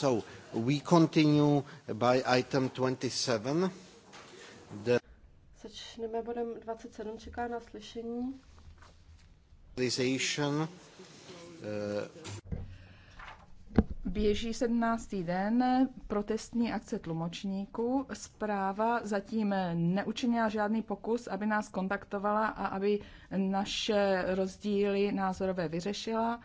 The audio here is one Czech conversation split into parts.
So we continue by item 27. The Začneme bodem 27, čeká na slyšení. Uh. Běží 17. den protestní akce tlumočníků. Správa zatím neučinila žádný pokus, aby nás kontaktovala a aby naše rozdíly názorové vyřešila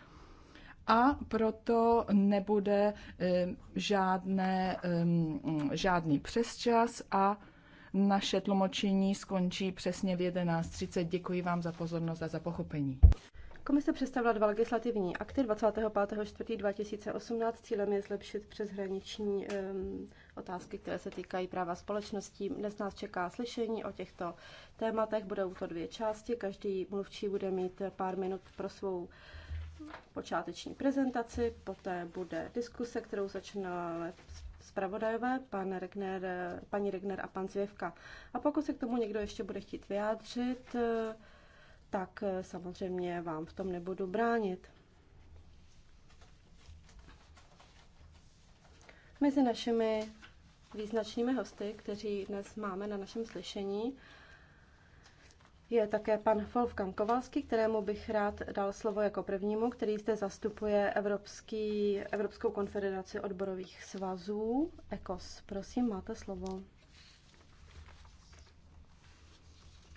a proto nebude eh, žádné, žádný přesčas a naše tlumočení skončí přesně v 11.30. Děkuji vám za pozornost a za pochopení. Komise představila dva legislativní akty 25.4.2018. Cílem je zlepšit přeshraniční um, otázky, které se týkají práva společností. Dnes nás čeká slyšení o těchto tématech. Budou to dvě části. Každý mluvčí bude mít pár minut pro svou počáteční prezentaci, poté bude diskuse, kterou začíná zpravodajové, pan Regner, paní Regner a pan Zvěvka. A pokud se k tomu někdo ještě bude chtít vyjádřit, tak samozřejmě vám v tom nebudu bránit. Mezi našimi význačnými hosty, kteří dnes máme na našem slyšení, je také pan Wolfgang Kovalský, kterému bych rád dal slovo jako prvnímu, který zde zastupuje Evropský, Evropskou konfederaci odborových svazů, ECOS. Prosím, máte slovo.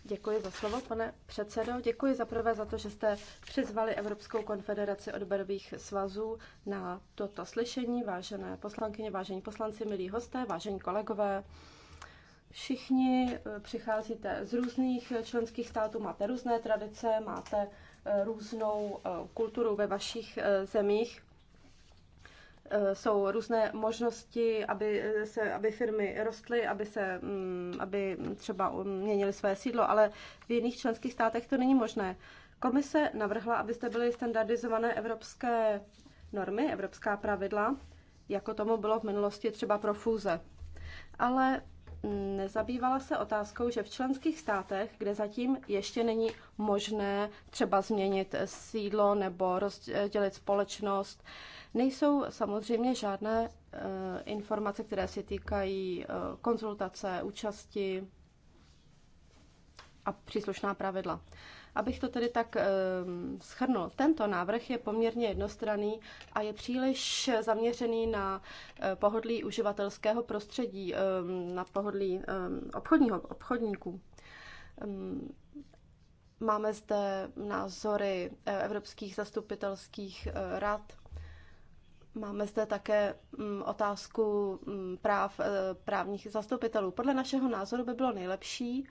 Děkuji za slovo, pane předsedo. Děkuji za prvé za to, že jste přizvali Evropskou konfederaci odborových svazů na toto slyšení. Vážené poslankyně, vážení poslanci, milí hosté, vážení kolegové. Všichni eh, přicházíte z různých eh, členských států, máte různé tradice, máte eh, různou kulturu ve vašich zemích. Jsou různé možnosti, aby, se, aby firmy rostly, aby, se, mm, aby třeba mm, měnily své sídlo, ale v jiných členských státech to není možné. Komise navrhla, abyste byly standardizované evropské normy, evropská pravidla, jako tomu bylo v minulosti třeba pro fúze. Ale nezabývala se otázkou, že v členských státech, kde zatím ještě není možné třeba změnit sídlo nebo rozdělit společnost, nejsou samozřejmě žádné eh, informace, které se týkají eh, konzultace, účasti a příslušná pravidla. Abych to tedy tak e, ehm, schrnul, tento návrh je poměrně jednostranný a je příliš zaměřený na eh, pohodlí uživatelského prostředí, e, na pohodlí e, obchodního, obchodníků. E, máme zde názory eh, evropských zastupitelských eh, rad. Máme zde také mm, otázku mm, práv právních zastupitelů. Podle našeho názoru by bylo nejlepší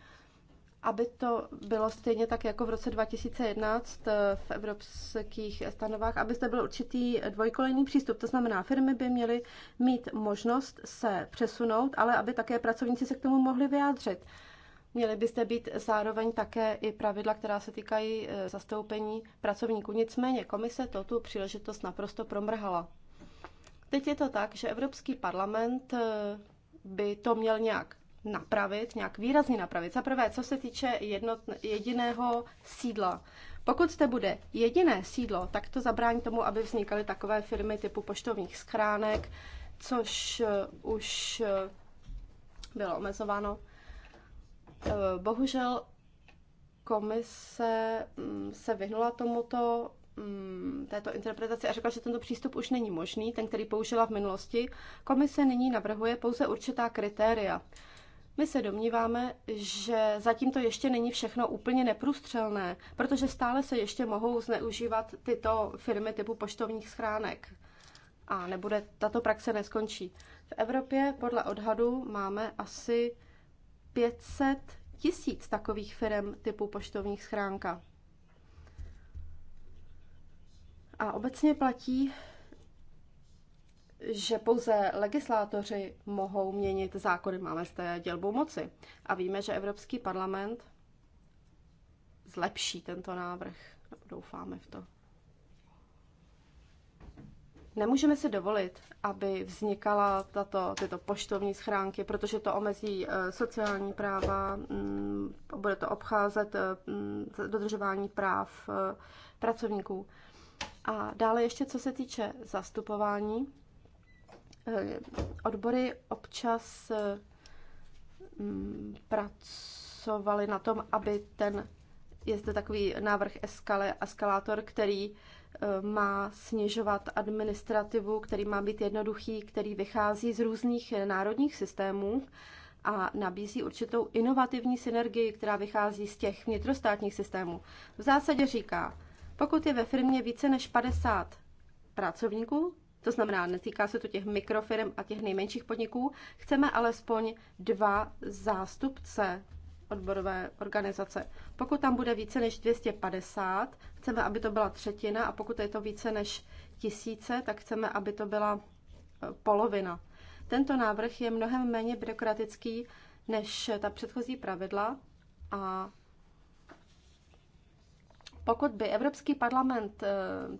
aby to bylo stejně tak jako v roce 2011 eh, v evropských stanovách, aby zde byl určitý dvojkolejný přístup. To znamená, firmy by měly mít možnost se přesunout, ale aby také pracovníci se k tomu mohli vyjádřit. Měly by zde být zároveň také i pravidla, která se týkají eh, zastoupení pracovníků. Nicméně komise to tu příležitost naprosto promrhala. Teď je to tak, že Evropský parlament eh, by to měl nějak napravit, nějak výrazně napravit. Za prvé, co se týče jednot, jediného sídla. Pokud zde bude jediné sídlo, tak to zabrání tomu, aby vznikaly takové firmy typu poštovních schránek, což eh, už eh, bylo omezováno. Eh, bohužel komise mm, se vyhnula tomuto mm, této interpretaci a řekla, že tento přístup už není možný, ten, který použila v minulosti. Komise nyní navrhuje pouze určitá kritéria. My se domníváme, že zatím to ještě není všechno úplně neprůstřelné, protože stále se ještě mohou zneužívat tyto firmy typu poštovních schránek. A nebude, tato praxe neskončí. V Evropě podle odhadu máme asi 500 tisíc takových firm typu poštovních schránka. A obecně platí, že pouze legislátoři mohou měnit zákony. Máme zde dělbu moci a víme, že Evropský parlament zlepší tento návrh. Doufáme v to. Nemůžeme si dovolit, aby vznikala tato, tyto poštovní schránky, protože to omezí eh, sociální práva, mm, bude to obcházet eh, dodržování práv eh, pracovníků. A dále ještě, co se týče zastupování, Eh, odbory občas eh, mm, pracovaly na tom, aby ten, je zde takový návrh eskale, eskalátor, který eh, má snižovat administrativu, který má být jednoduchý, který vychází z různých národních systémů a nabízí určitou inovativní synergii, která vychází z těch vnitrostátních systémů. V zásadě říká, pokud je ve firmě více než 50 pracovníků, to znamená, netýká se to těch mikrofirm a těch nejmenších podniků. Chceme alespoň dva zástupce odborové organizace. Pokud tam bude více než 250, chceme, aby to byla třetina a pokud je to více než tisíce, tak chceme, aby to byla e, polovina. Tento návrh je mnohem méně byrokratický než ta předchozí pravidla a pokud by Evropský parlament eh,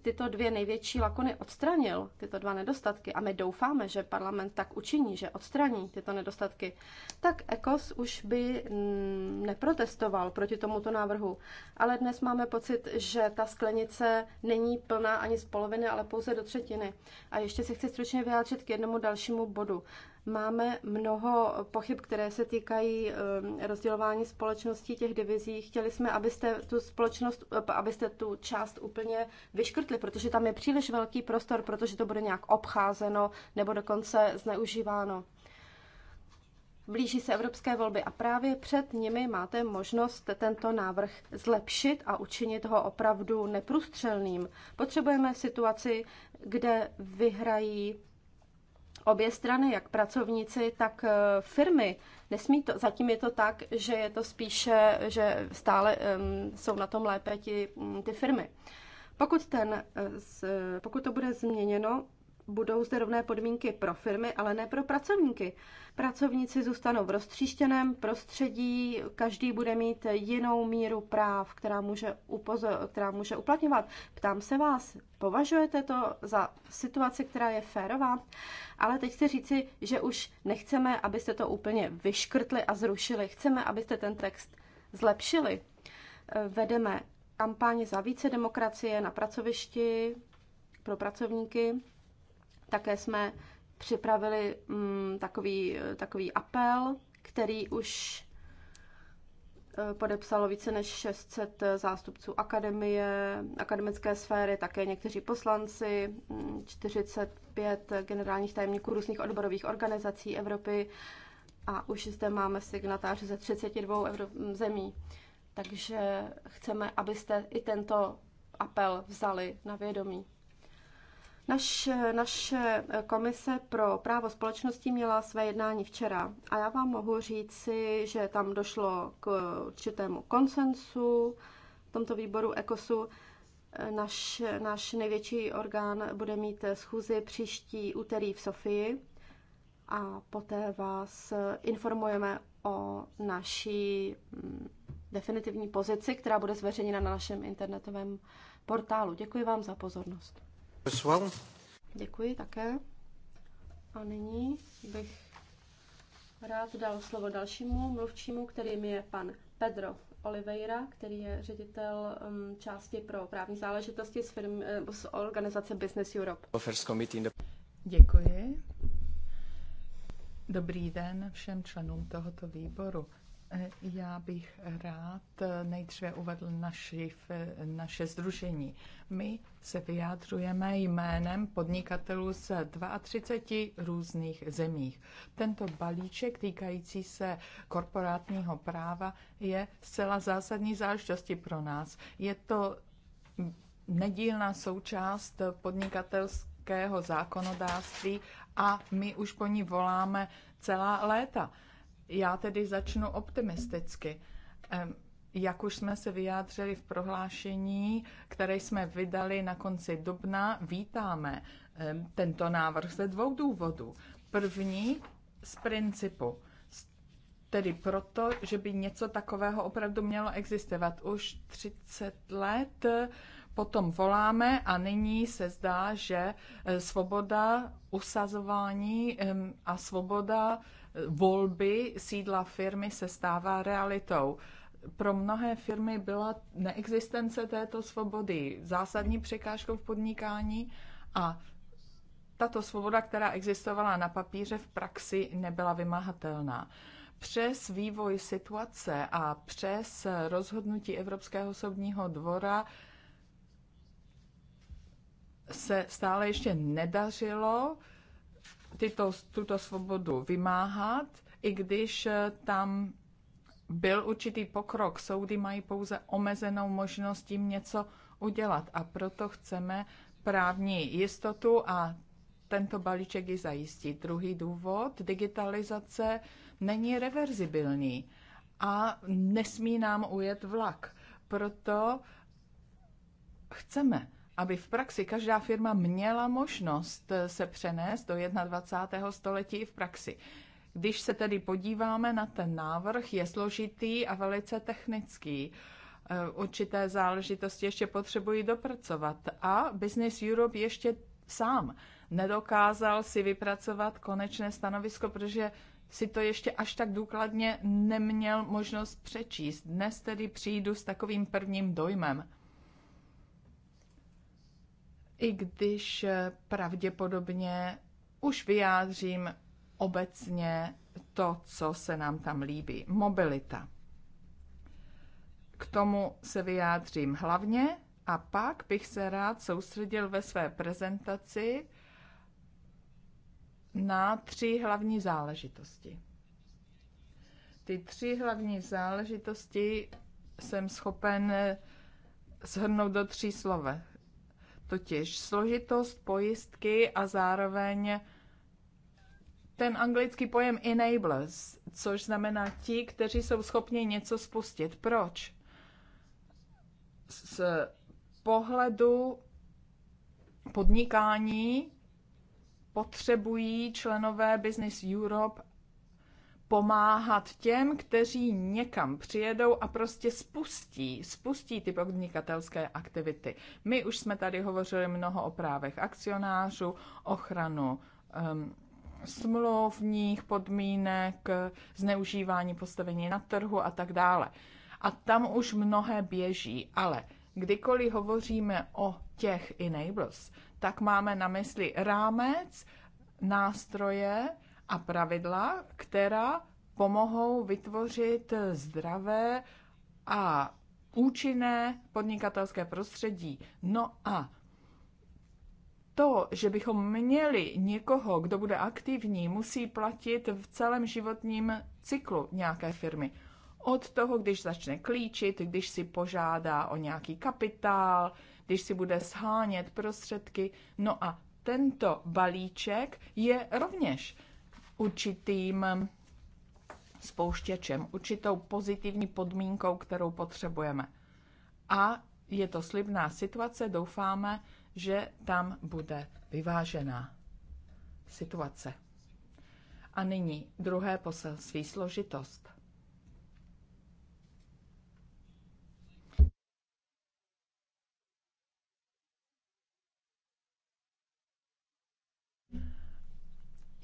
tyto dvě největší lakony odstranil, tyto dva nedostatky, a my doufáme, že parlament tak učiní, že odstraní tyto nedostatky, tak ECOS už by mm, neprotestoval proti tomuto návrhu. Ale dnes máme pocit, že ta sklenice není plná ani z poloviny, ale pouze do třetiny. A ještě se chci stručně vyjádřit k jednomu dalšímu bodu. Máme mnoho pochyb, které se týkají um, rozdělování společností těch divizí. Chtěli jsme, abyste tu společnost, eh, abyste tu část úplně vyškrtli, protože tam je příliš velký prostor, protože to bude nějak obcházeno nebo dokonce zneužíváno. Blíží se evropské volby a právě před nimi máte možnost tento návrh zlepšit a učinit ho opravdu neprůstřelným. Potřebujeme situaci, kde vyhrají obě strany, jak pracovníci, tak eh, firmy. Nesmí to, zatím je to tak, že je to spíše, že stále um, jsou na tom lépe ti, mm, ty firmy. Pokud, ten, eh, eh, pokud to bude změněno, budou zde rovné podmínky pro firmy, ale ne pro pracovníky. Pracovníci zůstanou v roztříštěném prostředí, každý bude mít jinou míru práv, která může, upozor, která může uplatňovat. Ptám se vás, považujete to za situaci, která je férová? Ale teď chci říci, že už nechceme, abyste to úplně vyškrtli a zrušili. Chceme, abyste ten text zlepšili. Vedeme kampáně za více demokracie na pracovišti pro pracovníky také jsme připravili mm, takový, takový apel, který už eh, podepsalo více než 600 zástupců akademie, akademické sféry, také někteří poslanci, 45 mm, generálních tajemníků různých odborových organizací Evropy a už zde máme signatáře ze 32 Evro- mm, zemí. Takže chceme, abyste i tento apel vzali na vědomí. Naš, naše komise pro právo společnosti měla své jednání včera a já vám mohu říci, že tam došlo k určitému konsensu v tomto výboru ECOSu. Naš, naš největší orgán bude mít schůzi příští úterý v Sofii a poté vás informujeme o naší mm, definitivní pozici, která bude zveřejněna na našem internetovém portálu. Děkuji vám za pozornost. As well. Děkuji také. A nyní bych rád dal slovo dalšímu mluvčímu, kterým je pan Pedro Oliveira, který je ředitel um, části pro právní záležitosti z, firm, eh, z organizace Business Europe. Děkuji. Dobrý den všem členům tohoto výboru. Já bych rád nejdříve uvedl naši, naše združení. My se vyjádřujeme jménem podnikatelů z 32 různých zemích. Tento balíček týkající se korporátního práva je zcela zásadní záležitostí pro nás. Je to nedílná součást podnikatelského zákonodárství a my už po ní voláme celá léta já tedy začnu optimisticky. Jak už jsme se vyjádřili v prohlášení, které jsme vydali na konci dubna, vítáme tento návrh ze dvou důvodů. První z principu, tedy proto, že by něco takového opravdu mělo existovat. Už 30 let potom voláme a nyní se zdá, že e, svoboda usazování a svoboda volby sídla firmy se stává realitou. Pro mnohé firmy byla neexistence této svobody zásadní překážkou v podnikání a tato svoboda, která existovala na papíře, v praxi nebyla vymahatelná. Přes vývoj situace a přes rozhodnutí Evropského soudního dvora se stále ještě nedařilo tyto, tuto svobodu vymáhat, i když eh, tam byl určitý pokrok. Soudy mají pouze omezenou možnost tím něco udělat a proto chceme právní jistotu a tento balíček ji zajistí. Druhý důvod, digitalizace není reverzibilní a nesmí nám ujet vlak. Proto chceme aby v praxi každá firma měla možnost eh, se přenést do 21. století v praxi. Když se tedy podíváme na ten návrh, je složitý a velice technický. Eh, určité záležitosti ještě potřebují dopracovat a Business Europe ještě sám nedokázal si vypracovat konečné stanovisko, protože si to ještě až tak důkladně neměl možnost přečíst. Dnes tedy přijdu s takovým prvním dojmem i když eh, pravděpodobně už vyjádřím obecně to, co se nám tam líbí. Mobilita. K tomu se vyjádřím hlavně a pak bych se rád soustředil ve své prezentaci na tři hlavní záležitosti. Ty tři hlavní záležitosti jsem schopen eh, shrnout do tří slovech totiž složitost pojistky a zároveň ten anglický pojem enablers, což znamená ti, kteří jsou schopni něco spustit. Proč? Z pohledu podnikání potřebují členové Business Europe pomáhat těm, kteří někam přijedou a prostě spustí, spustí ty podnikatelské aktivity. My už jsme tady hovořili mnoho o právech akcionářů, ochranu um, smluvních podmínek, zneužívání postavení na trhu a tak dále. A tam už mnohé běží, ale kdykoliv hovoříme o těch enablers, tak máme na mysli rámec, nástroje, a pravidla, která pomohou vytvořit zdravé a účinné podnikatelské prostředí. No a to, že bychom měli někoho, kdo bude aktivní, musí platit v celém životním cyklu nějaké firmy. Od toho, když začne klíčit, když si požádá o nějaký kapitál, když si bude shánět prostředky. No a tento balíček je rovněž určitým spouštěčem, určitou pozitivní podmínkou, kterou potřebujeme. A je to slibná situace, doufáme, že tam bude vyvážená situace. A nyní druhé poselství složitost.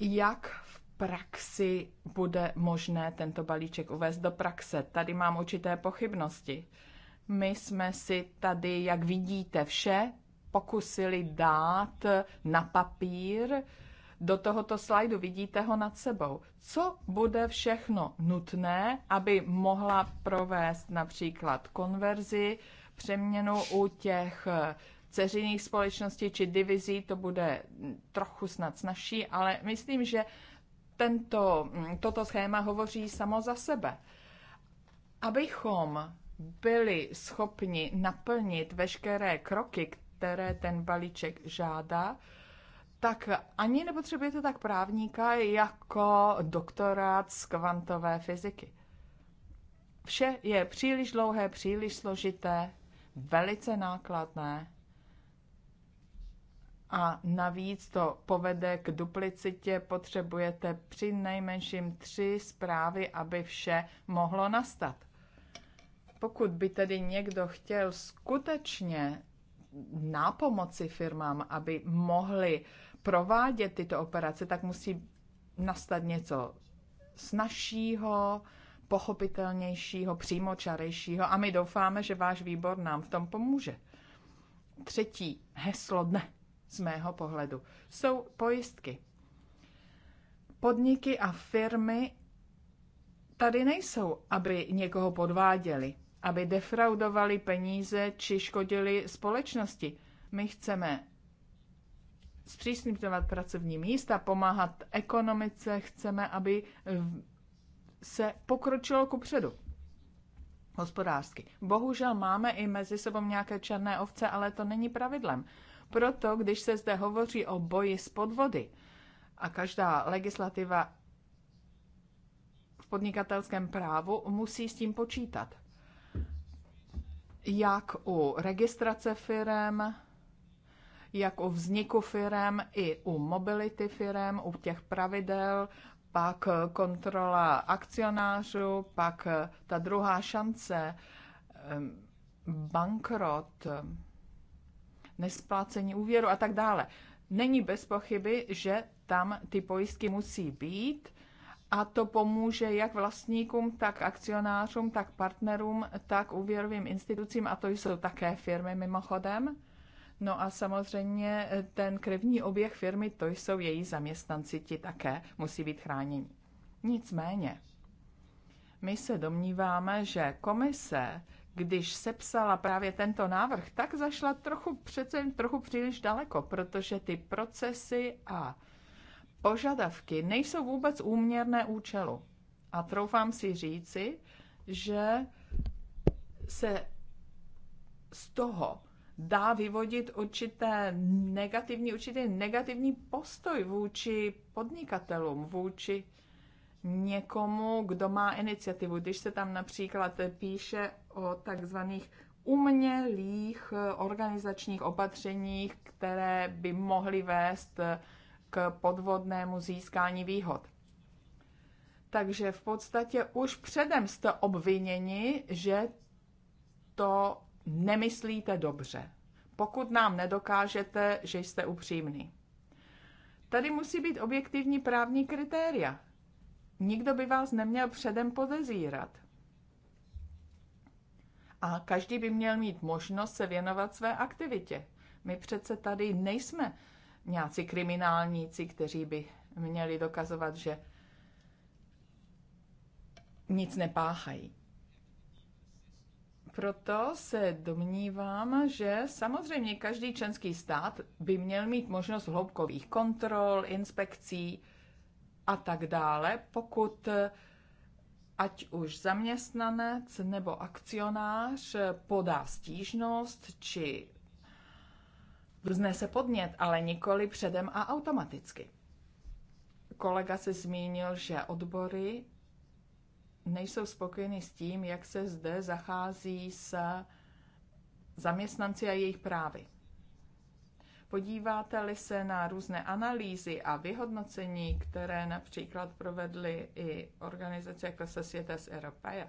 Jak praxi bude možné tento balíček uvést do praxe. Tady mám určité pochybnosti. My jsme si tady, jak vidíte, vše pokusili dát na papír. Do tohoto slajdu vidíte ho nad sebou. Co bude všechno nutné, aby mohla provést například konverzi, přeměnu u těch ceřinných společností či divizí, to bude trochu snad snažší, ale myslím, že tento, mm, toto schéma hovoří samo za sebe. Abychom byli schopni naplnit veškeré kroky, které ten balíček žádá, tak ani nepotřebujete tak právníka jako doktorát z kvantové fyziky. Vše je příliš dlouhé, příliš složité, velice nákladné a navíc to povede k duplicitě. Potřebujete při nejmenším tři zprávy, aby vše mohlo nastat. Pokud by tedy někdo chtěl skutečně na pomoci firmám, aby mohli provádět tyto operace, tak musí nastat něco snažšího, pochopitelnějšího, přímočarejšího a my doufáme, že váš výbor nám v tom pomůže. Třetí heslo dne z mého pohledu, jsou pojistky. Podniky a firmy tady nejsou, aby někoho podváděli, aby defraudovali peníze či škodili společnosti. My chceme zpřísňovat pracovní místa, pomáhat ekonomice, chceme, aby se pokročilo ku předu hospodářsky. Bohužel máme i mezi sebou nějaké černé ovce, ale to není pravidlem. Proto, když se zde hovoří o boji s podvody a každá legislativa v podnikatelském právu musí s tím počítat. Jak u registrace firem, jak u vzniku firem, i u mobility firem, u těch pravidel, pak kontrola akcionářů, pak ta druhá šance, ehm, bankrot, nesplácení úvěru a tak dále. Není bez pochyby, že tam ty pojistky musí být a to pomůže jak vlastníkům, tak akcionářům, tak partnerům, tak úvěrovým institucím a to jsou také firmy mimochodem. No a samozřejmě ten krevní oběh firmy, to jsou její zaměstnanci, ti také musí být chráněni. Nicméně, my se domníváme, že komise když sepsala právě tento návrh, tak zašla trochu přece trochu příliš daleko, protože ty procesy a požadavky nejsou vůbec úměrné účelu. A troufám si říci, že se z toho dá vyvodit určité negativní, určitý negativní postoj vůči podnikatelům, vůči někomu, kdo má iniciativu. Když se tam například píše o takzvaných umělých eh, organizačních opatřeních, které by mohly vést eh, k podvodnému získání výhod. Takže v podstatě už předem jste obviněni, že to nemyslíte dobře, pokud nám nedokážete, že jste upřímný. Tady musí být objektivní právní kritéria. Nikdo by vás neměl předem podezírat a každý by měl mít možnost se věnovat své aktivitě. My přece tady nejsme nějací kriminálníci, kteří by měli dokazovat, že nic nepáchají. Proto se domnívám, že samozřejmě každý členský stát by měl mít možnost hloubkových kontrol, inspekcí a tak dále, pokud ať už zaměstnanec nebo akcionář podá stížnost či vznese podnět, ale nikoli předem a automaticky. Kolega se zmínil, že odbory nejsou spokojeny s tím, jak se zde zachází s zaměstnanci a jejich právy. Podíváte-li se na různé analýzy a vyhodnocení, které například provedly i organizace jako Societas Europea,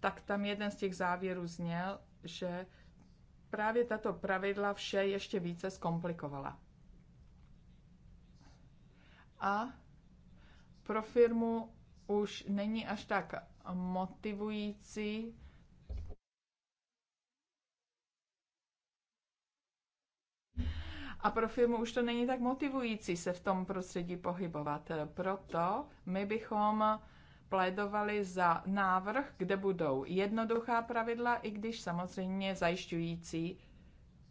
tak tam jeden z těch závěrů zněl, že právě tato pravidla vše ještě více zkomplikovala. A pro firmu už není až tak motivující A pro firmu už to není tak motivující se v tom prostředí pohybovat. Proto my bychom plédovali za návrh, kde budou jednoduchá pravidla, i když samozřejmě zajišťující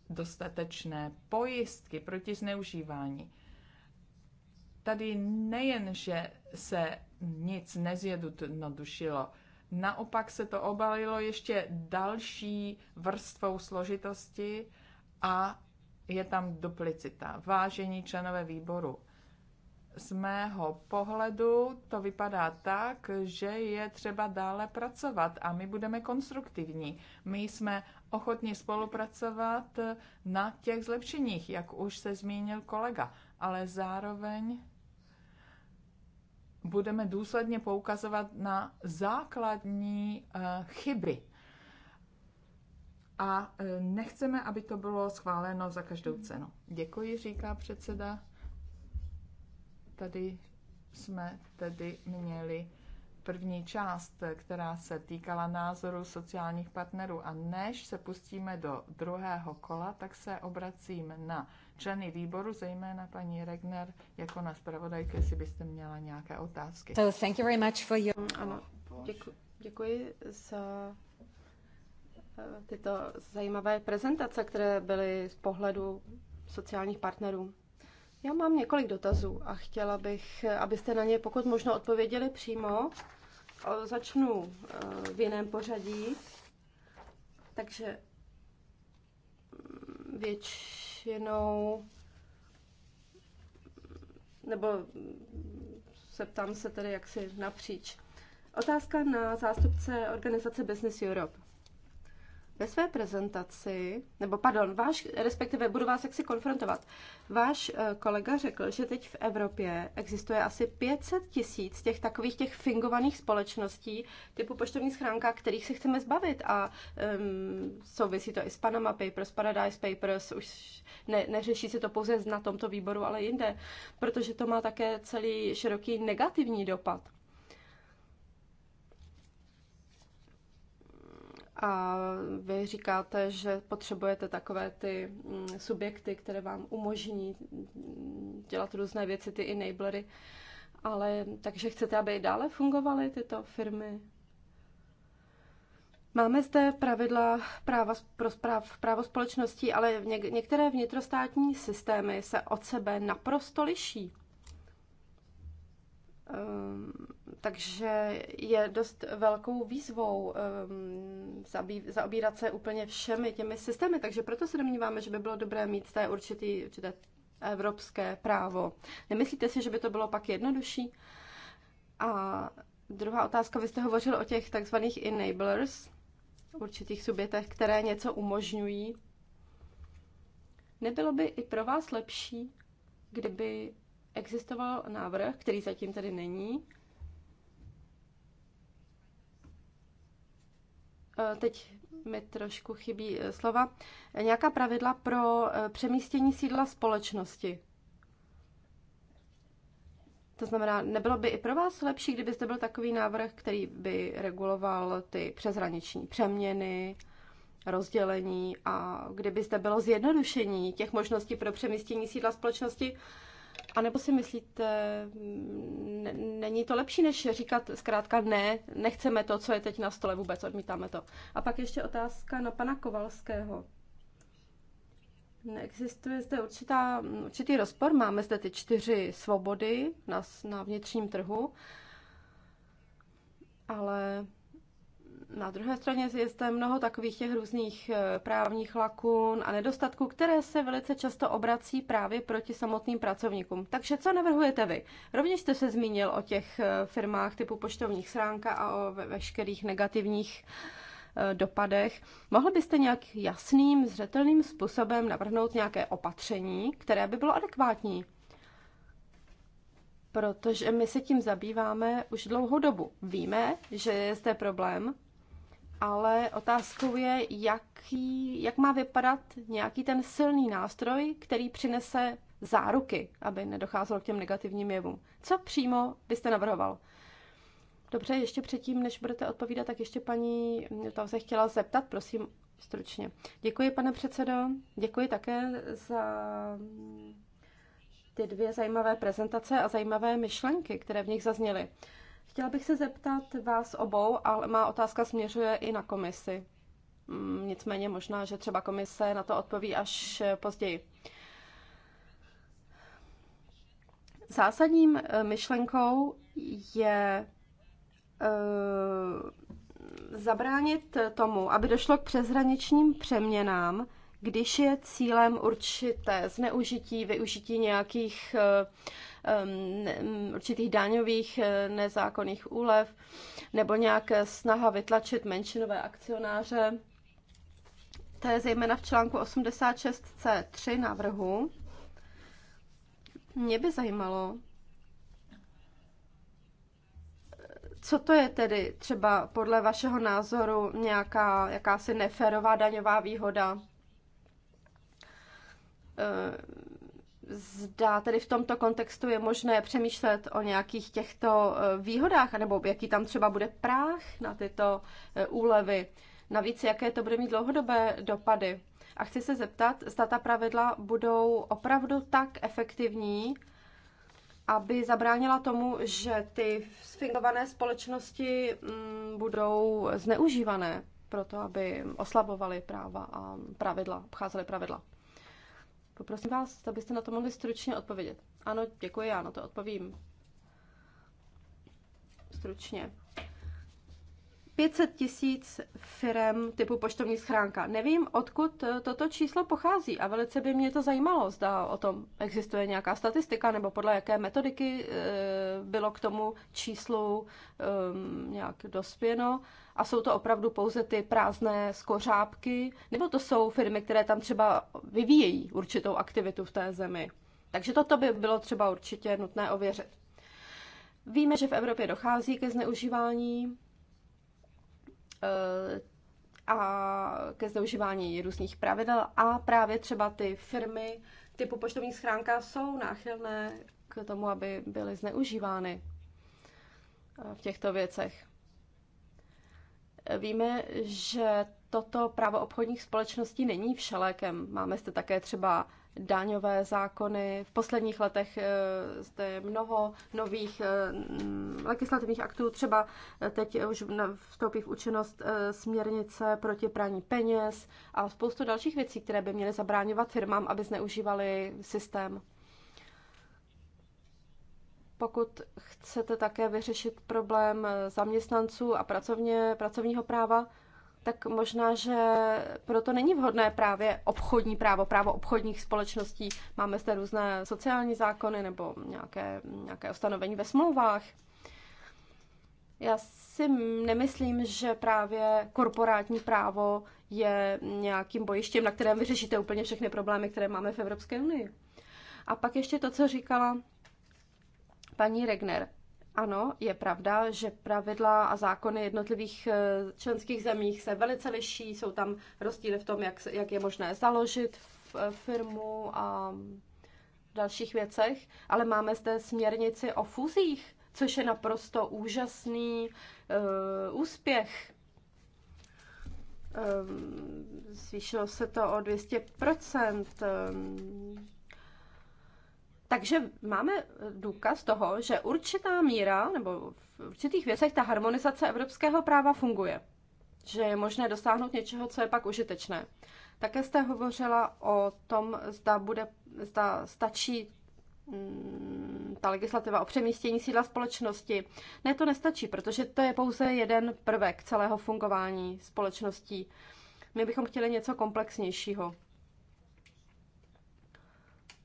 dostatečné pojistky proti zneužívání. Tady nejen, že se nic nezjednodušilo, naopak se to obalilo ještě další vrstvou složitosti a je tam duplicita. Vážení členové výboru, z mého pohledu to vypadá tak, že je třeba dále pracovat a my budeme konstruktivní. My jsme ochotni spolupracovat na těch zlepšeních, jak už se zmínil kolega, ale zároveň budeme důsledně poukazovat na základní eh, chyby, a e, nechceme, aby to bylo schváleno za každou mhm. cenu. Děkuji, říká předseda. Tady jsme tedy měli první část, která se týkala názoru sociálních partnerů. A než se pustíme do druhého kola, tak se obracím na členy výboru, zejména paní Regner, jako na zpravodajky, jestli byste měla nějaké otázky. So, thank you very much for your... Ano, děku, děkuji za tyto zajímavé prezentace, které byly z pohledu sociálních partnerů. Já mám několik dotazů a chtěla bych, abyste na ně pokud možno odpověděli přímo. Začnu e, v jiném pořadí. Takže mm, většinou nebo se ptám se tedy jaksi napříč. Otázka na zástupce organizace Business Europe. Ve své prezentaci, nebo pardon, váš, respektive budu vás jaksi konfrontovat, váš eh, kolega řekl, že teď v Evropě existuje asi 500 tisíc těch takových těch fingovaných společností typu poštovní schránka, kterých se chceme zbavit a um, souvisí to i s Panama Papers, Paradise Papers, už ne, neřeší se to pouze na tomto výboru, ale jinde, protože to má také celý široký negativní dopad. A vy říkáte, že potřebujete takové ty mm, subjekty, které vám umožní mm, dělat různé věci, ty enablery. Ale takže chcete, aby i dále fungovaly tyto firmy? Máme zde pravidla práva, pro správ, právo společností, ale něk, některé vnitrostátní systémy se od sebe naprosto liší. Um, takže je dost velkou výzvou um, zaobírat se úplně všemi těmi systémy, takže proto se domníváme, že by bylo dobré mít té určitý, určité evropské právo. Nemyslíte si, že by to bylo pak jednodušší? A druhá otázka, vy jste hovořil o těch takzvaných enablers, určitých subjektech, které něco umožňují. Nebylo by i pro vás lepší, kdyby existoval návrh, který zatím tedy není, Eh, teď mi trošku chybí eh, slova, nějaká pravidla pro eh, přemístění sídla společnosti. To znamená, nebylo by i pro vás lepší, kdybyste byl takový návrh, který by reguloval ty přeshraniční přeměny, rozdělení a kdybyste bylo zjednodušení těch možností pro přemístění sídla společnosti, a nebo si myslíte, mm, není to lepší, než říkat zkrátka ne, nechceme to, co je teď na stole vůbec, odmítáme to. A pak ještě otázka na pana Kovalského. Neexistuje zde určitá, určitý rozpor, máme zde ty čtyři svobody na, na vnitřním trhu, ale na druhé straně je zde mnoho takových těch různých eh, právních lakun a nedostatků, které se velice často obrací právě proti samotným pracovníkům. Takže co navrhujete vy? Rovněž jste se zmínil o těch eh, firmách typu poštovních sránka a o veškerých negativních eh, dopadech. Mohl byste nějak jasným, zřetelným způsobem navrhnout nějaké opatření, které by bylo adekvátní? Protože my se tím zabýváme už dlouhou dobu. Víme, že je zde problém, ale otázkou je, jaký, jak má vypadat nějaký ten silný nástroj, který přinese záruky, aby nedocházelo k těm negativním jevům. Co přímo byste navrhoval? Dobře, ještě předtím, než budete odpovídat, tak ještě paní, tam se chtěla zeptat, prosím, stručně. Děkuji, pane předsedo, děkuji také za ty dvě zajímavé prezentace a zajímavé myšlenky, které v nich zazněly. Chtěla bych se zeptat vás obou, ale má otázka směřuje i na komisi. Mm, nicméně možná, že třeba komise na to odpoví až eh, později. Zásadním eh, myšlenkou je eh, zabránit tomu, aby došlo k přeshraničním přeměnám, když je cílem určité zneužití, využití nějakých Um, mm, určitých daňových eh, nezákonných úlev nebo nějak eh, snaha vytlačit menšinové akcionáře. To je zejména v článku 86c3 návrhu. Mě by zajímalo, co to je tedy třeba podle vašeho názoru nějaká jakási neférová daňová výhoda? Eh, zda tedy v tomto kontextu je možné přemýšlet o nějakých těchto eh, výhodách, anebo jaký tam třeba bude práh na tyto eh, úlevy. Navíc, jaké to bude mít dlouhodobé dopady. A chci se zeptat, zda ta pravidla budou opravdu tak efektivní, aby zabránila tomu, že ty sfingované společnosti mm, budou zneužívané pro to, aby oslabovaly práva a pravidla, obcházely pravidla. Poprosím vás, abyste na to mohli stručně odpovědět. Ano, děkuji, já na to odpovím. Stručně. 500 tisíc firm typu poštovní schránka. Nevím, odkud eh, toto číslo pochází a velice by mě to zajímalo, zda o tom existuje nějaká statistika nebo podle jaké metodiky eh, bylo k tomu číslu ehm, nějak dospěno. A jsou to opravdu pouze ty prázdné skořápky, nebo to jsou firmy, které tam třeba vyvíjejí určitou aktivitu v té zemi. Takže toto by bylo třeba určitě nutné ověřit. Víme, že v Evropě dochází ke zneužívání Eh, a ke zneužívání různých pravidel a právě třeba ty firmy typu poštovních schránka jsou náchylné k tomu, aby byly zneužívány eh, v těchto věcech. Víme, že toto právo obchodních společností není všelékem. Máme zde také třeba daňové zákony. V posledních letech eh, zde je mnoho nových eh, mm, legislativních aktů. Třeba eh, teď už vstoupí v účinnost směrnice proti praní peněz a spoustu dalších věcí, které by měly zabráňovat firmám, aby zneužívali systém. Pokud chcete také vyřešit problém zaměstnanců a pracovně, pracovního práva, tak možná, že proto není vhodné právě obchodní právo, právo obchodních společností. Máme zde různé sociální zákony nebo nějaké, nějaké ustanovení ve smlouvách. Já si nemyslím, že právě korporátní právo je nějakým bojištěm, na kterém vyřešíte úplně všechny problémy, které máme v Evropské unii. A pak ještě to, co říkala paní Regner. Ano, je pravda, že pravidla a zákony jednotlivých eh, členských zemích se velice liší, jsou tam rozdíly v tom, jak, jak je možné založit firmu a dalších věcech, ale máme zde směrnici o fuzích, což je naprosto úžasný uh, úspěch. Um, zvýšilo se to o 200%. Um, takže máme eh, důkaz toho, že určitá míra nebo v určitých věcech ta harmonizace evropského práva funguje. Že je možné dosáhnout něčeho, co je pak užitečné. Také jste hovořila o tom, zda, bude, zda stačí mm, ta legislativa o přemístění sídla společnosti. Ne, to nestačí, protože to je pouze jeden prvek celého fungování společností. My bychom chtěli něco komplexnějšího.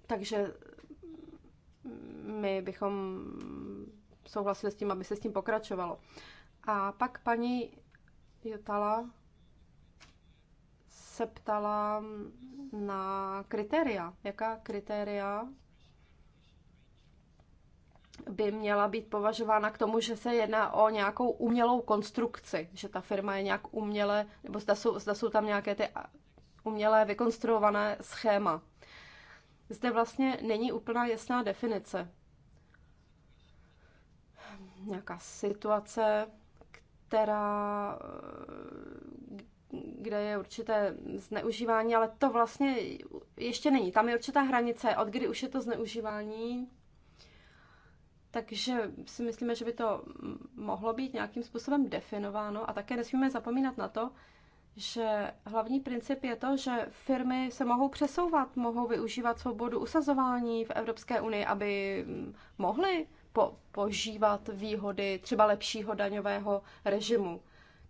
Takže my bychom souhlasili s tím, aby se s tím pokračovalo. A pak paní Jotala se ptala na kritéria. Jaká kritéria by měla být považována k tomu, že se jedná o nějakou umělou konstrukci, že ta firma je nějak uměle, nebo zda jsou, zda jsou tam nějaké ty umělé vykonstruované schéma zde vlastně není úplná jasná definice. Nějaká situace, která, eh, kde je určité zneužívání, ale to vlastně ještě není. Tam je určitá hranice, od kdy už je to zneužívání. Takže si myslíme, že by to mohlo být nějakým způsobem definováno a také nesmíme zapomínat na to, že hlavní princip je to, že firmy se mohou přesouvat, mohou využívat svobodu usazování v Evropské unii, aby mohly po, požívat výhody třeba lepšího daňového režimu.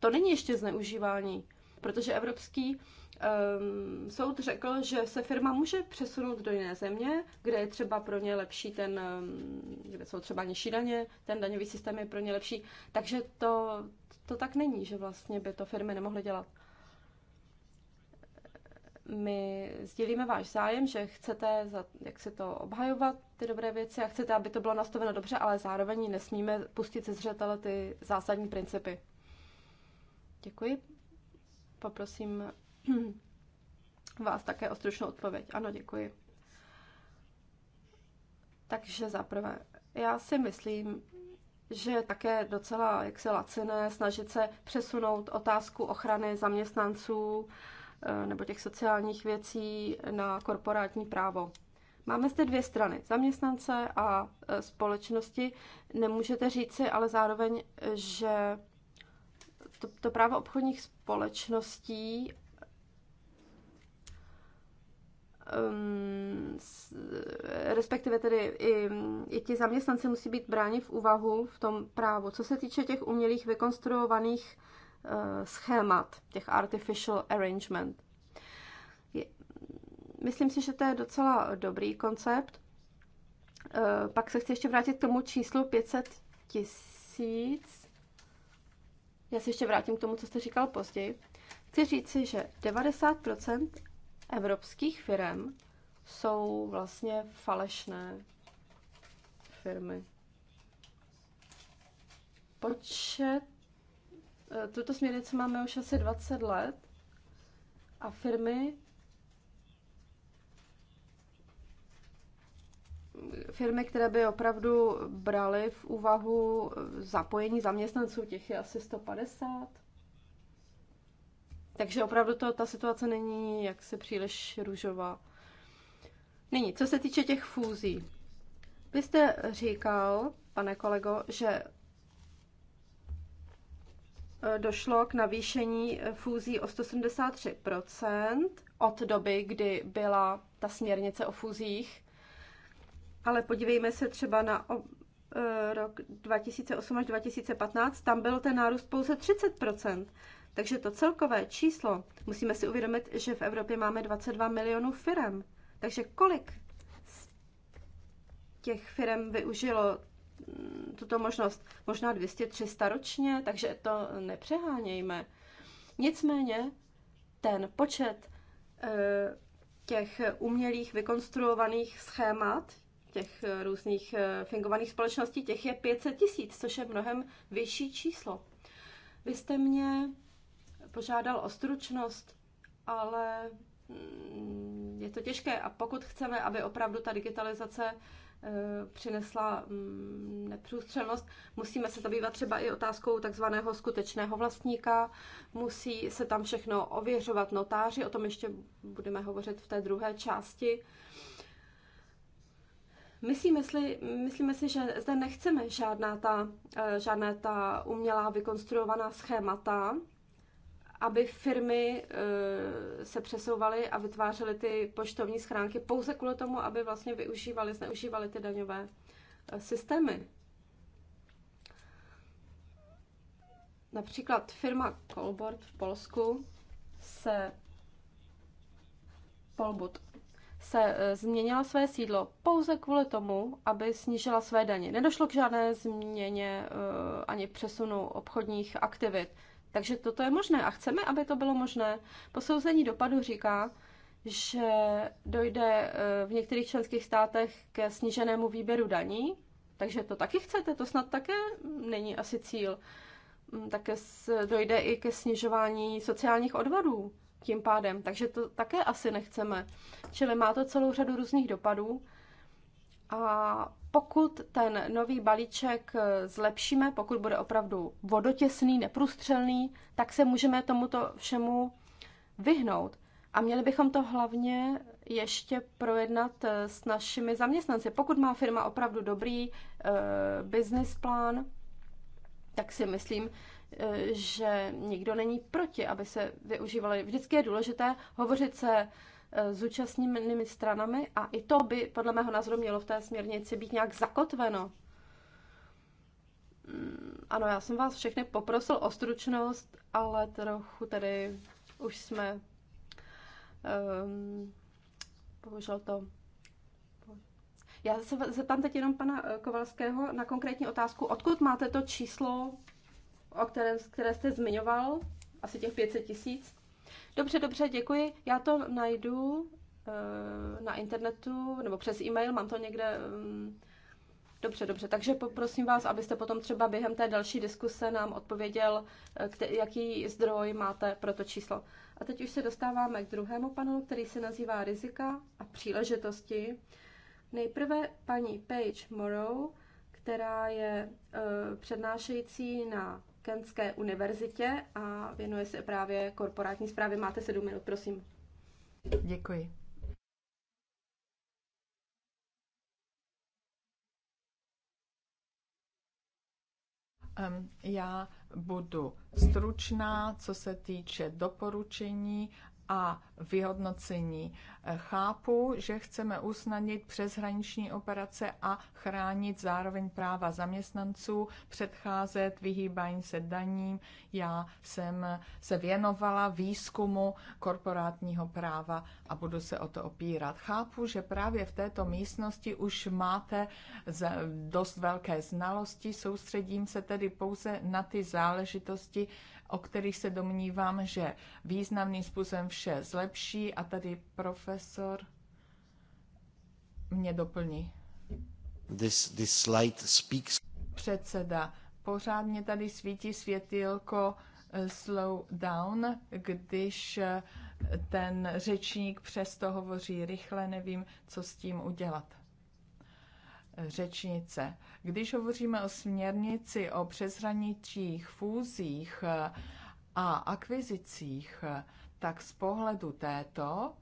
To není ještě zneužívání, protože Evropský um, soud řekl, že se firma může přesunout do jiné země, kde je třeba pro ně lepší ten, ehm, kde jsou třeba nižší daně, ten daňový systém je pro ně lepší. Takže to, to tak není, že vlastně by to firmy nemohly dělat my sdělíme váš zájem, že chcete, za, jak si to obhajovat, ty dobré věci a chcete, aby to bylo nastaveno dobře, ale zároveň nesmíme pustit ze zřetele ty zásadní principy. Děkuji. Poprosím vás také o stručnou odpověď. Ano, děkuji. Takže zaprvé, já si myslím, že je také docela jaksi laciné snažit se přesunout otázku ochrany zaměstnanců uh, Eh, nebo těch sociálních věcí na korporátní právo. Máme zde dvě strany, zaměstnance a eh, společnosti. Nemůžete říci, ale zároveň, že to, to právo obchodních společností ehm, eh, respektive tedy i, i ti zaměstnanci musí být bráni v úvahu v tom právu. Co se týče těch umělých vykonstruovaných Eh, schémat, těch artificial arrangement. Myslím si, že to je docela dobrý koncept. Eh, pak se chci ještě vrátit k tomu číslu 500 tisíc. Já se ještě vrátím k tomu, co jste říkal později. Chci si, že 90% evropských firm jsou vlastně falešné firmy. Počet Eh, tuto směrnici máme už asi 20 let a firmy firmy, které by opravdu braly v úvahu eh, zapojení zaměstnanců, těch je asi 150. Takže opravdu to, ta situace není jaksi příliš růžová. Nyní, co se týče těch fúzí. Vy jste říkal, pane kolego, že došlo k navýšení fúzí o 173 od doby, kdy byla ta směrnice o fúzích. Ale podívejme se třeba na eh, rok 2008 až 2015, tam byl ten nárůst pouze 30 takže to celkové číslo, musíme si uvědomit, že v Evropě máme 22 milionů firm. Takže kolik z těch firm využilo tuto možnost možná 200-300 ročně, takže to nepřehánějme. Nicméně ten počet eh, těch umělých vykonstruovaných schémat, těch eh, různých eh, fingovaných společností, těch je 500 tisíc, což je mnohem vyšší číslo. Vy jste mě požádal o stručnost, ale mm, je to těžké a pokud chceme, aby opravdu ta digitalizace Eh, přinesla mm, neprůstřelnost. Musíme se zabývat třeba i otázkou takzvaného skutečného vlastníka. Musí se tam všechno ověřovat notáři, o tom ještě budeme hovořit v té druhé části. Myslíme si, myslíme si, že zde nechceme žádná ta, eh, žádná ta umělá vykonstruovaná schémata, aby firmy eh, se přesouvaly a vytvářely ty poštovní schránky pouze kvůli tomu, aby vlastně využívaly zneužívaly ty daňové eh, systémy. Například firma Colbord v Polsku se Polbut se eh, změnila své sídlo pouze kvůli tomu, aby snížila své daně. Nedošlo k žádné změně ani přesunu obchodních aktivit. Takže toto je možné a chceme, aby to bylo možné. Posouzení dopadu říká, že dojde e, v některých členských státech ke sníženému výběru daní, takže to taky chcete, to snad také není asi cíl. Mm, také dojde i ke snižování sociálních odvodů tím pádem, takže to také asi nechceme. Čili má to celou řadu různých dopadů a pokud ten nový balíček zlepšíme, pokud bude opravdu vodotěsný, neprůstřelný, tak se můžeme tomuto všemu vyhnout. A měli bychom to hlavně ještě projednat eh, s našimi zaměstnanci. Pokud má firma opravdu dobrý eh, business plán, tak si myslím, eh, že nikdo není proti, aby se využívaly. Vždycky je důležité hovořit se Eh, účastnými stranami a i to by podle mého názoru mělo v té směrnici být nějak zakotveno. Mm, ano, já jsem vás všechny poprosil o stručnost, ale trochu tady už jsme um, bohužel to já se zeptám teď jenom pana eh, Kovalského na konkrétní otázku. Odkud máte to číslo, o kterém, které jste zmiňoval, asi těch 500 tisíc? Dobře, dobře, děkuji. Já to najdu eh, na internetu nebo přes e-mail, mám to někde. Mm, dobře, dobře, takže poprosím vás, abyste potom třeba během té další diskuse nám odpověděl, eh, jaký zdroj máte pro to číslo. A teď už se dostáváme k druhému panelu, který se nazývá Rizika a příležitosti. Nejprve paní Paige Morrow, která je eh, přednášející na Kenské univerzitě a věnuje se právě korporátní zprávě. Máte sedm minut, prosím. Děkuji. Já budu stručná, co se týče doporučení a vyhodnocení. Chápu, že chceme usnadnit přeshraniční operace a chránit zároveň práva zaměstnanců, předcházet vyhýbání se daním. Já jsem se věnovala výzkumu korporátního práva a budu se o to opírat. Chápu, že právě v této místnosti už máte dost velké znalosti, soustředím se tedy pouze na ty záležitosti, o kterých se domnívám, že významným způsobem vše zlepší a tady profesor mě doplní. This, this slide speaks. Předseda, pořád mě tady svítí světilko eh, slow down, když eh, ten řečník přesto hovoří rychle, nevím, co s tím udělat řečnice. Když hovoříme o směrnici o přeshraničních fúzích a akvizicích, tak z pohledu této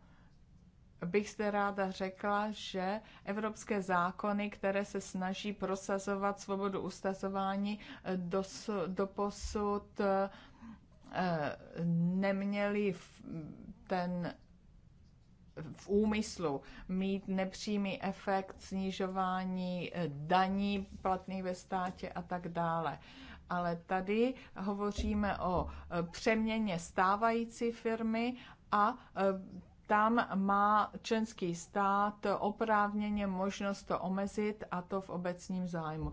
bych zde ráda řekla, že evropské zákony, které se snaží prosazovat svobodu ustazování, doposud eh, neměly ten v úmyslu mít nepřímý efekt snižování eh, daní platných ve státě a tak dále. Ale tady hovoříme o eh, přeměně stávající firmy a eh, tam má členský stát oprávněně možnost to omezit a to v obecním zájmu.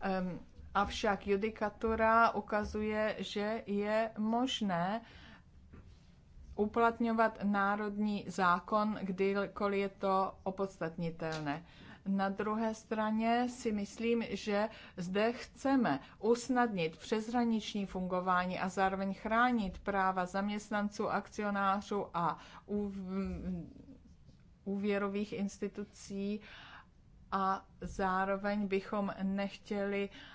Ehm, avšak judikatura ukazuje, že je možné uplatňovat národní zákon, kdykoliv je to opodstatnitelné. Na druhé straně si myslím, že zde chceme usnadnit přeshraniční fungování a zároveň chránit práva zaměstnanců, akcionářů a úvěrových institucí a zároveň bychom nechtěli uh,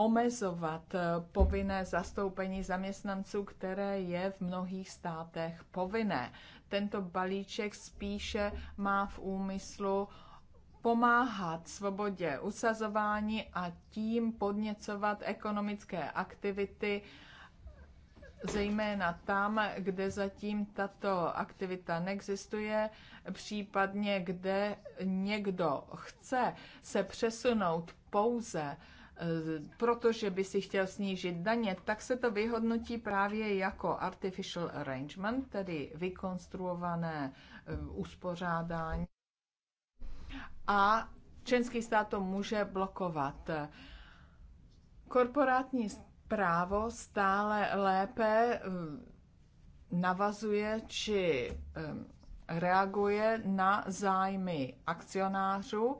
omezovat eh, povinné zastoupení zaměstnanců, které je v mnohých státech povinné. Tento balíček spíše má v úmyslu pomáhat svobodě usazování a tím podněcovat ekonomické aktivity, zejména tam, kde zatím tato aktivita neexistuje, případně kde někdo chce se přesunout pouze Eh, protože by si chtěl snížit daně, tak se to vyhodnotí právě jako artificial arrangement, tedy vykonstruované eh, uspořádání. A členský stát to může blokovat. Korporátní právo stále lépe eh, navazuje či reaguje na zájmy akcionářů,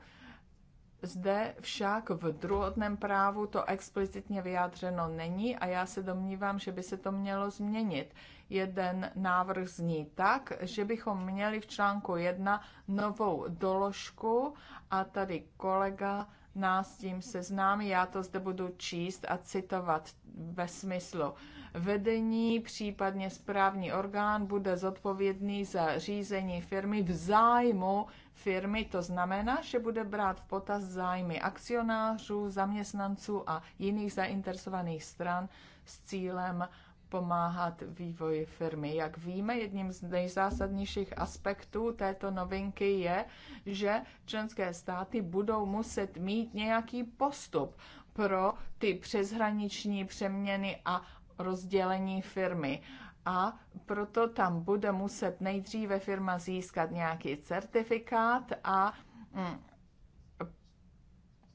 zde však v druhotném právu to explicitně vyjádřeno není a já se domnívám, že by se to mělo změnit. Jeden návrh zní tak, že bychom měli v článku 1 novou doložku a tady kolega nás s tím seznámí. Já to zde budu číst a citovat ve smyslu. Vedení, případně správní orgán bude zodpovědný za řízení firmy v zájmu firmy, to znamená, že bude brát v potaz zájmy akcionářů, zaměstnanců a jiných zainteresovaných stran s cílem pomáhat vývoji firmy. Jak víme, jedním z nejzásadnějších aspektů této novinky je, že členské státy budou muset mít nějaký postup pro ty přeshraniční přeměny a rozdělení firmy a proto tam bude muset nejdříve firma získat nějaký certifikát a mm,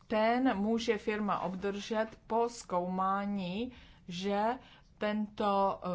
ten může firma obdržet po zkoumání, že tento eh,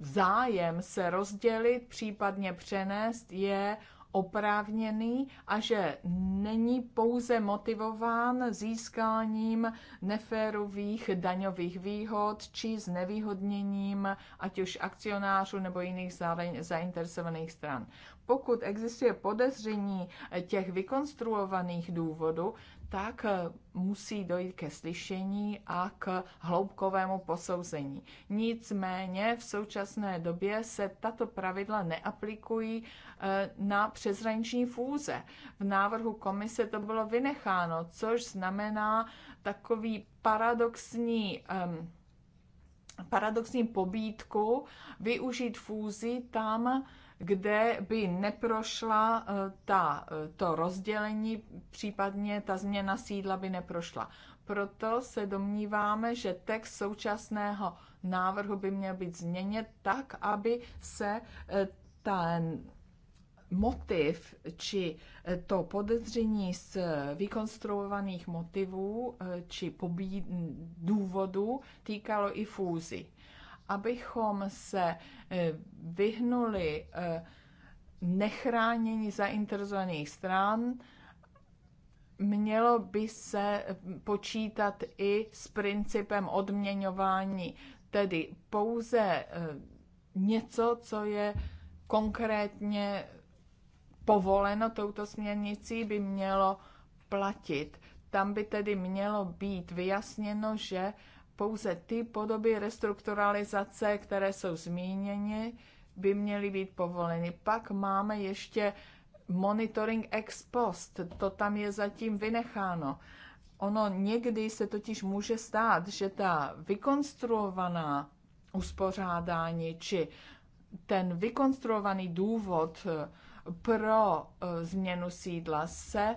zájem se rozdělit, případně přenést, je oprávněný a že není pouze motivován získáním neférových daňových výhod či znevýhodněním ať už akcionářů nebo jiných zainteresovaných stran. Pokud existuje podezření eh, těch vykonstruovaných důvodů, tak eh, musí dojít ke slyšení a k hloubkovému posouzení. Nicméně v současné době se tato pravidla neaplikují eh, na přeshraniční fůze. V návrhu komise to bylo vynecháno, což znamená takový paradoxní ehm, paradoxní pobídku využít fúzi tam, kde by neprošla eh, ta, eh, to rozdělení, případně ta změna sídla by neprošla. Proto se domníváme, že text současného návrhu by měl být změněn tak, aby se eh, ten motiv či to podezření z vykonstruovaných motivů či důvodů týkalo i fúzy abychom se eh, vyhnuli eh, nechránění zainteresovaných stran, mělo by se eh, počítat i s principem odměňování, tedy pouze něco, co je konkrétně povoleno touto směrnicí, by mělo platit. Tam by tedy mělo být vyjasněno, že pouze ty podoby restrukturalizace, které jsou zmíněny, by měly být povoleny. Pak máme ještě monitoring ex post, to tam je zatím vynecháno. Ono někdy se totiž může stát, že ta vykonstruovaná uspořádání či ten vykonstruovaný důvod eh, pro eh, změnu sídla se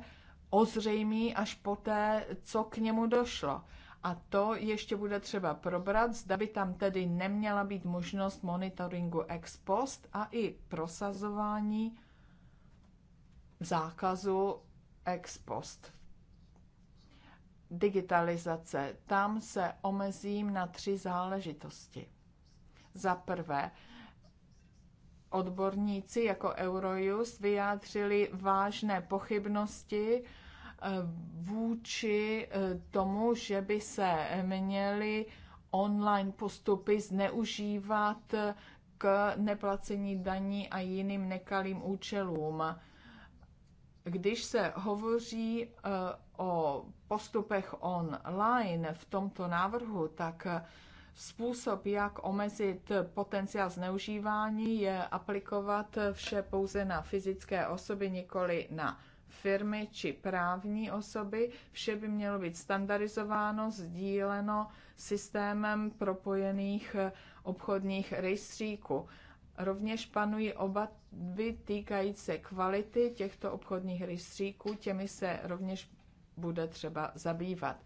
ozřejmí až poté, co k němu došlo. A to ještě bude třeba probrat, zda by tam tedy neměla být možnost monitoringu ex post a i prosazování zákazu ex post. Digitalizace. Tam se omezím na tři záležitosti. Za prvé, odborníci jako Eurojust vyjádřili vážné pochybnosti, Eh, vůči eh, tomu, že by se měly online postupy zneužívat eh, k neplacení daní a jiným nekalým účelům. Když se hovoří o postupech online v tomto návrhu, tak způsob, jak omezit potenciál zneužívání, je aplikovat vše pouze na fyzické osoby, nikoli na firmy či právní osoby. Vše by mělo být standardizováno, sdíleno systémem propojených eh, obchodních rejstříků. Rovněž panují oba dvě týkající se kvality těchto obchodních rejstříků, těmi se rovněž bude třeba zabývat.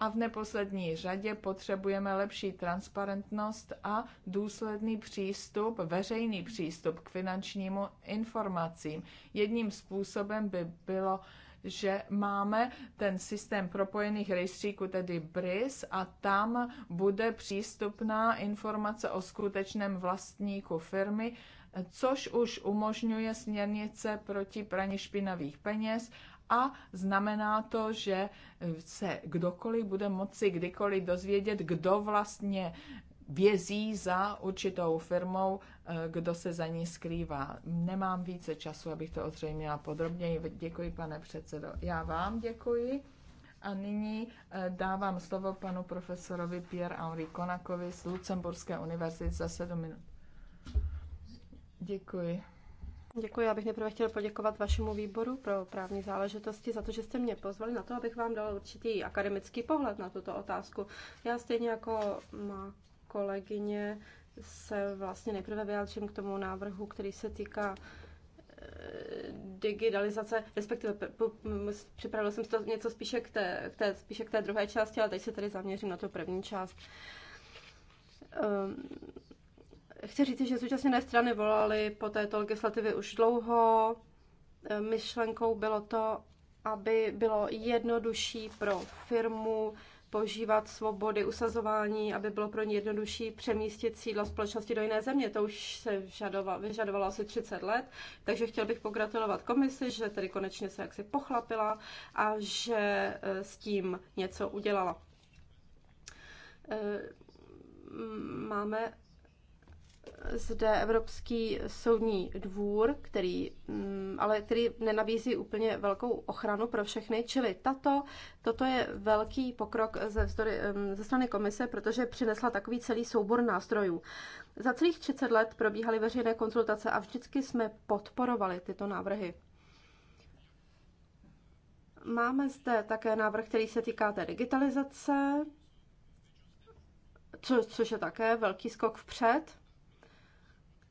A v neposlední řadě potřebujeme lepší transparentnost a důsledný přístup, veřejný přístup k finančním informacím. Jedním způsobem by bylo že máme ten systém propojených rejstříků, tedy BRIS, a tam bude přístupná informace o skutečném vlastníku firmy, což už umožňuje směrnice proti praní špinavých peněz a znamená to, že se kdokoliv bude moci kdykoliv dozvědět, kdo vlastně vězí za určitou firmou, eh, kdo se za ní skrývá. Nemám více času, abych to ozřejmila podrobněji. Děkuji, pane předsedo. Já vám děkuji. A nyní eh, dávám slovo panu profesorovi Pierre-Henri Konakovi z Lucemburské univerzity za sedm minut. Děkuji. Děkuji, já bych nejprve chtěl poděkovat vašemu výboru pro právní záležitosti za to, že jste mě pozvali na to, abych vám dal určitý akademický pohled na tuto otázku. Já stejně jako má kolegyně se vlastně nejprve vyjádřím k tomu návrhu, který se týká eh, digitalizace, respektive připravila jsem to něco spíše k té, k té, spíše k té druhé části, ale teď se tady zaměřím na tu první část. Um, Chci říct, že zúčastněné strany volaly po této legislativě už dlouho. E, myšlenkou bylo to, aby bylo jednodušší pro firmu požívat svobody usazování, aby bylo pro ně jednodušší přemístit sídlo společnosti do jiné země. To už se vyžadovalo, vyžadovalo asi 30 let, takže chtěl bych pogratulovat komisi, že tedy konečně se jaksi pochlapila a že e, s tím něco udělala. E, máme zde Evropský soudní dvůr, který, mm, ale který nenabízí úplně velkou ochranu pro všechny, čili tato, toto je velký pokrok ze, vzdory, mm, ze strany komise, protože přinesla takový celý soubor nástrojů. Za celých 30 let probíhaly veřejné konzultace a vždycky jsme podporovali tyto návrhy. Máme zde také návrh, který se týká té digitalizace, co, což je také velký skok vpřed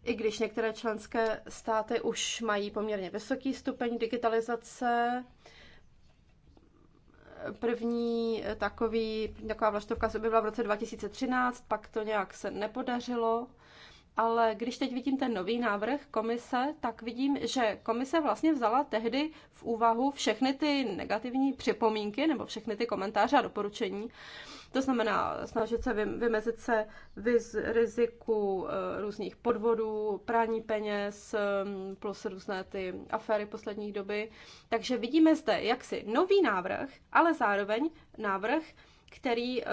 i když některé členské státy už mají poměrně vysoký stupeň digitalizace, první takový, taková vlaštovka se objevila v roce 2013, pak to nějak se nepodařilo. Ale když teď vidím ten nový návrh komise, tak vidím, že komise vlastně vzala tehdy v úvahu všechny ty negativní připomínky nebo všechny ty komentáře a doporučení to znamená snažit se vymezit se viz riziku eh, různých podvodů, prání peněz, mm, plus různé ty aféry poslední doby. Takže vidíme zde jaksi nový návrh, ale zároveň návrh, který um,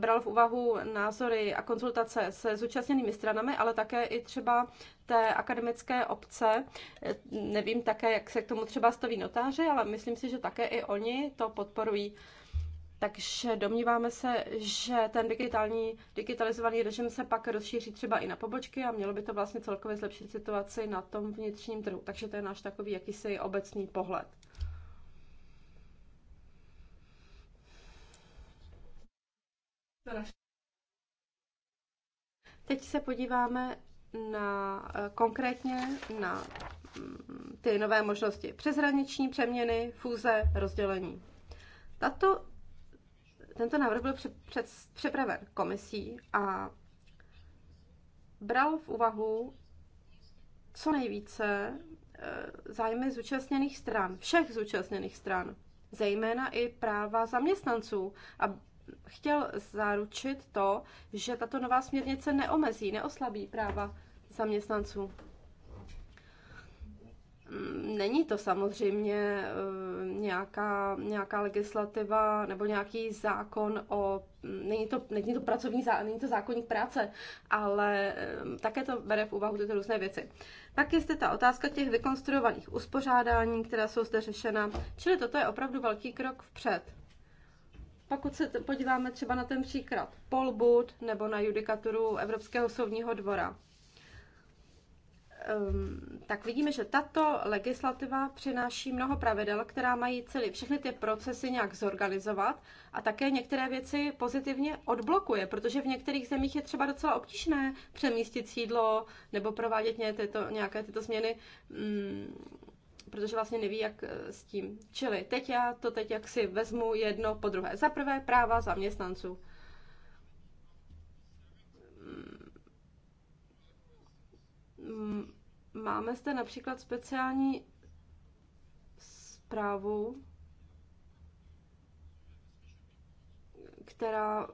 bral v úvahu názory a konzultace se zúčastněnými stranami, ale také i třeba té akademické obce. Eh, nevím také, jak se k tomu třeba staví notáři, ale myslím si, že také i oni to podporují. Takže domníváme se, že ten digitální, digitalizovaný režim se pak rozšíří třeba i na pobočky a mělo by to vlastně celkově zlepšit situaci na tom vnitřním trhu. Takže to je náš takový jakýsi obecný pohled. Teď se podíváme na eh, konkrétně na mm, ty nové možnosti přeshraniční přeměny, fúze, rozdělení. Tato tento návrh byl před, přepraven komisí a bral v úvahu co nejvíce eh, zájmy zúčastněných stran, všech zúčastněných stran, zejména i práva zaměstnanců a chtěl zaručit to, že tato nová směrnice neomezí, neoslabí práva zaměstnanců. Není to samozřejmě eh, nějaká, nějaká legislativa nebo nějaký zákon o, není to, není to pracovní zákon, není to zákonník práce, ale také to bere v úvahu tyto různé věci. Pak je zde ta otázka těch vykonstruovaných uspořádání, která jsou zde řešena, čili toto je opravdu velký krok vpřed. Pokud se podíváme třeba na ten příklad Polbud nebo na judikaturu Evropského soudního dvora, Ehm, tak vidíme, že tato legislativa přináší mnoho pravidel, která mají celý, všechny ty procesy nějak zorganizovat a také některé věci pozitivně odblokuje, protože v některých zemích je třeba docela obtížné přemístit sídlo nebo provádět ně tyto, nějaké tyto změny, mm, protože vlastně neví, jak eh, s tím. Čili teď já to teď jak si vezmu jedno po druhé. Za prvé práva zaměstnanců Máme zde například speciální zprávu, která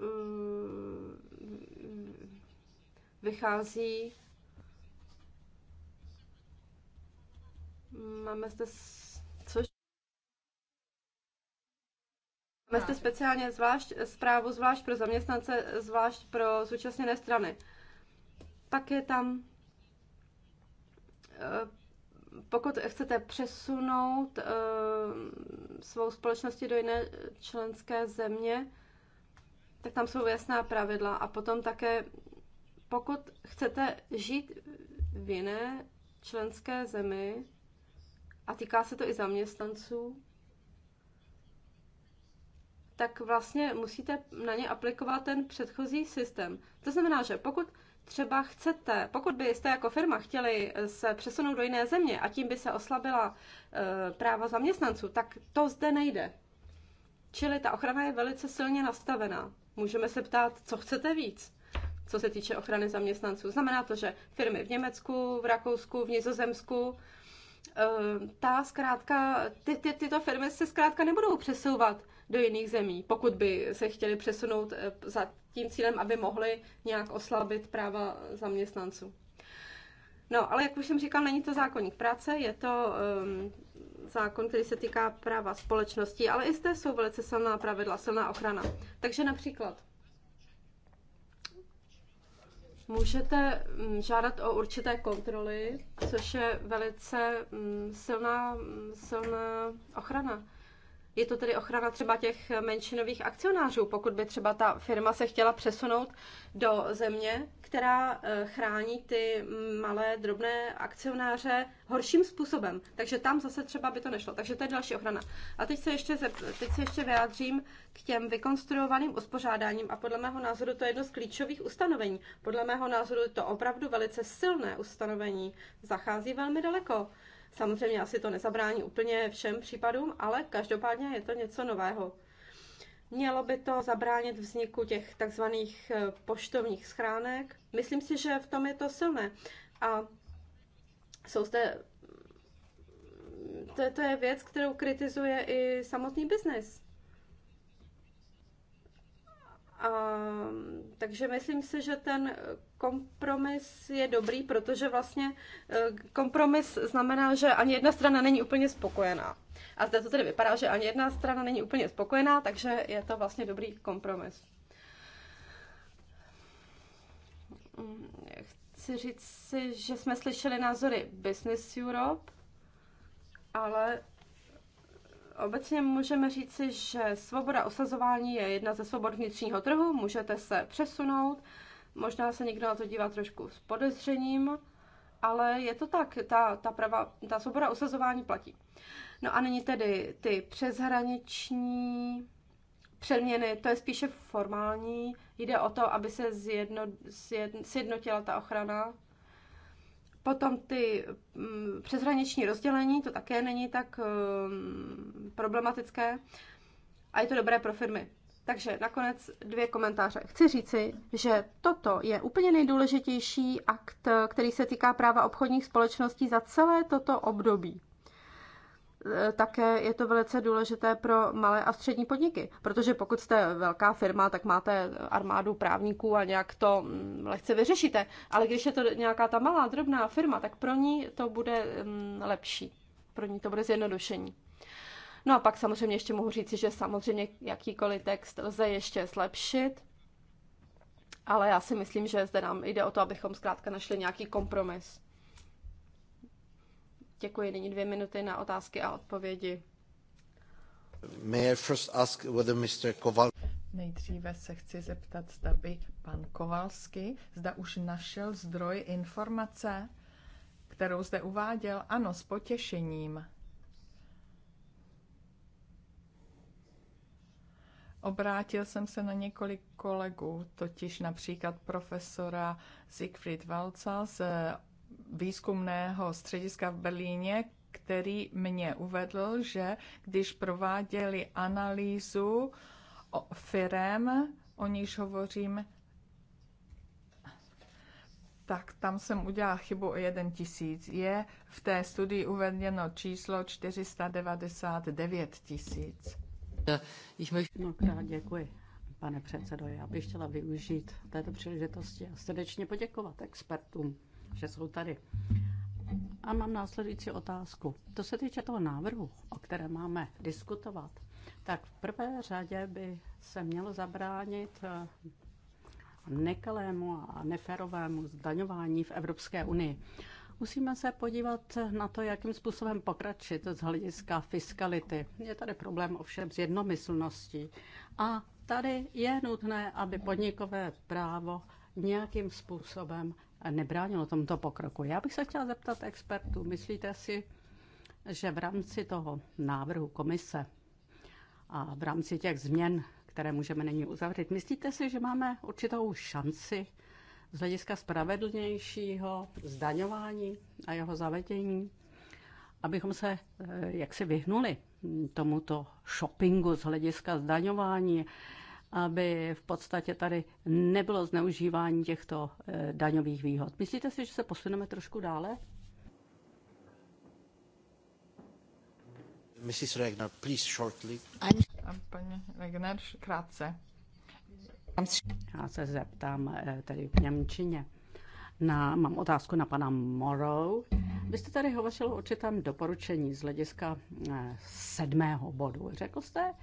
mm, vychází. Máme zde což? Máme zde speciálně zvlášť zprávu, zvlášť pro zaměstnance, zvlášť pro zúčastněné strany pak je tam eh, pokud chcete přesunout eh, svou společnosti do jiné členské země, tak tam jsou jasná pravidla. A potom také, pokud chcete žít v jiné členské zemi, a týká se to i zaměstnanců, tak vlastně musíte na ně aplikovat ten předchozí systém. To znamená, že pokud třeba chcete, pokud byste jako firma chtěli se přesunout do jiné země a tím by se oslabila e, práva zaměstnanců, tak to zde nejde. Čili ta ochrana je velice silně nastavená. Můžeme se ptát, co chcete víc, co se týče ochrany zaměstnanců. Znamená to, že firmy v Německu, v Rakousku, v Nizozemsku, e, ta zkrátka, ty, ty, tyto firmy se zkrátka nebudou přesouvat do jiných zemí, pokud by se chtěli přesunout eh, za tím cílem, aby mohli nějak oslabit práva zaměstnanců. No, ale jak už jsem říkal, není to zákonník práce, je to um, zákon, který se týká práva společnosti, ale i zde jsou velice silná pravidla, silná ochrana. Takže například můžete mm, žádat o určité kontroly, což je velice mm, silná, mm, silná ochrana. Je to tedy ochrana třeba těch menšinových akcionářů, pokud by třeba ta firma se chtěla přesunout do země, která eh, chrání ty malé, drobné akcionáře horším způsobem. Takže tam zase třeba by to nešlo. Takže to je další ochrana. A teď se ještě, teď se ještě vyjádřím k těm vykonstruovaným uspořádáním a podle mého názoru to je jedno z klíčových ustanovení. Podle mého názoru je to opravdu velice silné ustanovení. Zachází velmi daleko. Samozřejmě asi to nezabrání úplně všem případům, ale každopádně je to něco nového. Mělo by to zabránit vzniku těch takzvaných eh, poštovních schránek. Myslím si, že v tom je to silné. A jsou zde to, to je věc, kterou kritizuje i samotný biznes. A, takže myslím si, že ten kompromis je dobrý, protože vlastně eh, kompromis znamená, že ani jedna strana není úplně spokojená. A zde to tedy vypadá, že ani jedna strana není úplně spokojená, takže je to vlastně dobrý kompromis. Mm, chci říct si, že jsme slyšeli názory Business Europe, ale Obecně můžeme říci, že svoboda osazování je jedna ze svobod vnitřního trhu, můžete se přesunout, možná se někdo na to dívá trošku s podezřením, ale je to tak, ta, ta, prava, ta svoboda osazování platí. No a není tedy ty přeshraniční přeměny, to je spíše formální, jde o to, aby se zjedno, zjedno, sjednotila ta ochrana Potom ty mm, přeshraniční rozdělení, to také není tak mm, problematické a je to dobré pro firmy. Takže nakonec dvě komentáře. Chci říci, že toto je úplně nejdůležitější akt, který se týká práva obchodních společností za celé toto období. Eh, také je to velice důležité pro malé a střední podniky, protože pokud jste velká firma, tak máte armádu právníků a nějak to mm, lehce vyřešíte, ale když je to nějaká ta malá, drobná firma, tak pro ní to bude mm, lepší, pro ní to bude zjednodušení. No a pak samozřejmě ještě mohu říci, že samozřejmě jakýkoliv text lze ještě zlepšit, ale já si myslím, že zde nám jde o to, abychom zkrátka našli nějaký kompromis. Děkuji. Nyní dvě minuty na otázky a odpovědi. May I first ask whether Mr. Koval... Nejdříve se chci zeptat, zda by pan Kovalsky, zda už našel zdroj informace, kterou zde uváděl. Ano, s potěšením. Obrátil jsem se na několik kolegů, totiž například profesora Siegfried Walca z výzkumného střediska v Berlíně, který mě uvedl, že když prováděli analýzu o firem, o níž hovořím, tak tam jsem udělal chybu o 1 tisíc. Je v té studii uvedeno číslo 499 tisíc. No, krát děkuji, pane předsedo. Já bych chtěla využít této příležitosti a srdečně poděkovat expertům že jsou tady. A mám následující otázku. To se týče toho návrhu, o kterém máme diskutovat, tak v prvé řadě by se mělo zabránit eh, nekalému a neférovému zdaňování v Evropské unii. Musíme se podívat na to, jakým způsobem pokračit z hlediska fiskality. Je tady problém ovšem s jednomyslností. A tady je nutné, aby podnikové právo nějakým způsobem nebránilo tomuto pokroku. Já bych se chtěla zeptat expertů, myslíte si, že v rámci toho návrhu komise a v rámci těch změn, které můžeme nyní uzavřít, myslíte si, že máme určitou šanci z hlediska spravedlnějšího zdaňování a jeho zavedení, abychom se eh, jaksi vyhnuli tomuto shoppingu z hlediska zdaňování, aby v podstatě tady nebylo zneužívání těchto eh, daňových výhod. Myslíte si, že se posuneme trošku dále? Mrs. Regner, please shortly. Paní Regner, krátce. Já se zeptám eh, tady v Němčině. Na, mám otázku na pana Morrow. Vy jste tady hovořil o určitém doporučení z hlediska eh, sedmého bodu. Řekl jste,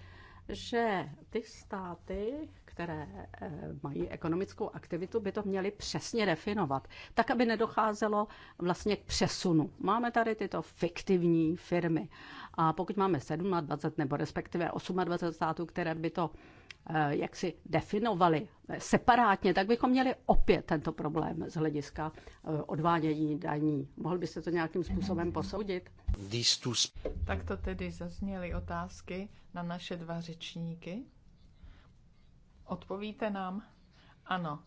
že ty státy, které eh, mají ekonomickou aktivitu, by to měly přesně definovat, tak aby nedocházelo vlastně k přesunu. Máme tady tyto fiktivní firmy a pokud máme 27 nebo respektive 28 států, které by to eh, jak si definovali eh, separátně, tak bychom měli opět tento problém z hlediska odvádění daní. Mohl byste to nějakým způsobem posoudit? Tak to tedy zazněly otázky na naše dva řečníky. Odpovíte nám? Ano.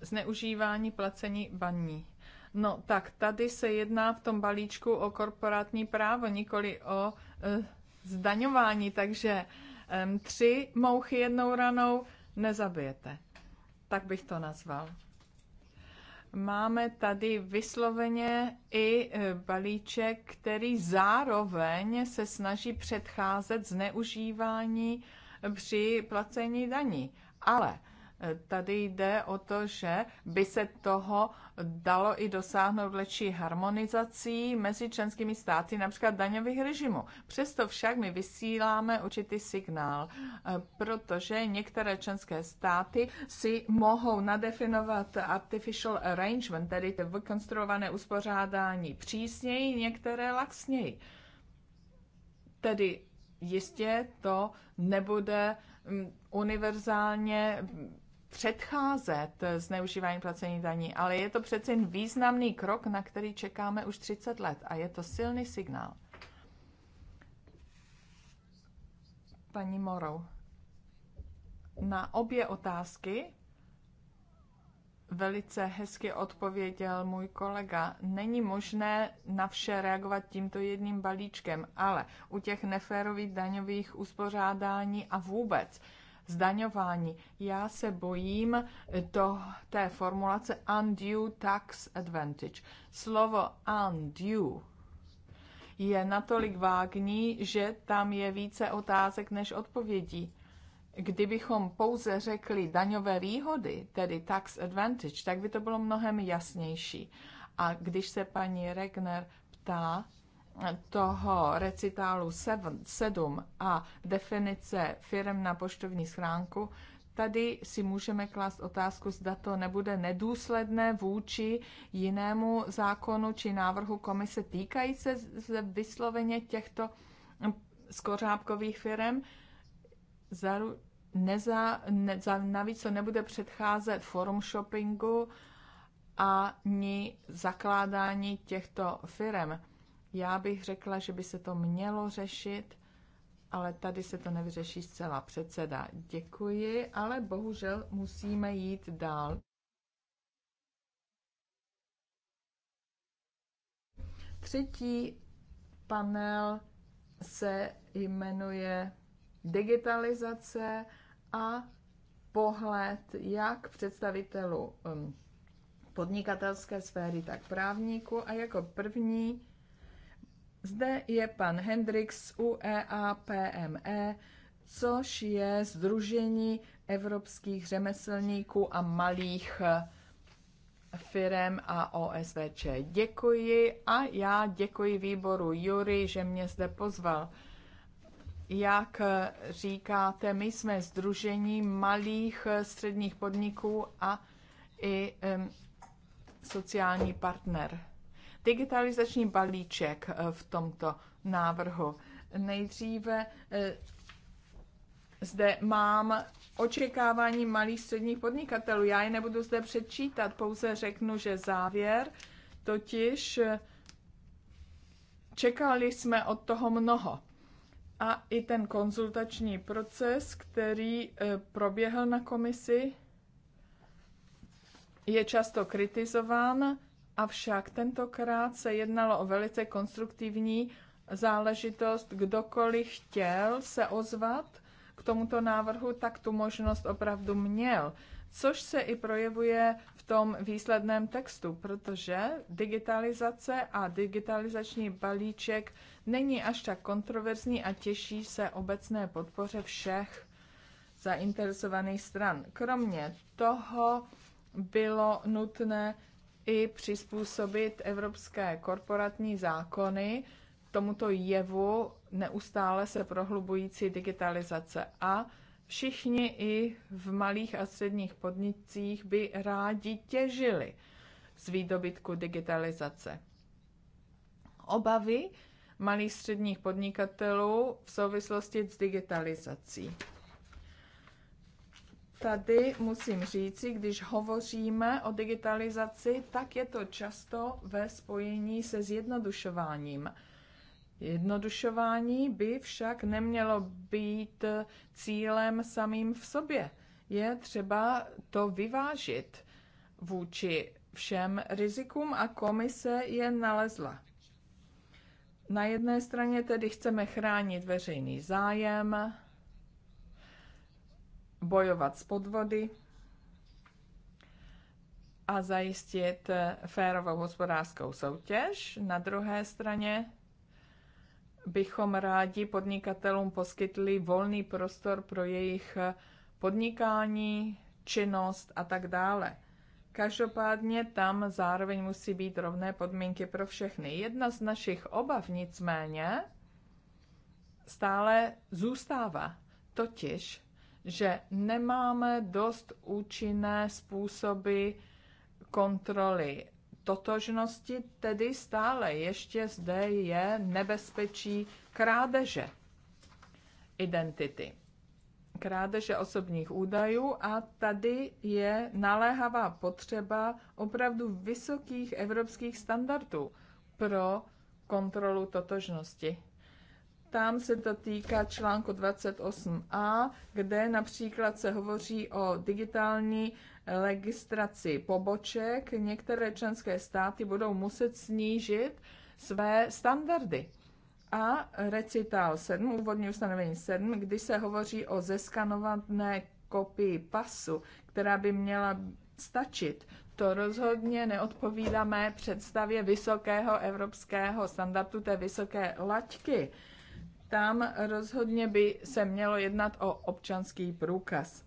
Zneužívání placení baní. No tak tady se jedná v tom balíčku o korporátní právo, nikoli o e, zdaňování, takže e, tři mouchy jednou ranou nezabijete. Tak bych to nazval. Máme tady vysloveně i e, balíček, který zároveň se snaží předcházet zneužívání při placení daní. Ale eh, tady jde o to, že by se toho dalo i dosáhnout lepší harmonizací mezi členskými státy, například daňových režimů. Přesto však my vysíláme určitý signál, eh, protože některé členské státy si mohou nadefinovat artificial arrangement, tedy vykonstruované uspořádání přísněji, některé laxněji. Tedy jistě to nebude mm, univerzálně předcházet zneužívání placení daní, ale je to přece jen významný krok, na který čekáme už 30 let a je to silný signál. Paní Morou, na obě otázky velice hezky odpověděl můj kolega. Není možné na vše reagovat tímto jedním balíčkem, ale u těch neférových daňových uspořádání a vůbec zdaňování. Já se bojím to, té formulace undue tax advantage. Slovo undue je natolik vágní, že tam je více otázek než odpovědí. Kdybychom pouze řekli daňové výhody, tedy tax advantage, tak by to bylo mnohem jasnější. A když se paní Regner ptá toho recitálu 7 a definice firm na poštovní schránku, tady si můžeme klást otázku, zda to nebude nedůsledné vůči jinému zákonu či návrhu komise týkají se vysloveně těchto skořápkových firm. Zaru, neza, ne, za, navíc to nebude předcházet forum shoppingu a ani zakládání těchto firm. Já bych řekla, že by se to mělo řešit, ale tady se to nevyřeší zcela. Předseda, děkuji, ale bohužel musíme jít dál. Třetí panel se jmenuje digitalizace a pohled jak představitelů um, podnikatelské sféry, tak právníku. A jako první zde je pan Hendrix z UEA PME, což je Združení evropských řemeslníků a malých firem a OSVČ. Děkuji a já děkuji výboru Jury, že mě zde pozval. Jak eh, říkáte, my jsme združení malých eh, středních podniků a i um, sociální partner. Digitalizační balíček eh, v tomto návrhu. Nejdříve zde mám očekávání malých středních podnikatelů. Já je nebudu zde předčítat, pouze řeknu, že závěr, totiž čekali jsme od toho mnoho a i ten konzultační proces, který e, proběhl na komisi, je často kritizován, avšak tentokrát se jednalo o velice konstruktivní záležitost. Kdokoliv chtěl se ozvat k tomuto návrhu, tak tu možnost opravdu měl což se i projevuje v tom výsledném textu, protože digitalizace a digitalizační balíček není až tak kontroverzní a těší se obecné podpoře všech zainteresovaných stran. Kromě toho bylo nutné i přizpůsobit evropské korporátní zákony tomuto jevu neustále se prohlubující digitalizace a Všichni i v malých a středních podnicích by rádi těžili z výdobytku digitalizace. Obavy malých středních podnikatelů v souvislosti s digitalizací. Tady musím říci, když hovoříme o digitalizaci, tak je to často ve spojení se zjednodušováním Jednodušování by však nemělo být cílem samým v sobě. Je třeba to vyvážit vůči všem rizikům a komise je nalezla. Na jedné straně tedy chceme chránit veřejný zájem, bojovat s podvody a zajistit férovou hospodářskou soutěž. Na druhé straně bychom rádi podnikatelům poskytli volný prostor pro jejich podnikání, činnost a tak dále. Každopádně tam zároveň musí být rovné podmínky pro všechny. Jedna z našich obav nicméně stále zůstává, totiž, že nemáme dost účinné způsoby kontroly totožnosti, tedy stále ještě zde je nebezpečí krádeže identity, krádeže osobních údajů a tady je naléhavá potřeba opravdu vysokých evropských standardů pro kontrolu totožnosti. Tam se to týká článku 28a, kde například se hovoří o digitální registraci poboček některé členské státy budou muset snížit své standardy. A recital 7, úvodní ustanovení 7, kdy se hovoří o zeskanované kopii pasu, která by měla stačit. To rozhodně neodpovídá mé představě vysokého evropského standardu té vysoké laťky. Tam rozhodně by se mělo jednat o občanský průkaz.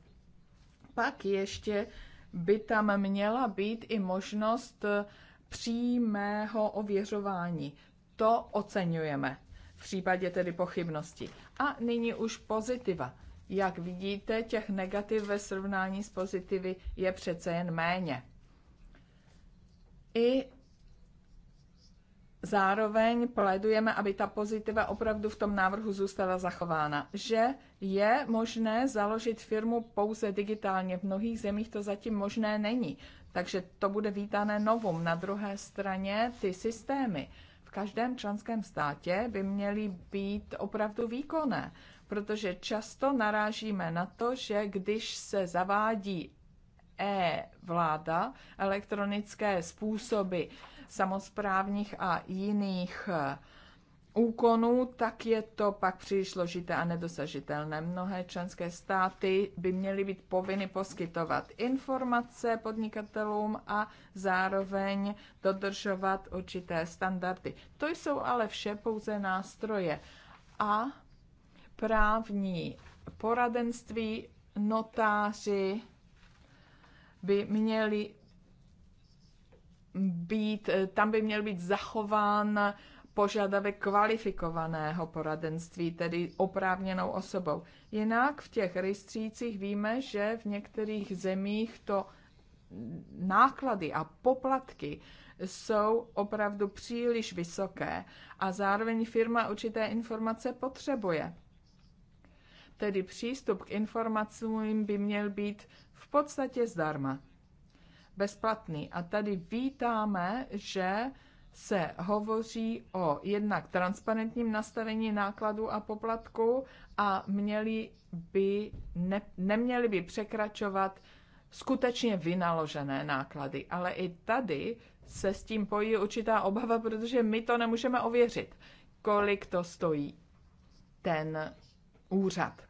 Pak ještě by tam měla být i možnost eh, přímého ověřování. To oceňujeme v případě tedy pochybnosti. A nyní už pozitiva. Jak vidíte, těch negativ ve srovnání s pozitivy je přece jen méně. I zároveň plédujeme, aby ta pozitiva opravdu v tom návrhu zůstala zachována. Že je možné založit firmu pouze digitálně. V mnohých zemích to zatím možné není. Takže to bude vítané novum. Na druhé straně ty systémy v každém členském státě by měly být opravdu výkonné, protože často narážíme na to, že když se zavádí e-vláda, elektronické způsoby samozprávních a jiných eh, úkonů, tak je to pak příliš složité a nedosažitelné. Mnohé členské státy by měly být povinny poskytovat informace podnikatelům a zároveň dodržovat určité standardy. To jsou ale vše pouze nástroje a právní poradenství notáři by měli být, eh, tam by měl být zachován požadavek kvalifikovaného poradenství, tedy oprávněnou osobou. Jinak v těch rejstřících víme, že v některých zemích to náklady a poplatky jsou opravdu příliš vysoké a zároveň firma určité informace potřebuje. Tedy přístup k informacím by měl být v podstatě zdarma bezplatný. A tady vítáme, že se hovoří o jednak transparentním nastavení nákladů a poplatku a měli by ne, neměli by překračovat skutečně vynaložené náklady. Ale i tady se s tím pojí určitá obava, protože my to nemůžeme ověřit, kolik to stojí ten úřad.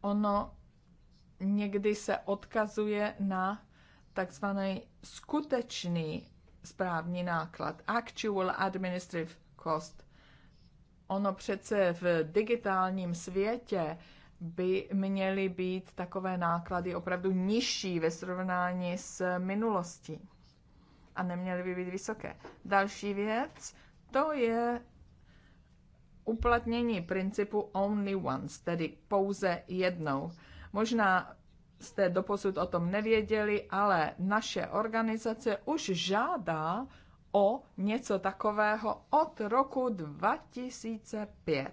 Ono někdy se odkazuje na takzvaný skutečný správní náklad, actual administrative cost. Ono přece v digitálním světě by měly být takové náklady opravdu nižší ve srovnání s minulostí a neměly by být vysoké. Další věc, to je uplatnění principu only once, tedy pouze jednou. Možná jste doposud o tom nevěděli, ale naše organizace už žádá o něco takového od roku 2005.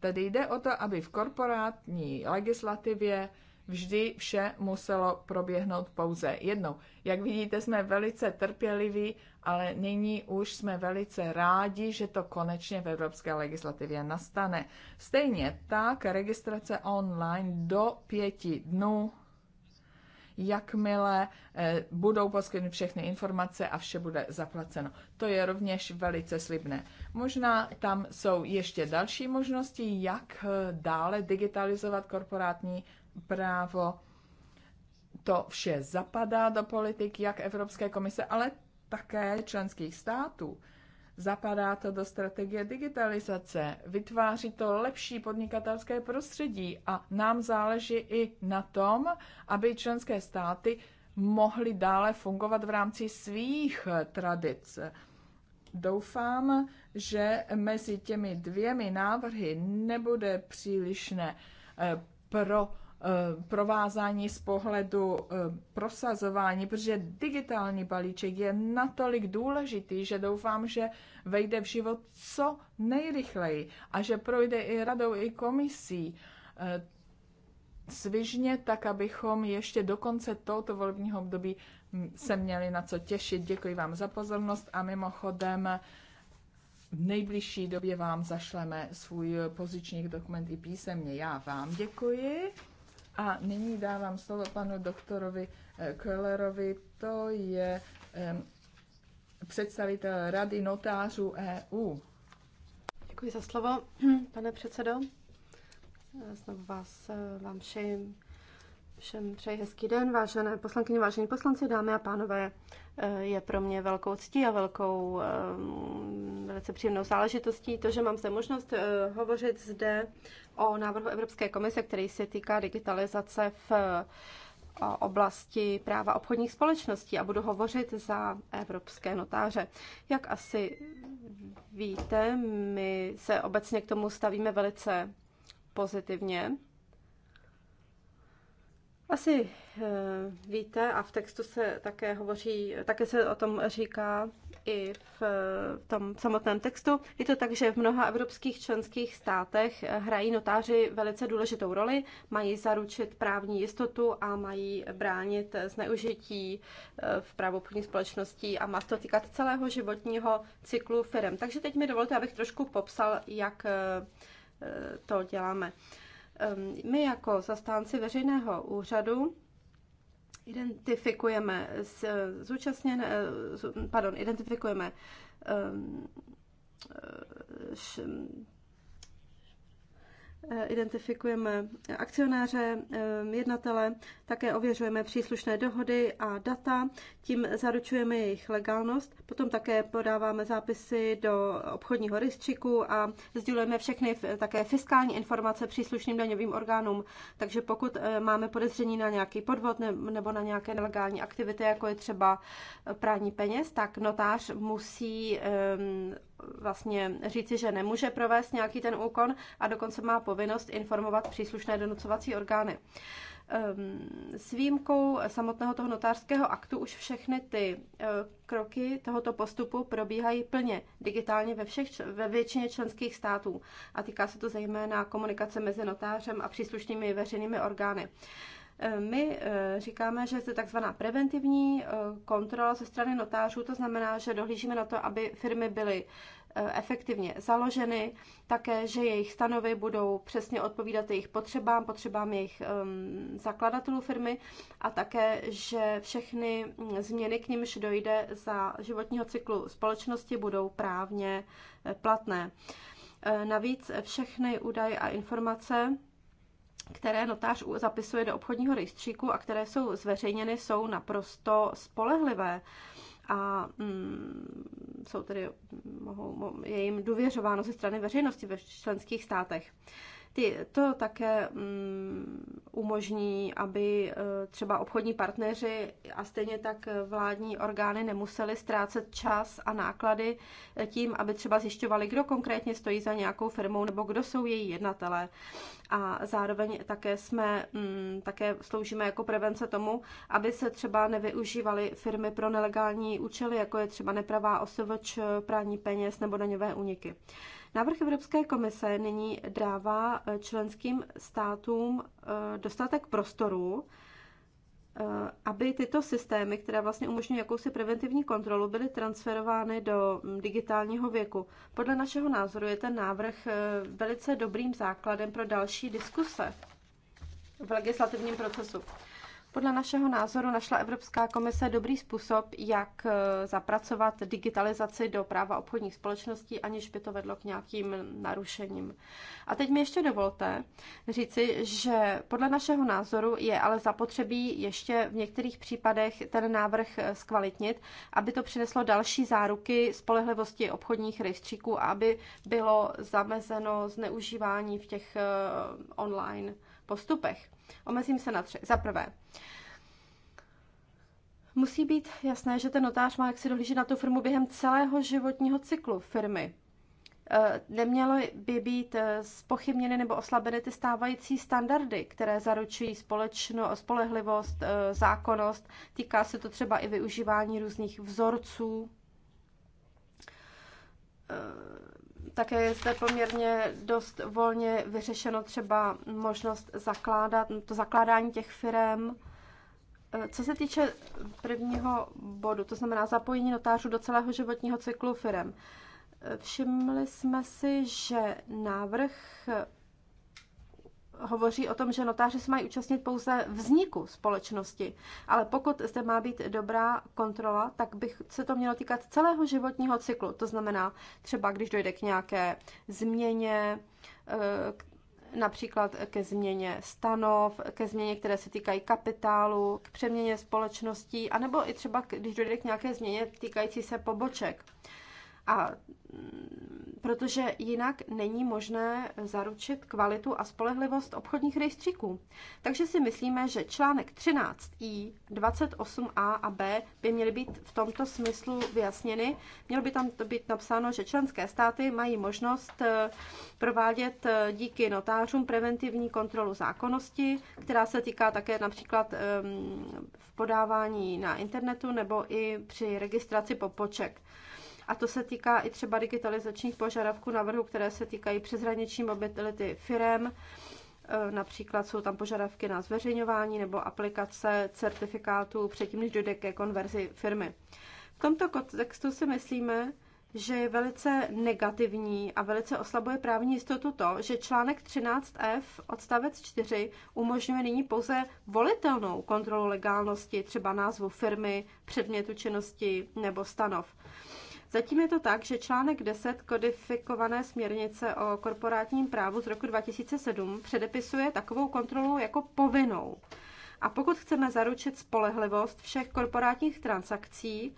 Tedy jde o to, aby v korporátní legislativě Vždy vše muselo proběhnout pouze jednou. Jak vidíte, jsme velice trpěliví, ale nyní už jsme velice rádi, že to konečně v evropské legislativě nastane. Stejně tak registrace online do pěti dnů jakmile eh, budou poskytnuty všechny informace a vše bude zaplaceno. To je rovněž velice slibné. Možná tam jsou ještě další možnosti, jak eh, dále digitalizovat korporátní právo. To vše zapadá do politik jak Evropské komise, ale také členských států. Zapadá to do strategie digitalizace, vytváří to lepší podnikatelské prostředí a nám záleží i na tom, aby členské státy mohly dále fungovat v rámci svých tradic. Doufám, že mezi těmi dvěmi návrhy nebude přílišné eh, pro Eh, provázání z pohledu eh, prosazování, protože digitální balíček je natolik důležitý, že doufám, že vejde v život co nejrychleji a že projde i radou, i komisí eh, svižně, tak abychom ještě do konce tohoto volebního období hm, se měli na co těšit. Děkuji vám za pozornost a mimochodem v nejbližší době vám zašleme svůj pozičník dokument i písemně. Já vám děkuji. A nyní dávám slovo panu doktorovi eh, Kellerovi, to je představitel Rady notářů EU. Děkuji za slovo, pane předsedo. Eh, znovu vás eh, vám všem Všem přeji hezký den, vážené poslankyně, vážení poslanci, dámy a pánové. Eh, je pro mě velkou ctí a velkou eh, velice příjemnou záležitostí to, že mám zde možnost eh, hovořit zde o návrhu Evropské komise, který se týká digitalizace v oblasti práva obchodních společností a budu hovořit za evropské notáře. Jak asi víte, my se obecně k tomu stavíme velice pozitivně asi eh, víte, a v textu se také hovoří, také se o tom říká i v tom samotném textu, je to tak, že v mnoha evropských členských státech eh, hrají notáři velice důležitou roli, mají zaručit právní jistotu a mají bránit zneužití eh, v právopůlní společnosti a má to týkat celého životního cyklu firm. Takže teď mi dovolte, abych trošku popsal, jak to děláme. Ehm, my jako zastánci veřejného úřadu identifikujeme zúčastněné, eh, pardon, identifikujeme ehm, eh, Eh, identifikujeme akcionáře, eh, jednatele, také ověřujeme příslušné dohody a data, tím zaručujeme jejich legálnost, potom také podáváme zápisy do obchodního rejstříku a sdělujeme všechny také fiskální informace příslušným daňovým orgánům. Takže pokud eh, máme podezření na nějaký podvod nebo na nějaké nelegální aktivity, jako je třeba prání peněz, tak notář musí ehm, vlastně říci, že nemůže provést nějaký ten úkon a dokonce má povinnost informovat příslušné donucovací orgány. Ehm, s výjimkou samotného toho notářského aktu už všechny ty e, kroky tohoto postupu probíhají plně digitálně ve, všech, ve většině členských států a týká se to zejména komunikace mezi notářem a příslušnými veřejnými orgány. E, my e, říkáme, že je to takzvaná preventivní kontrola ze strany notářů, to znamená, že dohlížíme na to, aby firmy byly Eh, efektivně založeny, také, že jejich stanovy budou přesně odpovídat jejich potřebám, potřebám jejich um, zakladatelů firmy a také, že všechny změny, k nimž dojde za životního cyklu společnosti, budou právně eh, platné. Eh, navíc všechny údaje a informace, které notář zapisuje do obchodního rejstříku a které jsou zveřejněny, jsou naprosto spolehlivé. Um, a mm, jsou tedy, mohou, je jim důvěřováno ze strany veřejnosti ve členských státech. Ty, to také um, umožní, aby uh, třeba obchodní partneři a stejně tak vládní orgány nemuseli ztrácet čas a náklady eh, tím, aby třeba zjišťovali, kdo konkrétně stojí za nějakou firmou nebo kdo jsou její jednatelé. A zároveň také jsme, um, také sloužíme jako prevence tomu, aby se třeba nevyužívaly firmy pro nelegální účely, jako je třeba nepravá osovoč, prání peněz nebo daňové úniky. Návrh Evropské komise nyní dává eh, členským státům eh, dostatek prostoru, eh, aby tyto systémy, které vlastně umožňují jakousi preventivní kontrolu, byly transferovány do mm, digitálního věku. Podle našeho názoru je ten návrh velice dobrým základem pro další diskuse v legislativním procesu. Podle našeho názoru našla Evropská komise dobrý způsob, jak eh, zapracovat digitalizaci do práva obchodních společností, aniž by to vedlo k nějakým narušením. A teď mi ještě dovolte říci, že podle našeho názoru je ale zapotřebí ještě v některých případech ten návrh eh, zkvalitnit, aby to přineslo další záruky spolehlivosti obchodních rejstříků a aby bylo zamezeno zneužívání v těch eh, online postupech. Omezím se na tři. Za prvé, musí být jasné, že ten notář má si dohlížet na tu firmu během celého životního cyklu firmy. Eh, nemělo by být spochybněny eh, nebo oslabeny ty stávající standardy, které zaručují společno, spolehlivost, eh, zákonnost. Týká se to třeba i využívání různých vzorců také je zde poměrně dost volně vyřešeno třeba možnost zakládat, to zakládání těch firm. Eh, co se týče prvního bodu, to znamená zapojení notářů do celého životního cyklu firm, eh, všimli jsme si, že návrh hovoří o tom, že notáři se mají účastnit pouze vzniku společnosti, ale pokud zde má být dobrá kontrola, tak bych se to mělo týkat celého životního cyklu. To znamená, třeba když dojde k nějaké změně, eh, například ke změně stanov, ke změně, které se týkají kapitálu, k přeměně společností, anebo i třeba, když dojde k nějaké změně týkající se poboček. A mm, protože jinak není možné zaručit kvalitu a spolehlivost obchodních rejstříků. Takže si myslíme, že článek 13i, 28a a b by měly být v tomto smyslu vyjasněny. Mělo by tam to být napsáno, že členské státy mají možnost eh, provádět eh, díky notářům preventivní kontrolu zákonnosti, která se týká také například ehm, v podávání na internetu nebo i při registraci popoček. A to se týká i třeba digitalizačních požadavků návrhu, které se týkají přeshraniční mobility firem. E, například jsou tam požadavky na zveřejňování nebo aplikace certifikátů předtím, než dojde ke konverzi firmy. V tomto kontextu si myslíme, že je velice negativní a velice oslabuje právní jistotu to, že článek 13f odstavec 4 umožňuje nyní pouze volitelnou kontrolu legálnosti, třeba názvu firmy, předmětu činnosti nebo stanov. Zatím je to tak, že článek 10 kodifikované směrnice o korporátním právu z roku 2007 předepisuje takovou kontrolu jako povinnou. A pokud chceme zaručit spolehlivost všech korporátních transakcí,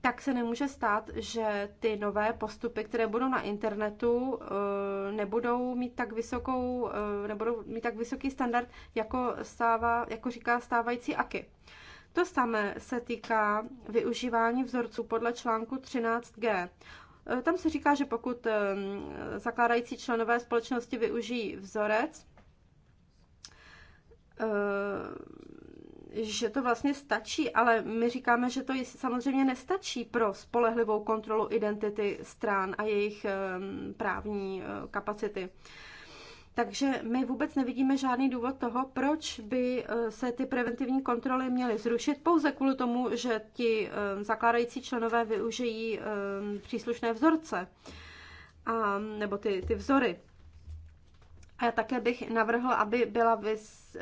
tak se nemůže stát, že ty nové postupy, které budou na internetu, eh, nebudou mít tak vysokou, eh, nebudou mít tak vysoký standard, jako, stává, jako říká stávající AKY. To samé se týká využívání vzorců podle článku 13G. E, tam se říká, že pokud e, zakládající členové společnosti využijí vzorec, e, že to vlastně stačí, ale my říkáme, že to je, samozřejmě nestačí pro spolehlivou kontrolu identity strán a jejich právní kapacity. Takže my vůbec nevidíme žádný důvod toho, proč by eh, se ty preventivní kontroly měly zrušit pouze kvůli tomu, že ti eh, zakládající členové využijí eh, příslušné vzorce a, nebo ty, ty vzory. A já také bych navrhl, aby byla, vys,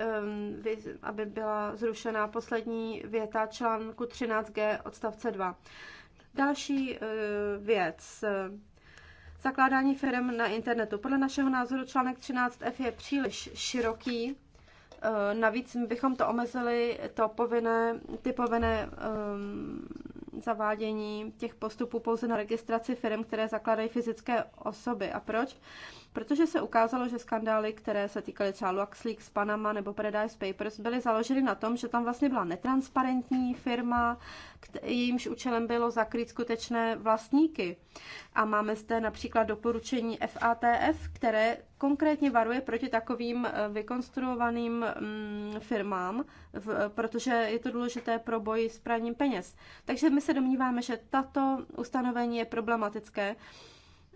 vys, aby byla zrušena poslední věta článku 13g odstavce 2. Další věc zakládání firm na internetu. Podle našeho názoru článek 13F je příliš široký, e, Navíc bychom to omezili, to povinné, ty povinné um, ehm, zavádění těch postupů pouze na registraci firm, které zakládají fyzické osoby. A proč? protože se ukázalo, že skandály, které se týkaly třeba LuxLeaks, Panama nebo Paradise Papers, byly založeny na tom, že tam vlastně byla netransparentní firma, jejímž účelem bylo zakrýt skutečné vlastníky. A máme zde například doporučení FATF, které konkrétně varuje proti takovým eh, vykonstruovaným mm, firmám, protože je to důležité pro boj s praním peněz. Takže my se domníváme, že tato ustanovení je problematické.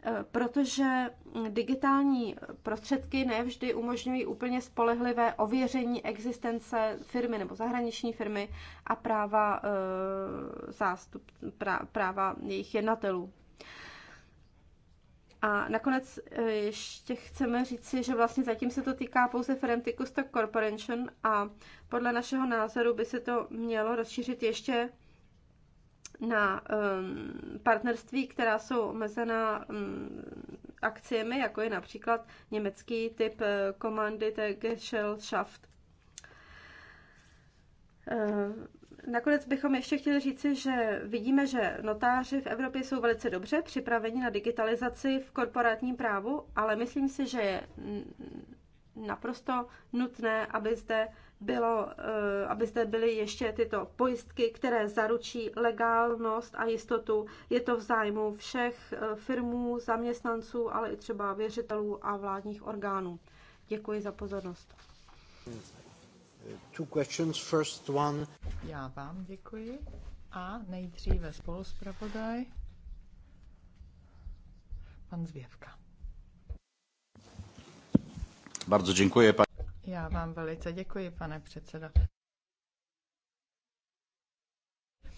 Eh, protože digitální prostředky nevždy umožňují úplně spolehlivé ověření existence firmy nebo zahraniční firmy a práva, eh, zástup, práva jejich jednatelů. A nakonec eh, ještě chceme říci, že vlastně zatím se to týká pouze Ferentiku Stock Corporation a podle našeho názoru by se to mělo rozšířit ještě na um, partnerství, která jsou omezená um, akciemi, jako je například německý typ uh, komandy Gesellschaft. Uh, Nakonec bychom ještě chtěli říci, že vidíme, že notáři v Evropě jsou velice dobře připraveni na digitalizaci v korporátním právu, ale myslím si, že je naprosto nutné, aby zde bylo, eh, aby zde byly ještě tyto pojistky, které zaručí legálnost a jistotu. Je to v zájmu všech eh, firmů, zaměstnanců, ale i třeba věřitelů a vládních orgánů. Děkuji za pozornost. Two questions. First one. Já vám děkuji. A nejdříve spoluspravodaj, pan Zvěvka. Bardzo dziękuję. Já vám velice děkuji, pane předseda.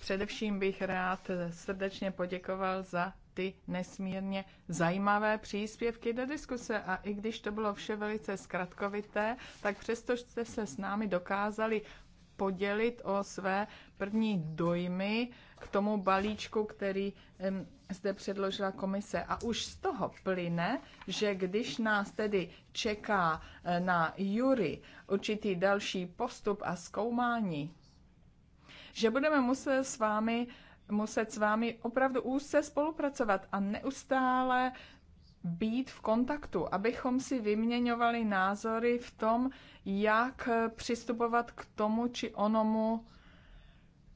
Především bych rád srdečně poděkoval za ty nesmírně zajímavé příspěvky do diskuse a i když to bylo vše velice zkratkovité, tak přesto jste se s námi dokázali podělit o své první dojmy, k tomu balíčku, který zde předložila komise. A už z toho plyne, že když nás tedy čeká e, na jury určitý další postup a zkoumání, že budeme muset s vámi muset s vámi opravdu úzce spolupracovat a neustále být v kontaktu, abychom si vyměňovali názory v tom, jak e, přistupovat k tomu či onomu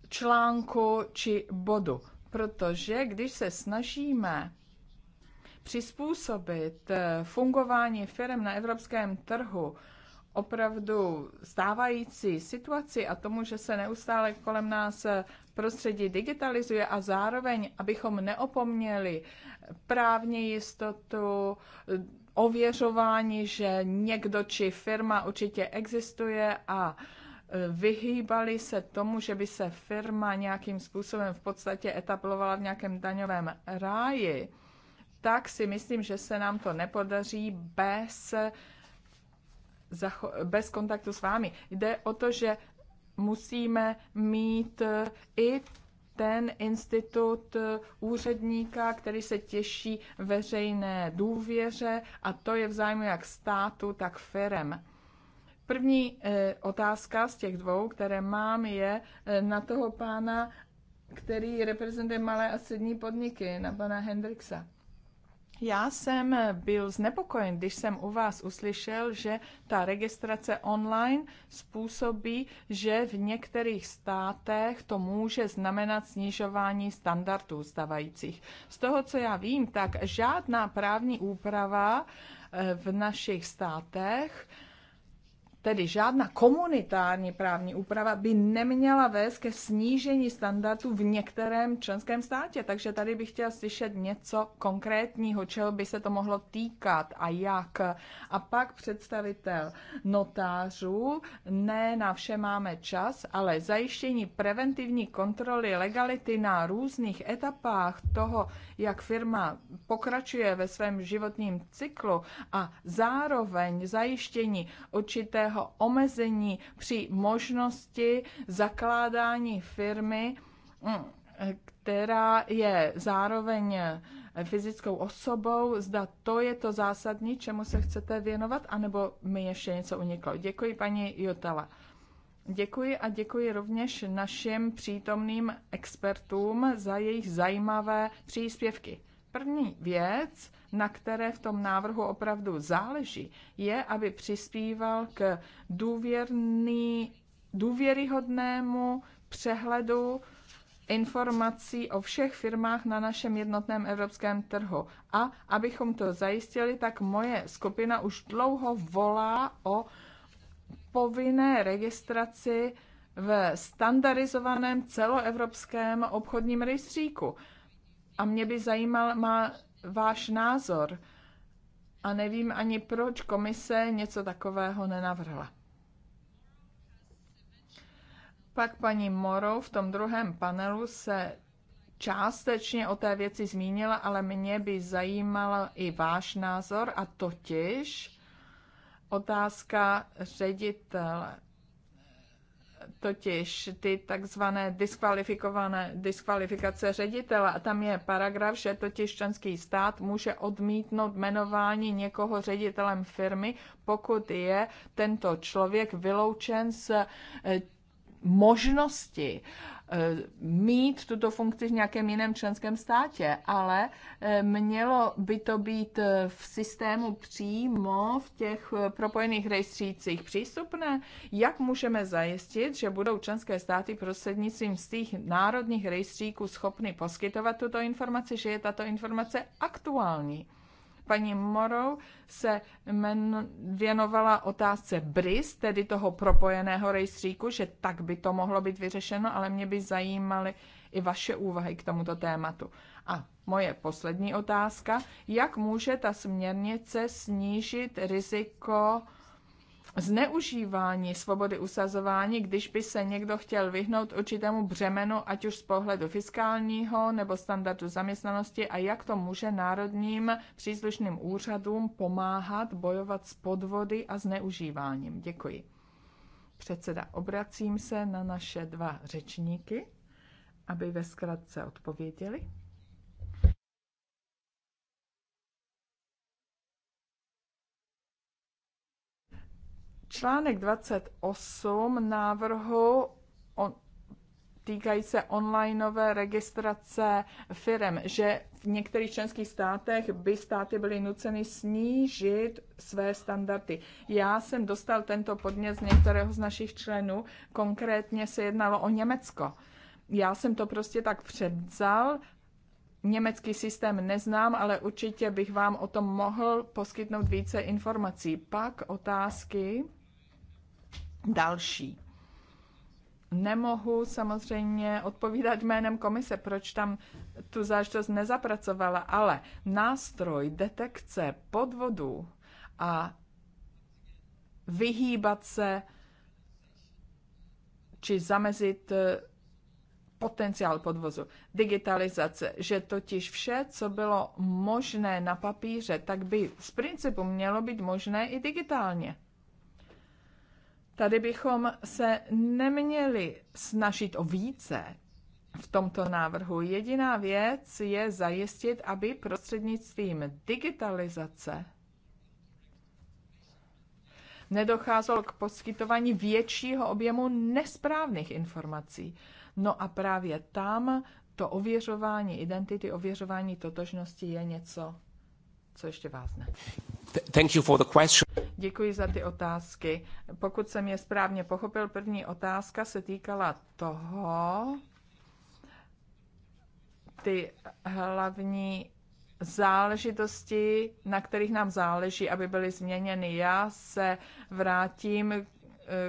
článku či bodu, protože když se snažíme přizpůsobit eh, fungování firm na evropském trhu opravdu stávající situaci a tomu, že se neustále kolem nás eh, prostředí digitalizuje a zároveň, abychom neopomněli právní jistotu, eh, ověřování, že někdo či firma určitě existuje a vyhýbali se tomu, že by se firma nějakým způsobem v podstatě etablovala v nějakém daňovém ráji, tak si myslím, že se nám to nepodaří bez, bez kontaktu s vámi. Jde o to, že musíme mít i ten institut úředníka, který se těší veřejné důvěře a to je v zájmu jak státu, tak firem První eh, otázka z těch dvou, které mám, je eh, na toho pána, který reprezentuje malé a střední podniky, na pana Hendrixa. Já jsem eh, byl znepokojen, když jsem u vás uslyšel, že ta registrace online způsobí, že v některých státech to může znamenat snižování standardů stavajících. Z toho, co já vím, tak žádná právní úprava v našich státech Tedy žádná komunitární právní úprava by neměla vést ke snížení standardů v některém členském státě. Takže tady bych chtěla slyšet něco konkrétního, čeho by se to mohlo týkat a jak. A pak představitel notářů, ne na vše máme čas, ale zajištění preventivní kontroly legality na různých etapách toho, jak firma pokračuje ve svém životním cyklu a zároveň zajištění určitého nějakého omezení při možnosti zakládání firmy, mm, která je zároveň fyzickou osobou, zda to je to zásadní, čemu se chcete věnovat, anebo mi ještě něco uniklo. Děkuji, paní Jotala. Děkuji a děkuji rovněž našim přítomným expertům za jejich zajímavé příspěvky. První věc, na které v tom návrhu opravdu záleží, je, aby přispíval k důvěrný, důvěryhodnému přehledu informací o všech firmách na našem jednotném evropském trhu. A abychom to zajistili, tak moje skupina už dlouho volá o povinné registraci v standardizovaném celoevropském obchodním rejstříku. A mě by zajímal, má, váš názor a nevím ani proč komise něco takového nenavrhla. Pak paní Morou v tom druhém panelu se částečně o té věci zmínila, ale mě by zajímal i váš názor a totiž otázka ředitele totiž ty takzvané diskvalifikované diskvalifikace ředitele. A tam je paragraf, že totiž členský stát může odmítnout jmenování někoho ředitelem firmy, pokud je tento člověk vyloučen z eh, možnosti Eh, mít tuto funkci v nějakém jiném členském státě, ale eh, mělo by to být eh, v systému přímo v těch propojených rejstřících přístupné. Jak můžeme zajistit, že budou členské státy prostřednictvím z těch národních rejstříků schopny poskytovat tuto informaci, že je tato informace aktuální? Paní Morou se men, věnovala otázce BRIS, tedy toho propojeného rejstříku, že tak by to mohlo být vyřešeno, ale mě by zajímaly i vaše úvahy k tomuto tématu. A moje poslední otázka, jak může ta směrnice snížit riziko zneužívání svobody usazování, když by se někdo chtěl vyhnout určitému břemenu, ať už z pohledu fiskálního nebo standardu zaměstnanosti a jak to může národním příslušným úřadům pomáhat bojovat s podvody a zneužíváním. Děkuji. Předseda, obracím se na naše dva řečníky, aby ve zkratce odpověděli. Článek 28 návrhu on, týkají se onlineové registrace firm, že v některých členských státech by státy byly nuceny snížit své standardy. Já jsem dostal tento podnět z některého z našich členů, konkrétně se jednalo o Německo. Já jsem to prostě tak předzal, Německý systém neznám, ale určitě bych vám o tom mohl poskytnout více informací. Pak otázky další. Nemohu samozřejmě odpovídat jménem komise, proč tam tu záležitost nezapracovala, ale nástroj detekce podvodů a vyhýbat se či zamezit eh, potenciál podvozu. Digitalizace, že totiž vše, co bylo možné na papíře, tak by z principu mělo být možné i digitálně. Tady bychom se neměli snažit o více v tomto návrhu. Jediná věc je zajistit, aby prostřednictvím digitalizace nedocházelo k poskytování většího objemu nesprávných informací. No a právě tam to ověřování identity, ověřování totožnosti je něco co ještě vázne. Thank you for the question. Děkuji za ty otázky. Pokud jsem je správně pochopil, první otázka se týkala toho, ty hlavní záležitosti, na kterých nám záleží, aby byly změněny. Já se vrátím eh,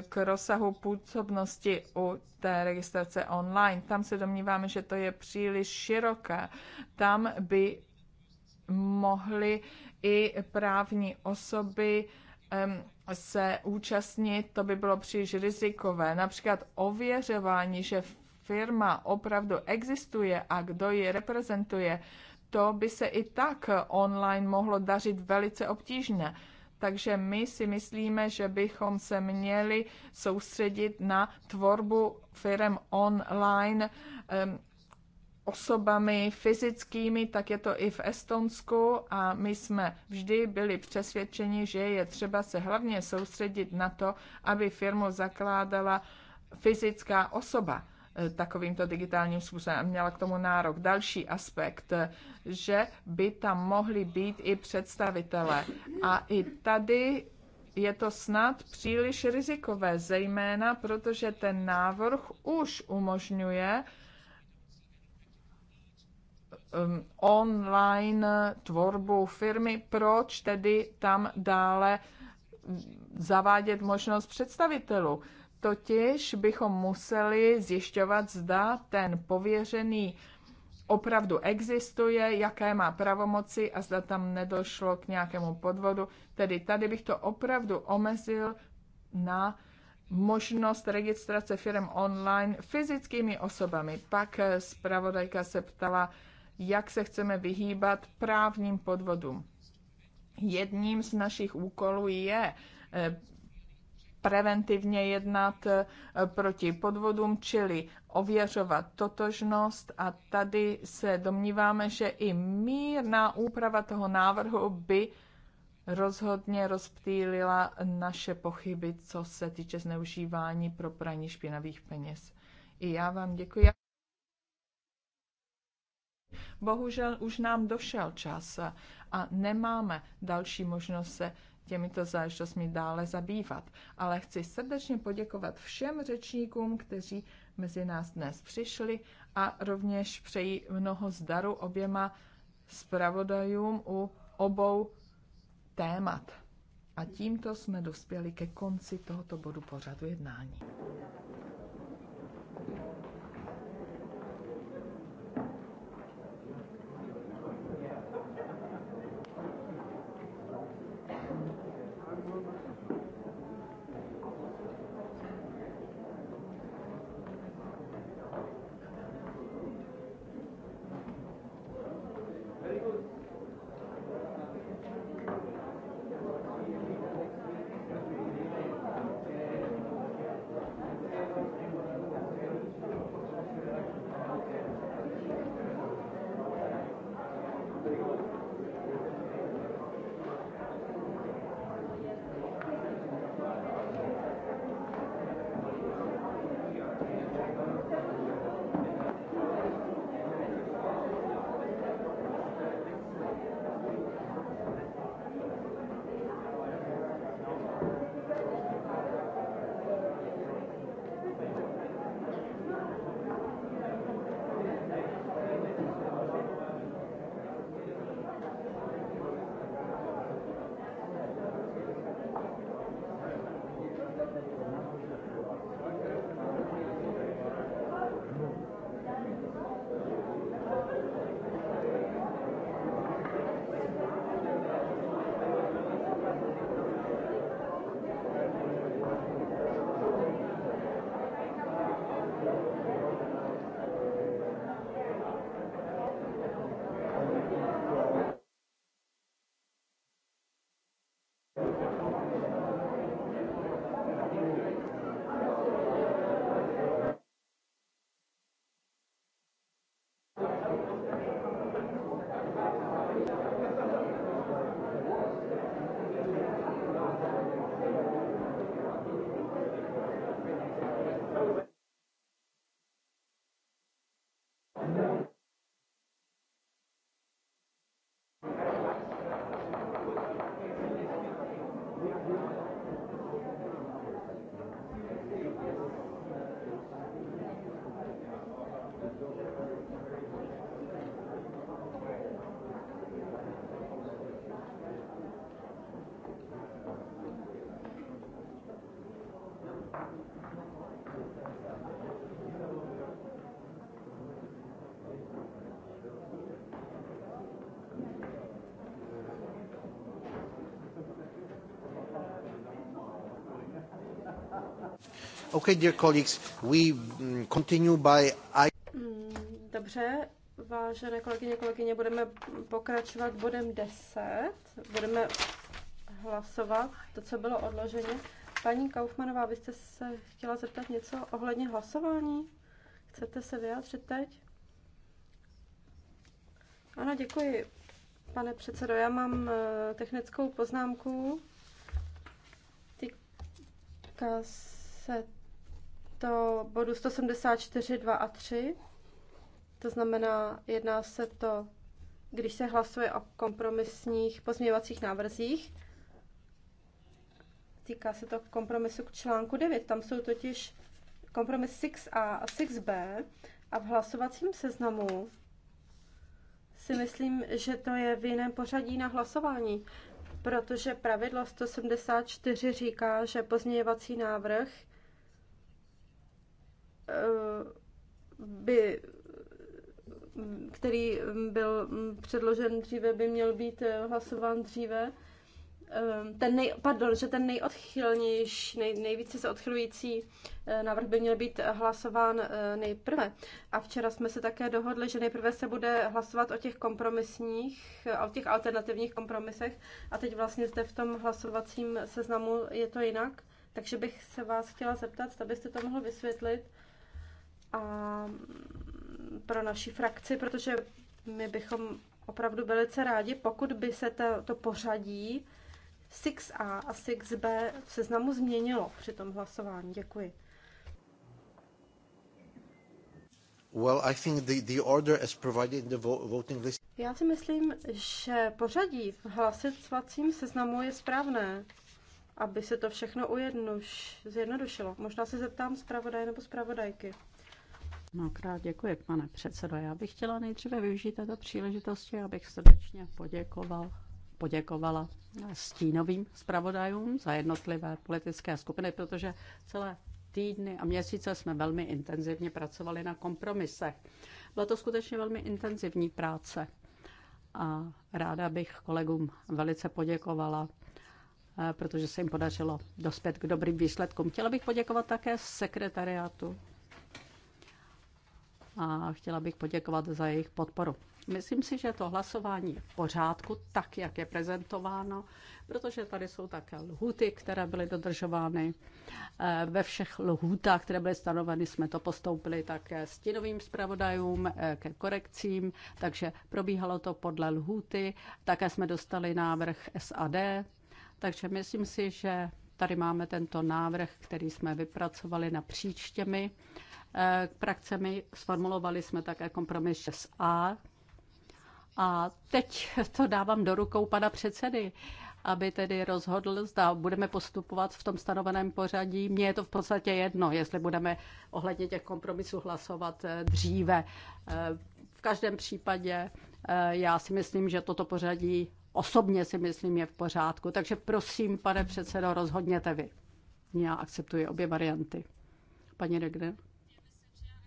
k rozsahu působnosti u té registrace online. Tam se domníváme, že to je příliš široké. Tam by mohly i právní osoby se účastnit, to by bylo příliš rizikové. Například ověřování, že firma opravdu existuje a kdo ji reprezentuje, to by se i tak online mohlo dařit velice obtížně. Takže my si myslíme, že bychom se měli soustředit na tvorbu firm online, osobami fyzickými, tak je to i v Estonsku a my jsme vždy byli přesvědčeni, že je třeba se hlavně soustředit na to, aby firmu zakládala fyzická osoba eh, takovýmto digitálním způsobem měla k tomu nárok. Další aspekt, že by tam mohli být i představitelé. A i tady je to snad příliš rizikové, zejména protože ten návrh už umožňuje uh, um, online tvorbu firmy, proč tedy tam dále zavádět možnost představitelů? Totiž bychom museli zjišťovat, zda ten pověřený opravdu existuje, jaké má pravomoci a zda tam nedošlo k nějakému podvodu. Tedy tady bych to opravdu omezil na možnost registrace firm online fyzickými osobami. Pak zpravodajka se ptala jak se chceme vyhýbat právním podvodům. Jedním z našich úkolů je eh, preventivně jednat eh, proti podvodům, čili ověřovat totožnost a tady se domníváme, že i mírná úprava toho návrhu by rozhodně rozptýlila naše pochyby, co se týče zneužívání pro praní špinavých peněz. I já vám děkuji. Bohužel už nám došel čas a nemáme další možnost se těmito záležitostmi dále zabývat. Ale chci srdečně poděkovat všem řečníkům, kteří mezi nás dnes přišli a rovněž přeji mnoho zdaru oběma zpravodajům u obou témat. A tímto jsme dospěli ke konci tohoto bodu pořadu jednání. Okay, dear colleagues, we mm, continue by... Mm, dobře, vážené kolegyně, kolegyně, budeme pokračovat bodem 10. Budeme hlasovat to, co bylo odloženo. Paní Kaufmanová, vy jste se chtěla zeptat něco ohledně hlasování? Chcete se vyjádřit teď? Ano, děkuji. Pane předsedo, já mám eh, technickou poznámku. Týká se to bodu 174, 2 a 3. To znamená, jedná se to, když se hlasuje o kompromisních pozměňovacích návrzích. Týká se to kompromisu k článku 9. Tam jsou totiž kompromis 6a a 6b a v hlasovacím seznamu si myslím, že to je v jiném pořadí na hlasování, protože pravidlo 174 říká, že pozměňovací návrh by, který byl předložen dříve, by měl být eh, hlasován dříve. Ehm, ten nej, pardon, že ten nejodchylnější, nej, nejvíce se odchylující eh, návrh by měl být hlasován eh, nejprve. A včera jsme se také dohodli, že nejprve se bude hlasovat o těch kompromisních, o těch alternativních kompromisech. A teď vlastně zde v tom hlasovacím seznamu je to jinak. Takže bych se vás chtěla zeptat, abyste to mohl vysvětlit a mm, pro naši frakci, protože my bychom opravdu velice rádi, pokud by se to, to pořadí 6A a 6B v seznamu změnilo při tom hlasování. Děkuji. Well, I think the, the order as provided in the voting list. Já si myslím, že pořadí v hlasovacím seznamu je správné, aby se to všechno ujednuš, zjednodušilo. Možná se zeptám zpravodaje nebo zpravodajky. Mnohokrát děkuji, pane předsedo. Já bych chtěla nejdříve využít této příležitosti, abych srdečně poděkoval, poděkovala stínovým zpravodajům za jednotlivé politické skupiny, protože celé týdny a měsíce jsme velmi intenzivně pracovali na kompromisech. Byla to skutečně velmi intenzivní práce a ráda bych kolegům velice poděkovala eh, protože se jim podařilo dospět k dobrým výsledkům. Chtěla bych poděkovat také sekretariátu a chtěla bych poděkovat za jejich podporu. Myslím si, že to hlasování je v pořádku, tak jak je prezentováno, protože tady jsou také lhuty, které byly dodržovány. Eh, ve všech lhutách, které byly stanoveny, jsme to postoupili také stínovým zpravodajům eh, ke korekcím, takže probíhalo to podle lhuty. Také jsme dostali návrh SAD, takže myslím si, že tady máme tento návrh, který jsme vypracovali napříč těmi Eh, k Sformulovali jsme také kompromis 6a. A teď to dávám do rukou pana předsedy, aby tedy rozhodl, zda budeme postupovat v tom stanoveném pořadí. Mně je to v podstatě jedno, jestli budeme ohledně těch kompromisů hlasovat eh, dříve. Eh, v každém případě já si myslím, že toto pořadí osobně si myslím je v pořádku. Takže prosím, pane předsedo, rozhodněte vy. Já akceptuji obě varianty. Paní Regner.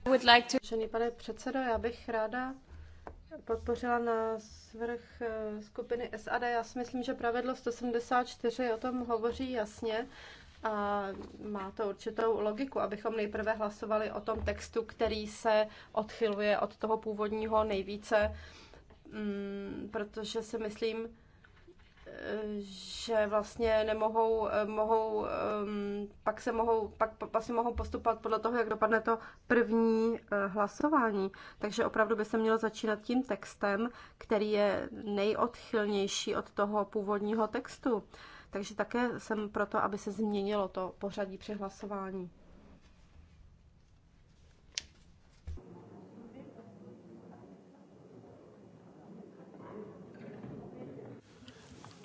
Vážený pane předsedo, já bych ráda podpořila na svrch eh, skupiny SAD. Já si myslím, že pravidlo 174 o tom hovoří jasně a má to určitou logiku, abychom nejprve hlasovali o tom textu, který se odchyluje od toho původního nejvíce, mm, protože si myslím, že vlastně nemohou, mohou, ehm, pak se mohou, pak vlastně mohou postupovat podle toho, jak dopadne to první eh, hlasování. Takže opravdu by se mělo začínat tím textem, který je nejodchylnější od toho původního textu. Takže také jsem proto, aby se změnilo to pořadí při hlasování.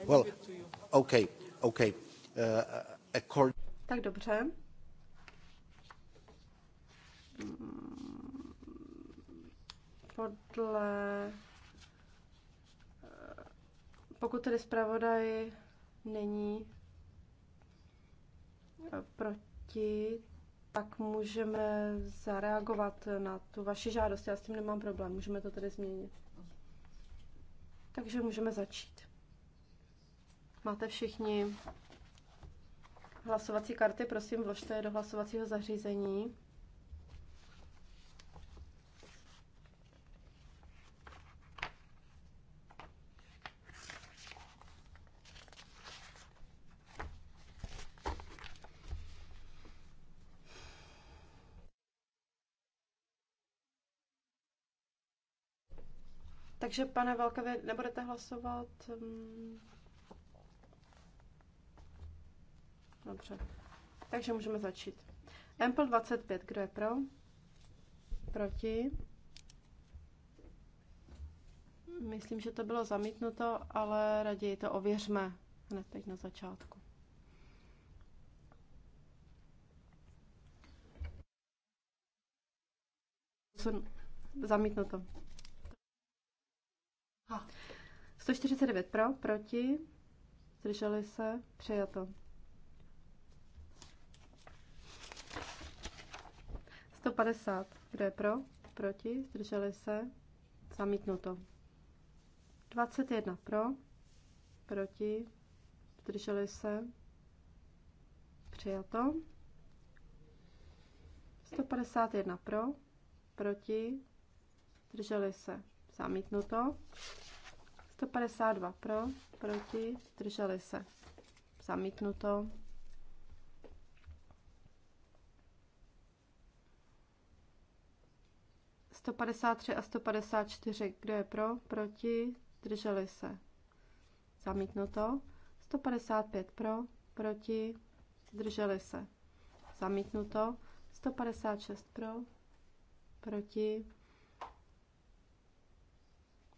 Well, okay, okay. Uh, Tak dobře. Podle... Eh, pokud tedy zpravodaj není eh, proti, tak můžeme zareagovat na tu vaši žádost. Já s tím nemám problém, můžeme to tedy změnit. Takže můžeme začít. Máte všichni hlasovací karty, prosím, vložte je do hlasovacího zařízení. Takže, pane Velkavě, nebudete hlasovat? Mm, Dobře. Takže můžeme začít. Ample 25, kdo je pro? Proti? Myslím, že to bylo zamítnuto, ale raději to ověřme hned teď na začátku. Zamítnuto. 149 pro, proti, zdrželi se, přijato. 150. Kdo je pro? Proti? Zdrželi se? Zamítnuto. 21 pro, proti, zdrželi se, přijato. 151 pro, proti, zdrželi se, zamítnuto. 152 pro, proti, zdrželi se, zamítnuto. 153 a 154. Kdo je pro? Proti? Drželi se. Zamítnuto. 155 pro, proti, zdrželi se. Zamítnuto. 156 pro, proti,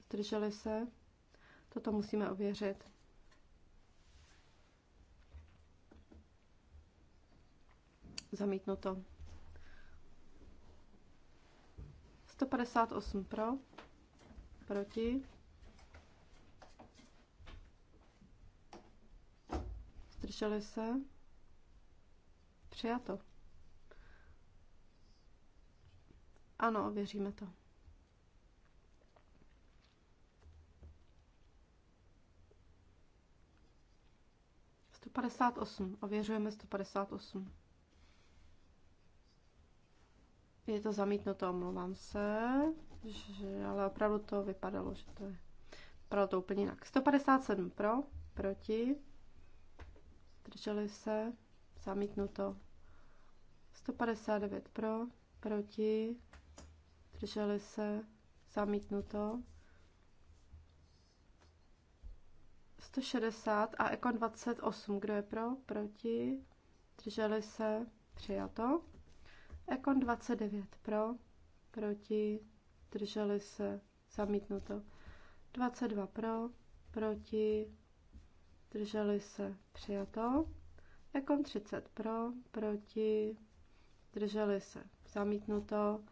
zdrželi se. Toto musíme ověřit. Zamítnuto. 158 pro, proti, zdrželi se, přijato. Ano, ověříme to. Sto padesát osm. Ověřujeme sto padesát osm. Je to zamítnuto, omlouvám se, že, ale opravdu to vypadalo, že to je. Vypadalo to úplně jinak. 157 pro, proti, zdrželi se, zamítnuto. 159 pro, proti, zdrželi se, zamítnuto. 160 a Ekon 28, kdo je pro, proti, drželi se, přijato. Ekon 29 pro, proti, drželi se, zamítnuto. 22 pro, proti, drželi se, přijato. Ekon 30 pro, proti, drželi se, zamítnuto.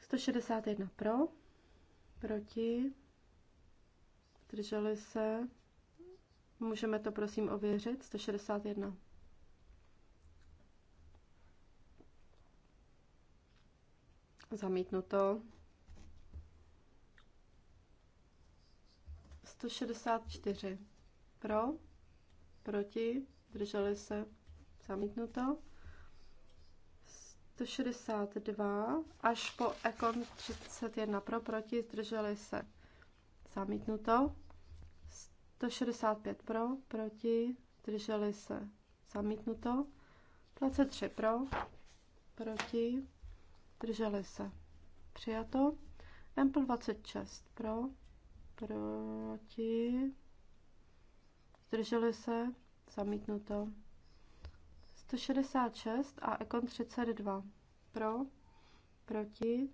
161 pro, proti, drželi se. Můžeme to prosím ověřit. 161. Zamítnuto. 164. Pro, proti, drželi se, zamítnuto. 162 až po Ekon 31 pro, proti, zdrželi se, zamítnuto. 165 pro, proti, drželi se, zamítnuto. 23 pro, proti, Zdrželi se. Přijato. Ample 26 pro, proti, zdrželi se, zamítnuto. 166 a Econ 32 pro, proti,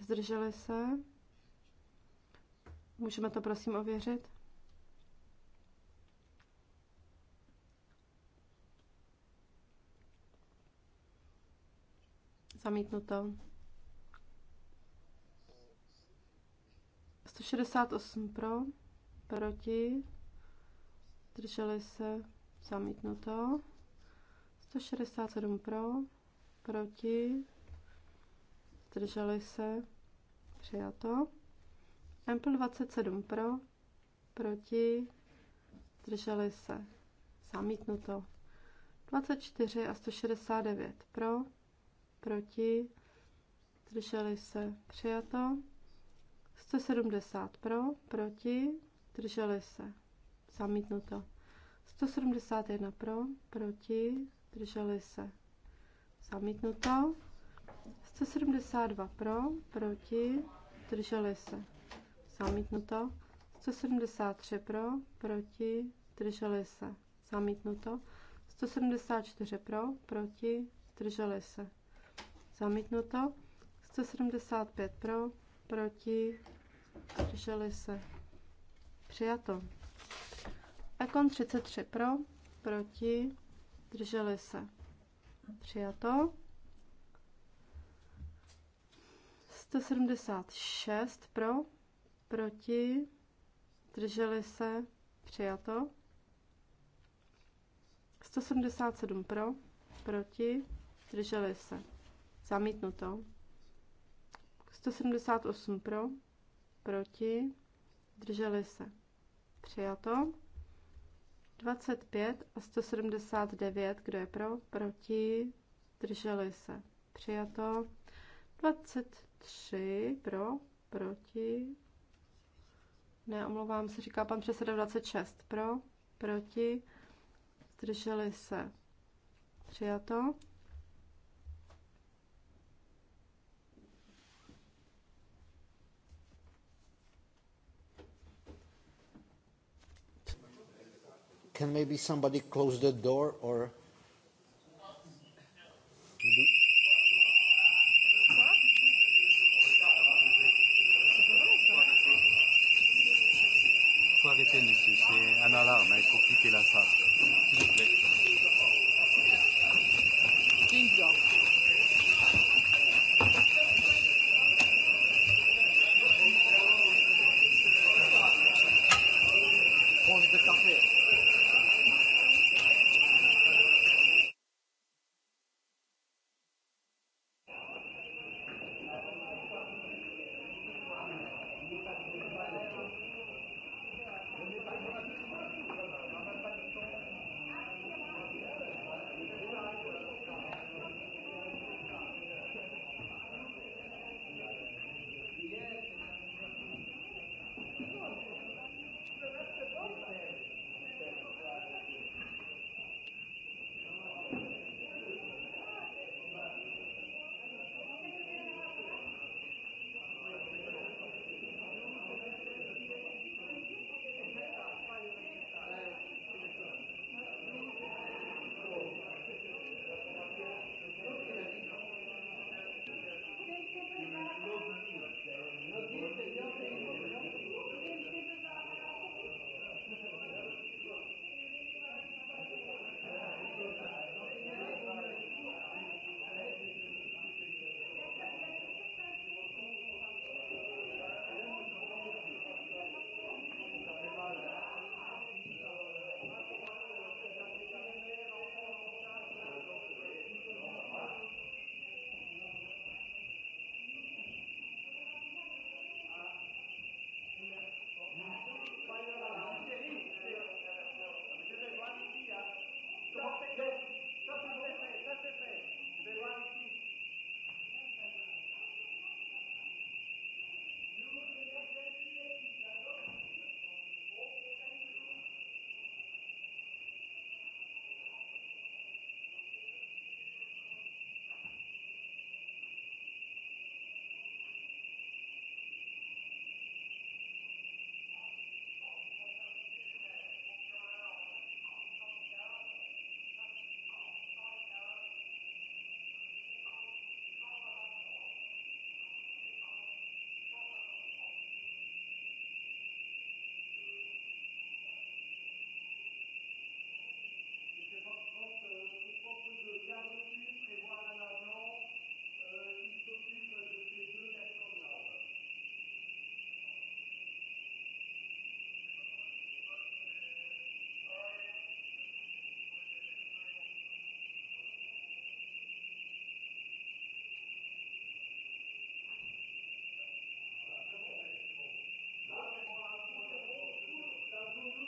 zdrželi se. Můžeme to prosím ověřit? Zamítnuto. 168 pro, proti, drželi se, zamítnuto. 167 pro, proti, drželi se, přijato. Ample 27 pro, proti, drželi se, zamítnuto. 24 a 169 pro, proti, zdrželi se, přijato. 170 pro, proti, zdrželi se, zamítnuto. 171 pro, proti, zdrželi se, zamítnuto. 172 pro, proti, zdrželi se, zamítnuto. 173 pro, proti, zdrželi se, zamítnuto. 174 pro, proti, zdrželi se, zamítnuto. 175 pro, proti, zdrželi se, přijato. Ekon 33 pro, proti, zdrželi se, přijato. 176 pro, proti, zdrželi se, přijato. 177 pro, proti, zdrželi se, Zamítnuto. 178 pro, proti, drželi se. Přijato. 25 a 179, kdo je pro, proti, drželi se. Přijato. 23 pro, proti, ne, omlouvám se, říká pan předseda 26 pro, proti, drželi se. Přijato. Can maybe somebody close the door or... Do... Faut arrêter, monsieur. C'est un alarme. Il faut quitter la salle. S'il vous plaît. 48 prévoit un agent euh, qui s'occupe de ces deux personnes-là.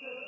Thank you.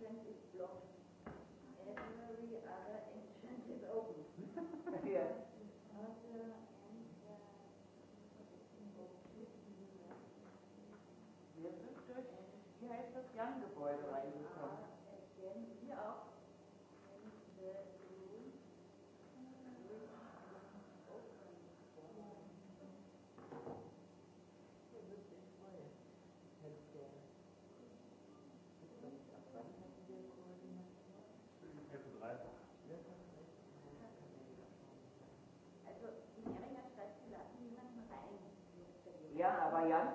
incentive block every other incentive open. yes. Wir sind durch, wie heißt das Ganggebäude reingekommen? Ja, aber Jan,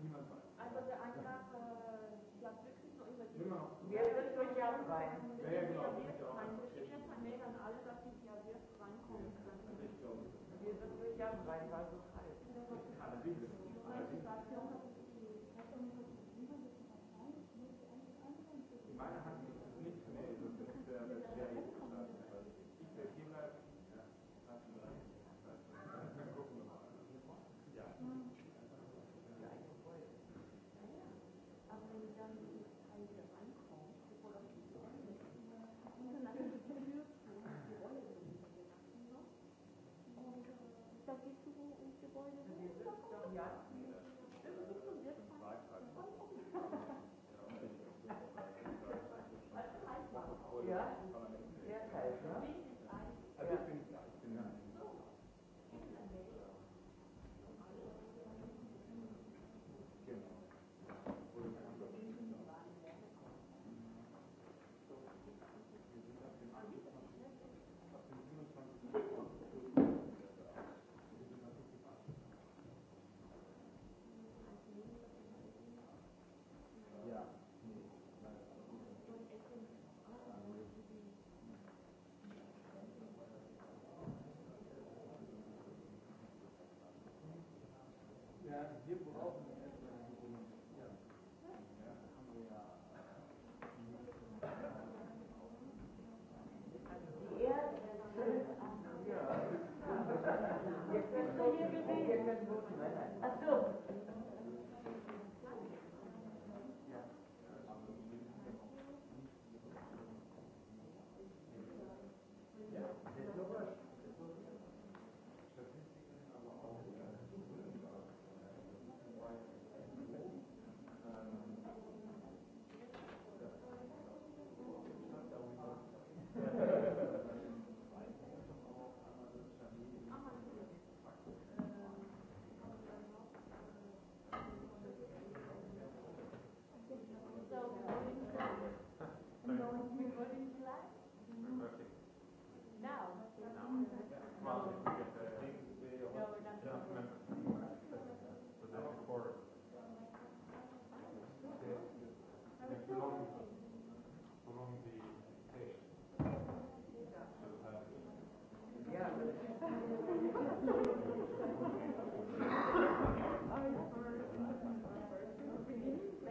Niemand weiß.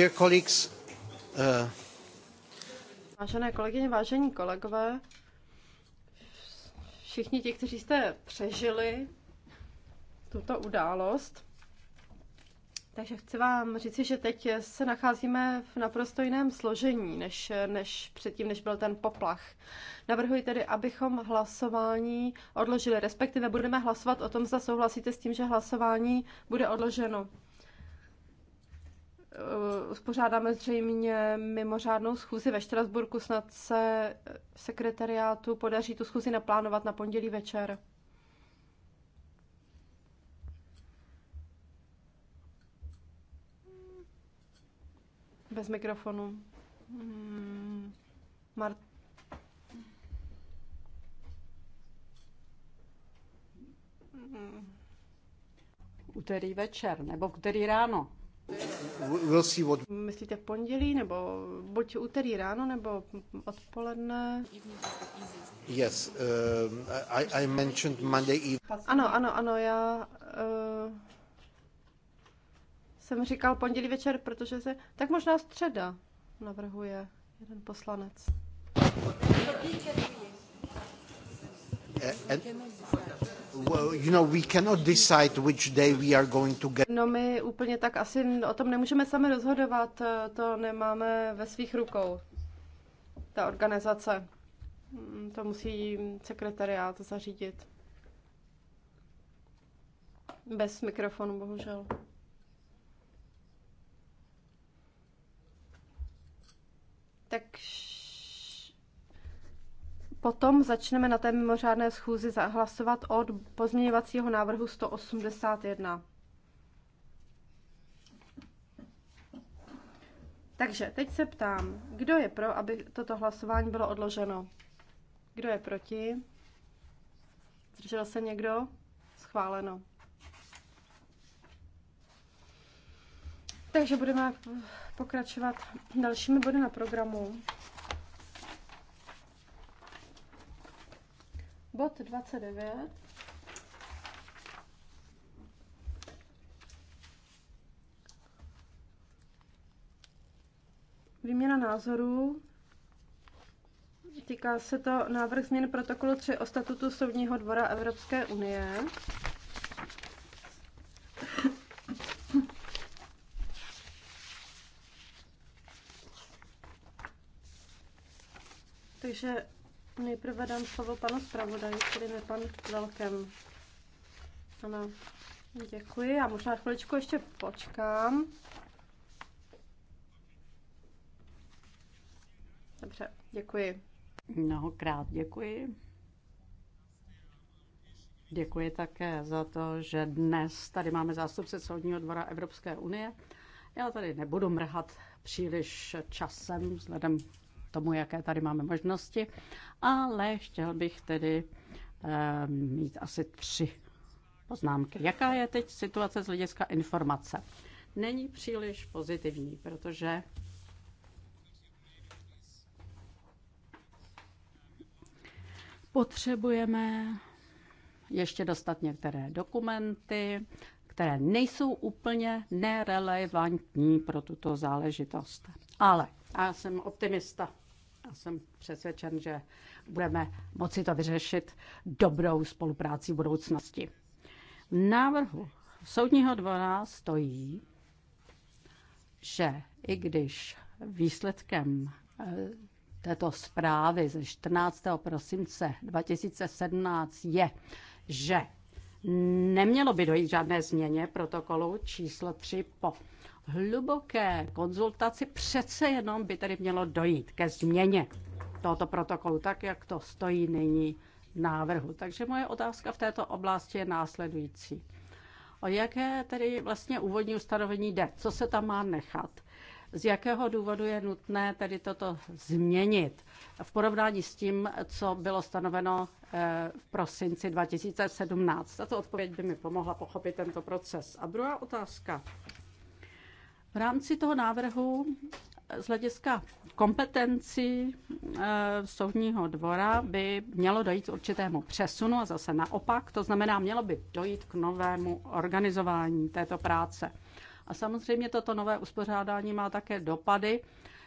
Uh, Vážené kolegyně, vážení kolegové, všichni ti, kteří jste přežili tuto událost, takže chci vám říci, že teď se nacházíme v naprosto jiném složení, než, než předtím, než byl ten poplach. Navrhuji tedy, abychom hlasování odložili, respektive budeme hlasovat o tom, zda souhlasíte s tím, že hlasování bude odloženo. Eh, uspořádáme zřejmě mimořádnou schůzi ve Štrasburku, snad se eh, sekretariátu podaří tu schůzi naplánovat na pondělí večer. Bez mikrofonu. Hmm. Mart. Úterý večer nebo který ráno. We'll see what... Myslíte v pondělí, nebo buď úterý ráno, nebo odpoledne? Yes, uh, I, I mentioned Monday evening. Ano, ano, ano, já uh, jsem říkal pondělí večer, protože se... Tak možná středa navrhuje jeden poslanec. And, No my úplně tak asi o tom nemůžeme sami rozhodovat, eh, to nemáme ve svých rukou, ta organizace. Mm, to musí sekretariát zařídit. Bez mikrofonu, bohužel. Takže Potom začneme na té mimořádné schůzi zahlasovat od pozměňovacího návrhu 181. Takže teď se ptám, kdo je pro, aby toto hlasování bylo odloženo? Kdo je proti? Zdržel se někdo? Schváleno. Takže budeme pokračovat dalšími body na programu. Bod 29. Výměna názorů. Týká se to návrh změn protokolu 3 o statutu Soudního dvora Evropské unie. Takže Nejprve dám slovo panu zpravodaji, který je pan Velkem. Ano, děkuji. Já možná chviličku ještě počkám. Dobře, děkuji. Mnohokrát děkuji. Děkuji také za to, že dnes tady máme zástupce Soudního dvora Evropské unie. Já tady nebudu mrhat příliš časem vzhledem tomu, jaké tady máme možnosti, ale chtěl bych tedy eh, mít asi tři poznámky. Jaká je teď situace z hlediska informace? Není příliš pozitivní, protože potřebujeme ještě dostat některé dokumenty, které nejsou úplně nerelevantní pro tuto záležitost. Ale a jsem optimista. A jsem přesvědčen, že budeme moci to vyřešit dobrou spoluprácí v budoucnosti. V návrhu soudního dvora stojí, že i když výsledkem eh, této zprávy ze 14. prosince 2017 je, že Nemělo by dojít žádné změně protokolu číslo 3 po hluboké konzultaci přece jenom by tedy mělo dojít ke změně tohoto protokolu, tak jak to stojí nyní návrhu. Takže moje otázka v této oblasti je následující. O jaké tedy vlastně úvodní ustanovení jde? Co se tam má nechat? Z jakého důvodu je nutné tedy toto změnit v porovnání s tím, co bylo stanoveno eh, v prosinci 2017? Tato odpověď by mi pomohla pochopit tento proces. A druhá otázka. V rámci toho návrhu eh, z hlediska kompetencí eh, soudního dvora by mělo dojít k určitému přesunu a zase naopak, to znamená, mělo by dojít k novému organizování této práce. A samozřejmě toto nové uspořádání má také dopady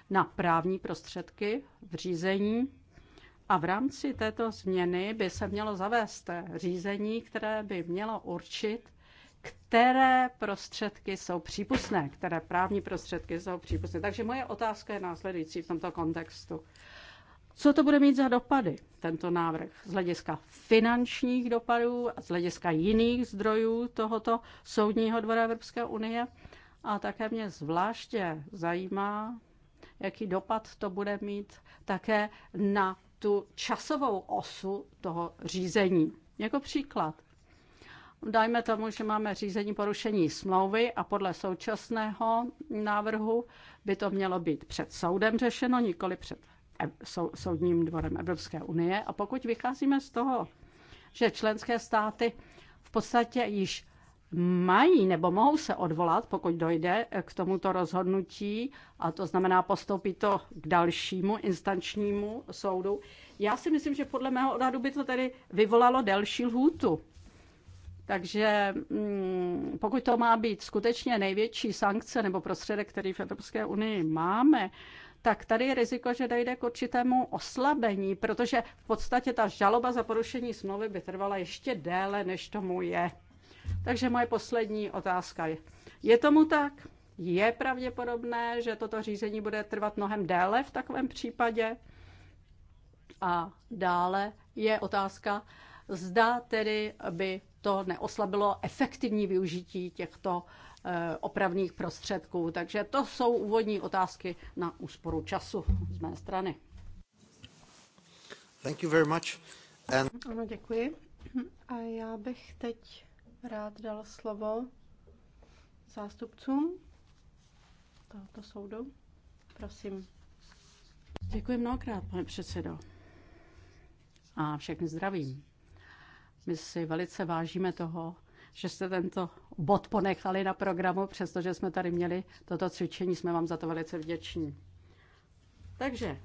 na právní prostředky v řízení. A v rámci této změny by se mělo zavést řízení, které by mělo určit, které prostředky jsou přípustné, které právní prostředky jsou přípustné. Takže moje otázka je následující v tomto kontextu. Co to bude mít za dopady, tento návrh, z hlediska finančních dopadů a z hlediska jiných zdrojů tohoto soudního dvora Evropské unie? A také mě zvláště zajímá, jaký dopad to bude mít také na tu časovou osu toho řízení. Jako příklad, dajme tomu, že máme řízení porušení smlouvy a podle současného návrhu by to mělo být před soudem řešeno, nikoli před soudním dvorem Evropské unie. A pokud vycházíme z toho, že členské státy v podstatě již mají nebo mohou se odvolat, pokud dojde eh, k tomuto rozhodnutí, a to znamená postoupit to k dalšímu instančnímu soudu. Já si myslím, že podle mého odhadu by to tedy vyvolalo delší lhůtu. Takže mm, pokud to má být skutečně největší sankce nebo prostředek, který v Evropské unii máme, tak tady je riziko, že dojde k určitému oslabení, protože v podstatě ta žaloba za porušení smlouvy by trvala ještě déle, než tomu je. Takže moje poslední otázka je, je tomu tak? Je pravděpodobné, že toto řízení bude trvat mnohem déle v takovém případě? A dále je otázka, zda tedy by to neoslabilo efektivní využití těchto eh, opravných prostředků. Takže to jsou úvodní otázky na úsporu času z mé strany. Thank you very much. And... Ano, děkuji. A já bych teď rád dal slovo zástupcům tohoto soudu. Prosím. Děkuji mnohokrát, pane předsedo. A všechny zdravím. My si velice vážíme toho, že jste tento bod ponechali na programu, přestože jsme tady měli toto cvičení, jsme vám za to velice vděční. Takže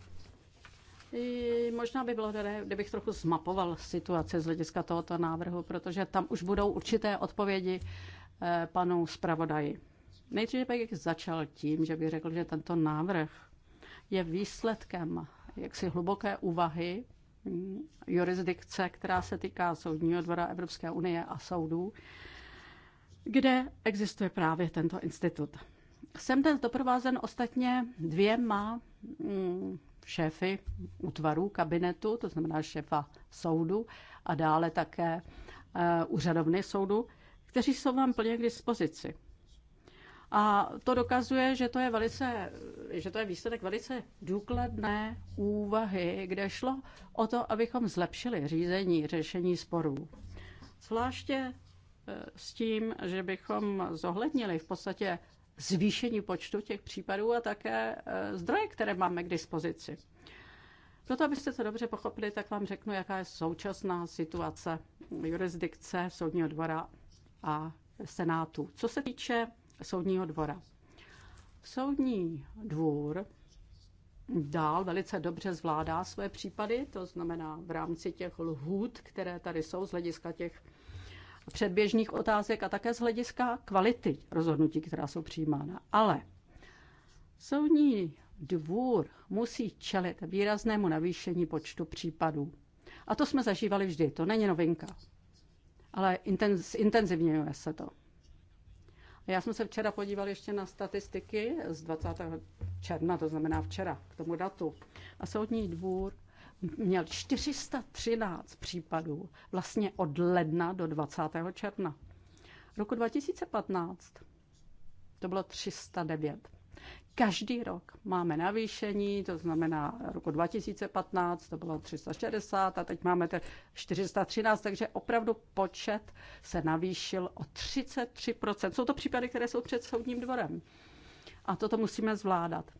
Možná by bylo dobré, kdybych trochu zmapoval situaci z hlediska tohoto návrhu, protože tam už budou určité odpovědi eh, panu zpravodaji. Nejdříve bych začal tím, že bych řekl, že tento návrh je výsledkem jaksi hluboké úvahy hm, jurisdikce, která se týká Soudního dvora Evropské unie a soudů, kde existuje právě tento institut. Jsem ten doprovázen ostatně dvěma hm, šéfy útvarů kabinetu, to znamená šéfa soudu a dále také eh, úřadovny soudu, kteří jsou vám plně k dispozici. A to dokazuje, že to je, velice, že to je výsledek velice důkladné úvahy, kde šlo o to, abychom zlepšili řízení, řešení sporů. Zvláště eh, s tím, že bychom zohlednili v podstatě zvýšení počtu těch případů a také eh, zdroje, které máme k dispozici. Proto, abyste to dobře pochopili, tak vám řeknu, jaká je současná situace jurisdikce Soudního dvora a Senátu. Co se týče Soudního dvora. Soudní dvůr dál velice dobře zvládá své případy, to znamená v rámci těch lhůt, které tady jsou z hlediska těch předběžných otázek a také z hlediska kvality rozhodnutí, která jsou přijímána. Ale soudní dvůr musí čelit výraznému navýšení počtu případů. A to jsme zažívali vždy, to není novinka. Ale intenzivňuje se to. Já jsem se včera podíval ještě na statistiky z 20. června, to znamená včera, k tomu datu. A soudní dvůr měl 413 případů vlastně od ledna do 20. června. Roku 2015 to bylo 309. Každý rok máme navýšení, to znamená roku 2015 to bylo 360 a teď máme 413, takže opravdu počet se navýšil o 33%. Jsou to případy, které jsou před soudním dvorem. A toto musíme zvládat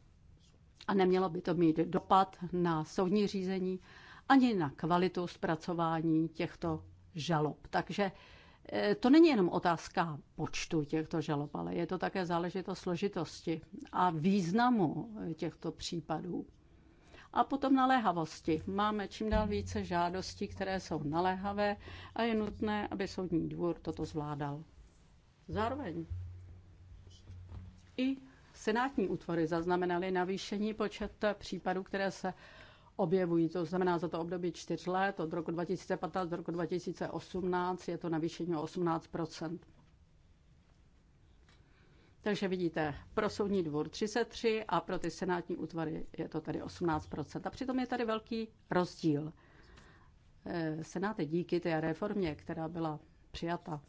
a nemělo by to mít dopad na soudní řízení ani na kvalitu zpracování těchto žalob. Takže e, to není jenom otázka počtu těchto žalob, ale je to také záležitost složitosti a významu těchto případů. A potom naléhavosti. Máme čím dál více žádostí, které jsou naléhavé a je nutné, aby soudní dvůr toto zvládal. Zároveň i senátní útvary zaznamenaly navýšení počet případů, které se objevují. To znamená za to období čtyř let, od roku 2015 do roku 2018 je to navýšení o 18 takže vidíte, pro soudní dvůr 33 a pro ty senátní útvary je to tady 18 A přitom je tady velký rozdíl. Eh, Senáty díky té reformě, která byla přijata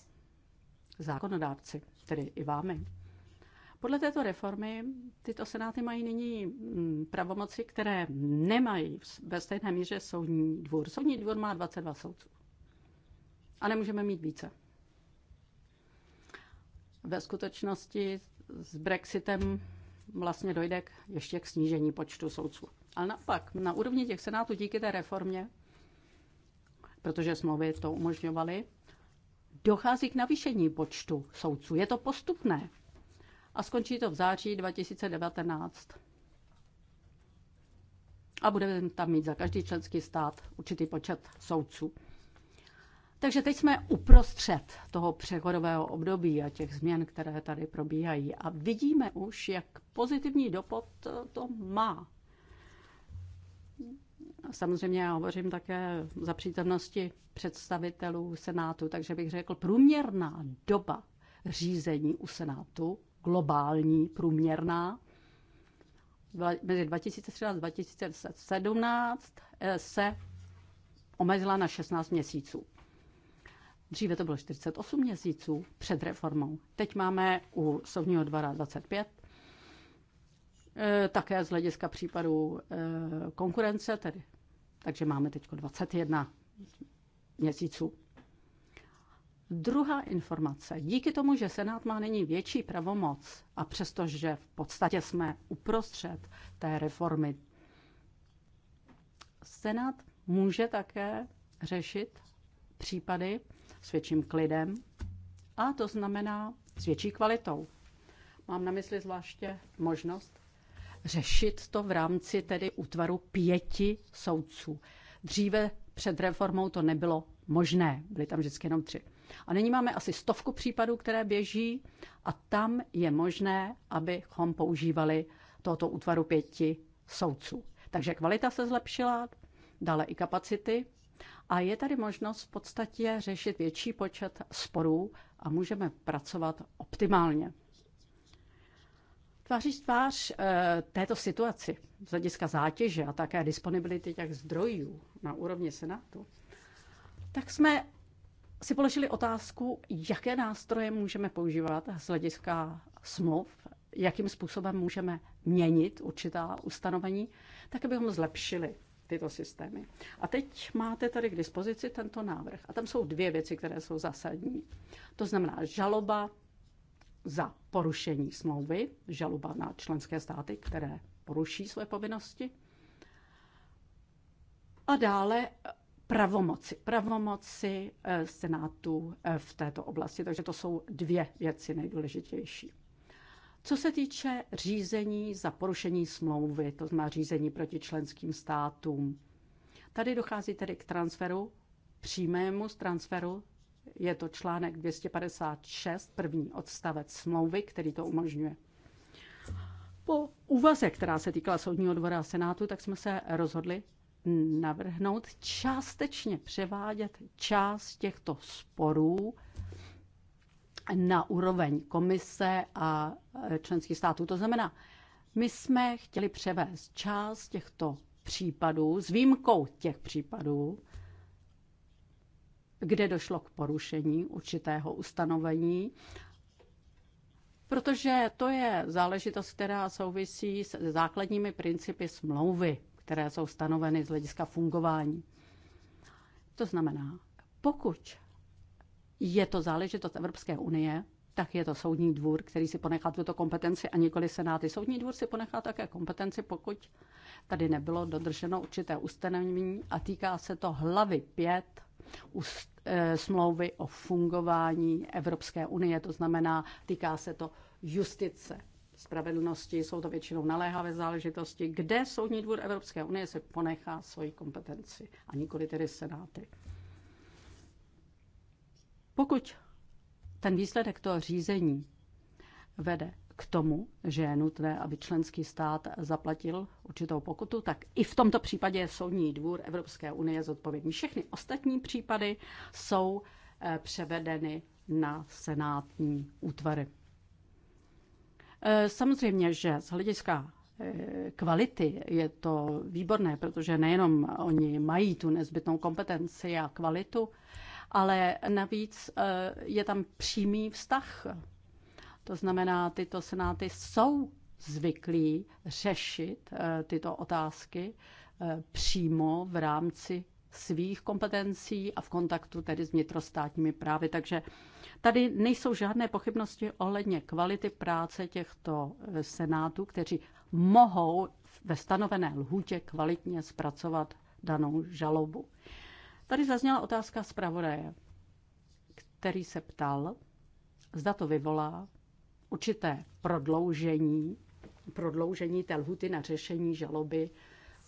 zákonodárci, tedy i vámi, podle této reformy tyto senáty mají nyní mm, pravomoci, které nemají ve stejné míře soudní dvůr. Soudní dvůr má 22 soudců. A nemůžeme mít více. Ve skutečnosti s Brexitem vlastně dojde k, ještě k snížení počtu soudců. Ale naopak, na úrovni těch senátů díky té reformě, protože smlouvy to umožňovaly, dochází k navýšení počtu soudců. Je to postupné a skončí to v září 2019. A budeme tam mít za každý členský stát určitý počet soudců. Takže teď jsme uprostřed toho přechodového období a těch změn, které tady probíhají. A vidíme už, jak pozitivní dopad to má. Samozřejmě já hovořím také za přítomnosti představitelů Senátu, takže bych řekl, průměrná doba řízení u Senátu globální, průměrná. Mezi 2013 a 2017 eh, se omezila na 16 měsíců. Dříve to bylo 48 měsíců před reformou. Teď máme u soudního dvora 25. Eh, také z hlediska případů eh, konkurence, tedy. takže máme teď 21 měsíců. Druhá informace. Díky tomu, že Senát má nyní větší pravomoc a přestože v podstatě jsme uprostřed té reformy, Senát může také řešit případy s větším klidem a to znamená s větší kvalitou. Mám na mysli zvláště možnost řešit to v rámci tedy útvaru pěti soudců. Dříve před reformou to nebylo možné, byly tam vždycky jenom tři. A nyní máme asi stovku případů, které běží a tam je možné, abychom používali tohoto útvaru pěti soudců. Takže kvalita se zlepšila, dále i kapacity a je tady možnost v podstatě řešit větší počet sporů a můžeme pracovat optimálně. Tváří tvář eh, této situaci z hlediska zátěže a také disponibility těch zdrojů na úrovni Senátu, tak jsme si položili otázku, jaké nástroje můžeme používat z hlediska smluv, jakým způsobem můžeme měnit určitá ustanovení, tak abychom zlepšili tyto systémy. A teď máte tady k dispozici tento návrh. A tam jsou dvě věci, které jsou zásadní. To znamená žaloba za porušení smlouvy, žaloba na členské státy, které poruší své povinnosti. A dále pravomoci. Pravomoci eh, Senátu eh, v této oblasti. Takže to jsou dvě věci nejdůležitější. Co se týče řízení za porušení smlouvy, to znamená řízení proti členským státům, tady dochází tedy k transferu, přímému z transferu, je to článek 256, první odstavec smlouvy, který to umožňuje. Po úvaze, která se týkala Soudního dvora a Senátu, tak jsme se rozhodli, navrhnout částečně převádět část těchto sporů na úroveň komise a e, členských států. To znamená, my jsme chtěli převést část těchto případů, s výjimkou těch případů, kde došlo k porušení určitého ustanovení, protože to je záležitost, která souvisí s základními principy smlouvy které jsou stanoveny z hlediska fungování. To znamená, pokud je to záležitost Evropské unie, tak je to soudní dvůr, který si ponechá tuto kompetenci a nikoli senáty. Soudní dvůr si ponechá také kompetenci, pokud tady nebylo dodrženo určité ustanovení a týká se to hlavy 5 eh, smlouvy o fungování Evropské unie, to znamená, týká se to justice spravedlnosti, jsou to většinou naléhavé záležitosti, kde Soudní dvůr Evropské unie se ponechá svoji kompetenci a nikoli tedy senáty. Pokud ten výsledek toho řízení vede k tomu, že je nutné, aby členský stát zaplatil určitou pokutu, tak i v tomto případě je Soudní dvůr Evropské unie zodpovědný. Všechny ostatní případy jsou eh, převedeny na senátní útvary. Eh, samozřejmě, že z hlediska eh, kvality je to výborné, protože nejenom oni mají tu nezbytnou kompetenci a kvalitu, ale navíc eh, je tam přímý vztah. To znamená, tyto senáty jsou zvyklí řešit tyto otázky přímo v rámci svých kompetencí a v kontaktu tedy s vnitrostátními právy. Takže Tady nejsou žádné pochybnosti ohledně kvality práce těchto eh, senátů, kteří mohou ve stanovené lhůtě kvalitně zpracovat danou žalobu. Tady zazněla otázka zpravodaje, který se ptal, zda to vyvolá určité prodloužení, prodloužení té lhuty na řešení žaloby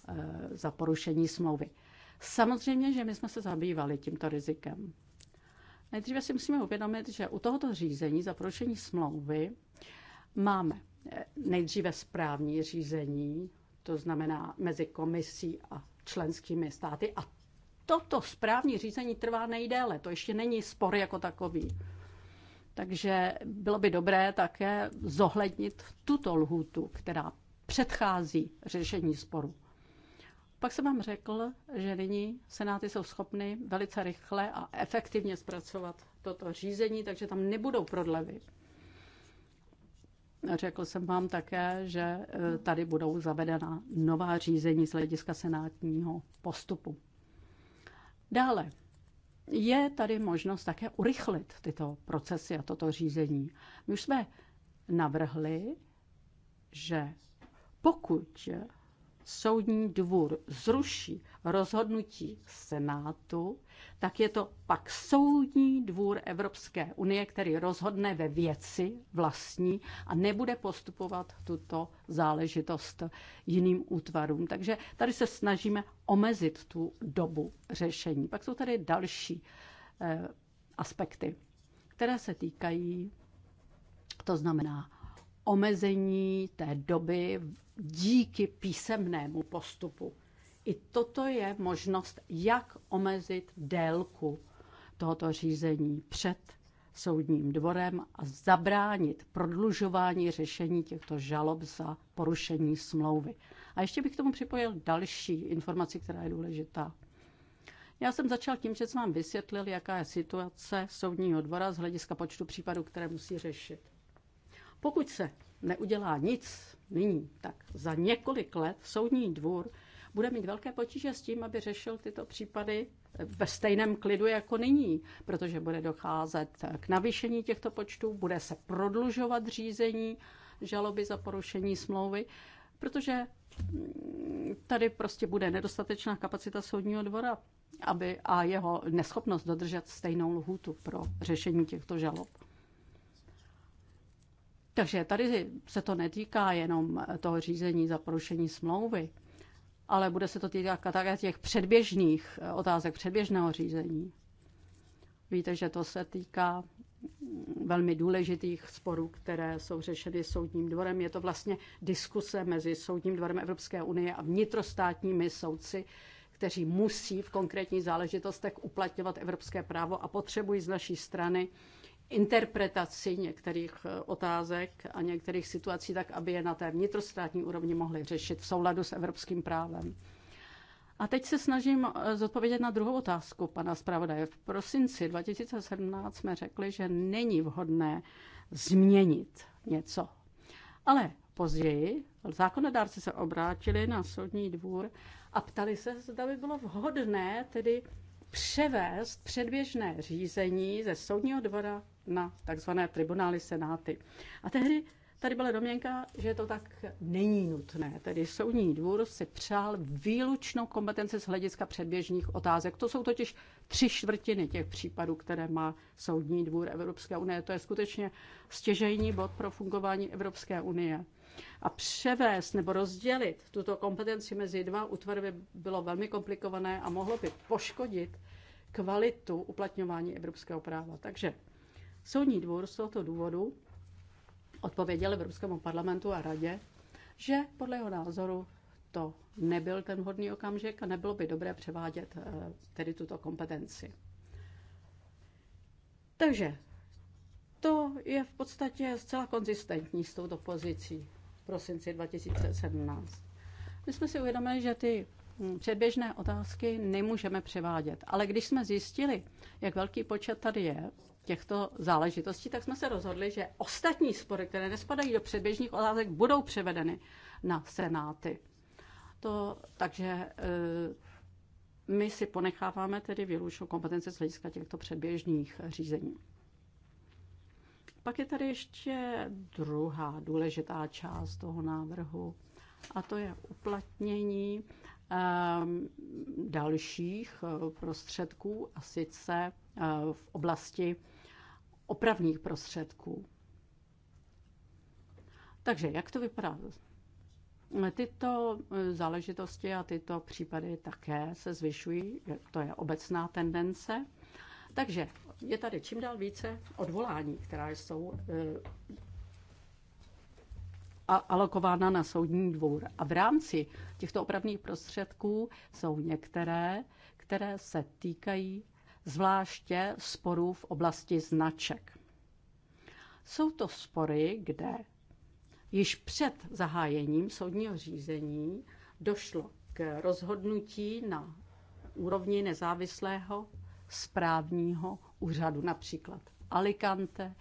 eh, za porušení smlouvy. Samozřejmě, že my jsme se zabývali tímto rizikem. Nejdříve si musíme uvědomit, že u tohoto řízení za porušení smlouvy máme eh, nejdříve správní řízení, to znamená mezi komisí a členskými státy. A toto správní řízení trvá nejdéle, to ještě není spor jako takový. Takže bylo by dobré také zohlednit tuto lhůtu, která předchází řešení sporu. Pak jsem vám řekl, že nyní senáty jsou schopny velice rychle a efektivně zpracovat toto řízení, takže tam nebudou prodlevy. Řekl jsem vám také, že e, tady budou zavedena nová řízení z hlediska senátního postupu. Dále je tady možnost také urychlit tyto procesy a toto řízení. My už jsme navrhli, že pokud soudní dvůr zruší rozhodnutí Senátu, tak je to pak soudní dvůr Evropské unie, který rozhodne ve věci vlastní a nebude postupovat tuto záležitost jiným útvarům. Takže tady se snažíme omezit tu dobu řešení. Pak jsou tady další eh, aspekty, které se týkají, to znamená omezení té doby díky písemnému postupu. I toto je možnost, jak omezit délku tohoto řízení před soudním dvorem a zabránit prodlužování řešení těchto žalob za porušení smlouvy. A ještě bych k tomu připojil další informaci, která je důležitá. Já jsem začal tím, že jsem vám vysvětlil, jaká je situace soudního dvora z hlediska počtu případů, které musí řešit. Pokud se neudělá nic nyní, tak za několik let soudní dvůr bude mít velké potíže s tím, aby řešil tyto případy ve stejném klidu jako nyní, protože bude docházet k navýšení těchto počtů, bude se prodlužovat řízení žaloby za porušení smlouvy, protože mm, tady prostě bude nedostatečná kapacita soudního dvora aby, a jeho neschopnost dodržet stejnou lhůtu pro řešení těchto žalob. Takže tady se to netýká jenom toho řízení za porušení smlouvy, ale bude se to týkat také těch předběžných otázek předběžného řízení. Víte, že to se týká velmi důležitých sporů, které jsou řešeny soudním dvorem. Je to vlastně diskuse mezi soudním dvorem Evropské unie a vnitrostátními soudci, kteří musí v konkrétních záležitostech uplatňovat evropské právo a potřebují z naší strany uh, interpretaci některých eh, otázek a některých situací, tak aby je na té vnitrostátní úrovni mohli řešit v souladu s evropským právem. A teď se snažím eh, zodpovědět na druhou otázku pana zpravodaje. V prosinci 2017 jsme řekli, že není vhodné změnit něco. Ale později zákonodárci se obrátili na soudní dvůr a ptali se, zda by bylo vhodné tedy převést předběžné řízení ze soudního dvora na takzvané tribunály senáty. A tehdy tady byla domněnka, že to tak není nutné. Tedy soudní dvůr si přál výlučnou kompetenci z hlediska předběžných otázek. To jsou totiž tři čtvrtiny těch případů, které má soudní dvůr Evropské unie. To je skutečně stěžejní bod pro fungování Evropské unie. A převést nebo rozdělit tuto kompetenci mezi dva útvary by bylo velmi komplikované a mohlo by poškodit kvalitu uplatňování evropského práva. Takže Soudní dvůr z tohoto důvodu odpověděl Evropskému parlamentu a radě, že podle jeho názoru to nebyl ten vhodný okamžik a nebylo by dobré převádět eh, tedy tuto kompetenci. Takže to je v podstatě zcela konzistentní s touto pozicí v prosinci 2017. My jsme si uvědomili, že ty hm, předběžné otázky nemůžeme převádět, ale když jsme zjistili, jak velký počet tady je těchto záležitostí, tak jsme se rozhodli, že ostatní spory, které nespadají do předběžných otázek, budou převedeny na senáty. To, takže e, my si ponecháváme tedy výlučnou kompetenci z hlediska těchto předběžných řízení. Pak je tady ještě druhá důležitá část toho návrhu, a to je uplatnění ehm, dalších e, prostředků, a sice e, v oblasti opravných prostředků. Takže jak to vypadá? Tyto eh, záležitosti a tyto případy také se zvyšují, to je obecná tendence. Takže je tady čím dál více odvolání, která jsou eh, alokována na soudní dvůr. A v rámci těchto opravných prostředků jsou některé, které se týkají zvláště sporů v oblasti značek. Jsou to spory, kde již před zahájením soudního řízení došlo k rozhodnutí na úrovni nezávislého správního úřadu, například Alicante.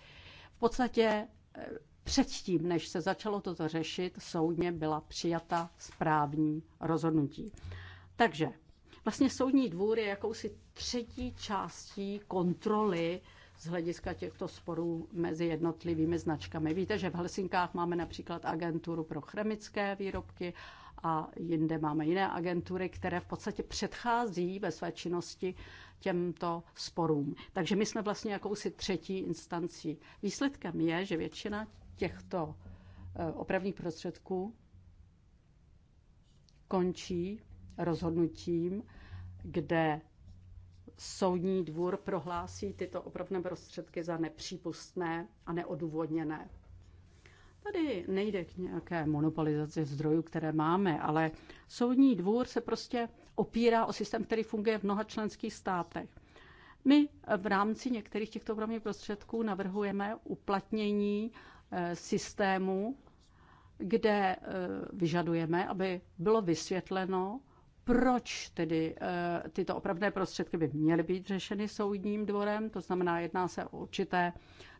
V podstatě eh, předtím, než se začalo toto řešit, soudně byla přijata správní rozhodnutí. Takže Vlastně soudní dvůr je jakousi třetí částí kontroly z hlediska těchto sporů mezi jednotlivými značkami. Víte, že v Helsinkách máme například agenturu pro chemické výrobky a jinde máme jiné agentury, které v podstatě předchází ve své činnosti těmto sporům. Takže my jsme vlastně jakousi třetí instancí. Výsledkem je, že většina těchto eh, opravných prostředků končí rozhodnutím, kde soudní dvůr prohlásí tyto opravné prostředky za nepřípustné a neodůvodněné. Tady nejde k nějaké monopolizaci zdrojů, které máme, ale soudní dvůr se prostě opírá o systém, který funguje v mnoha členských státech. My v rámci některých těchto opravných prostředků navrhujeme uplatnění eh, systému, kde eh, vyžadujeme, aby bylo vysvětleno, proč tedy eh, tyto opravné prostředky by měly být řešeny soudním dvorem, to znamená, jedná se o určité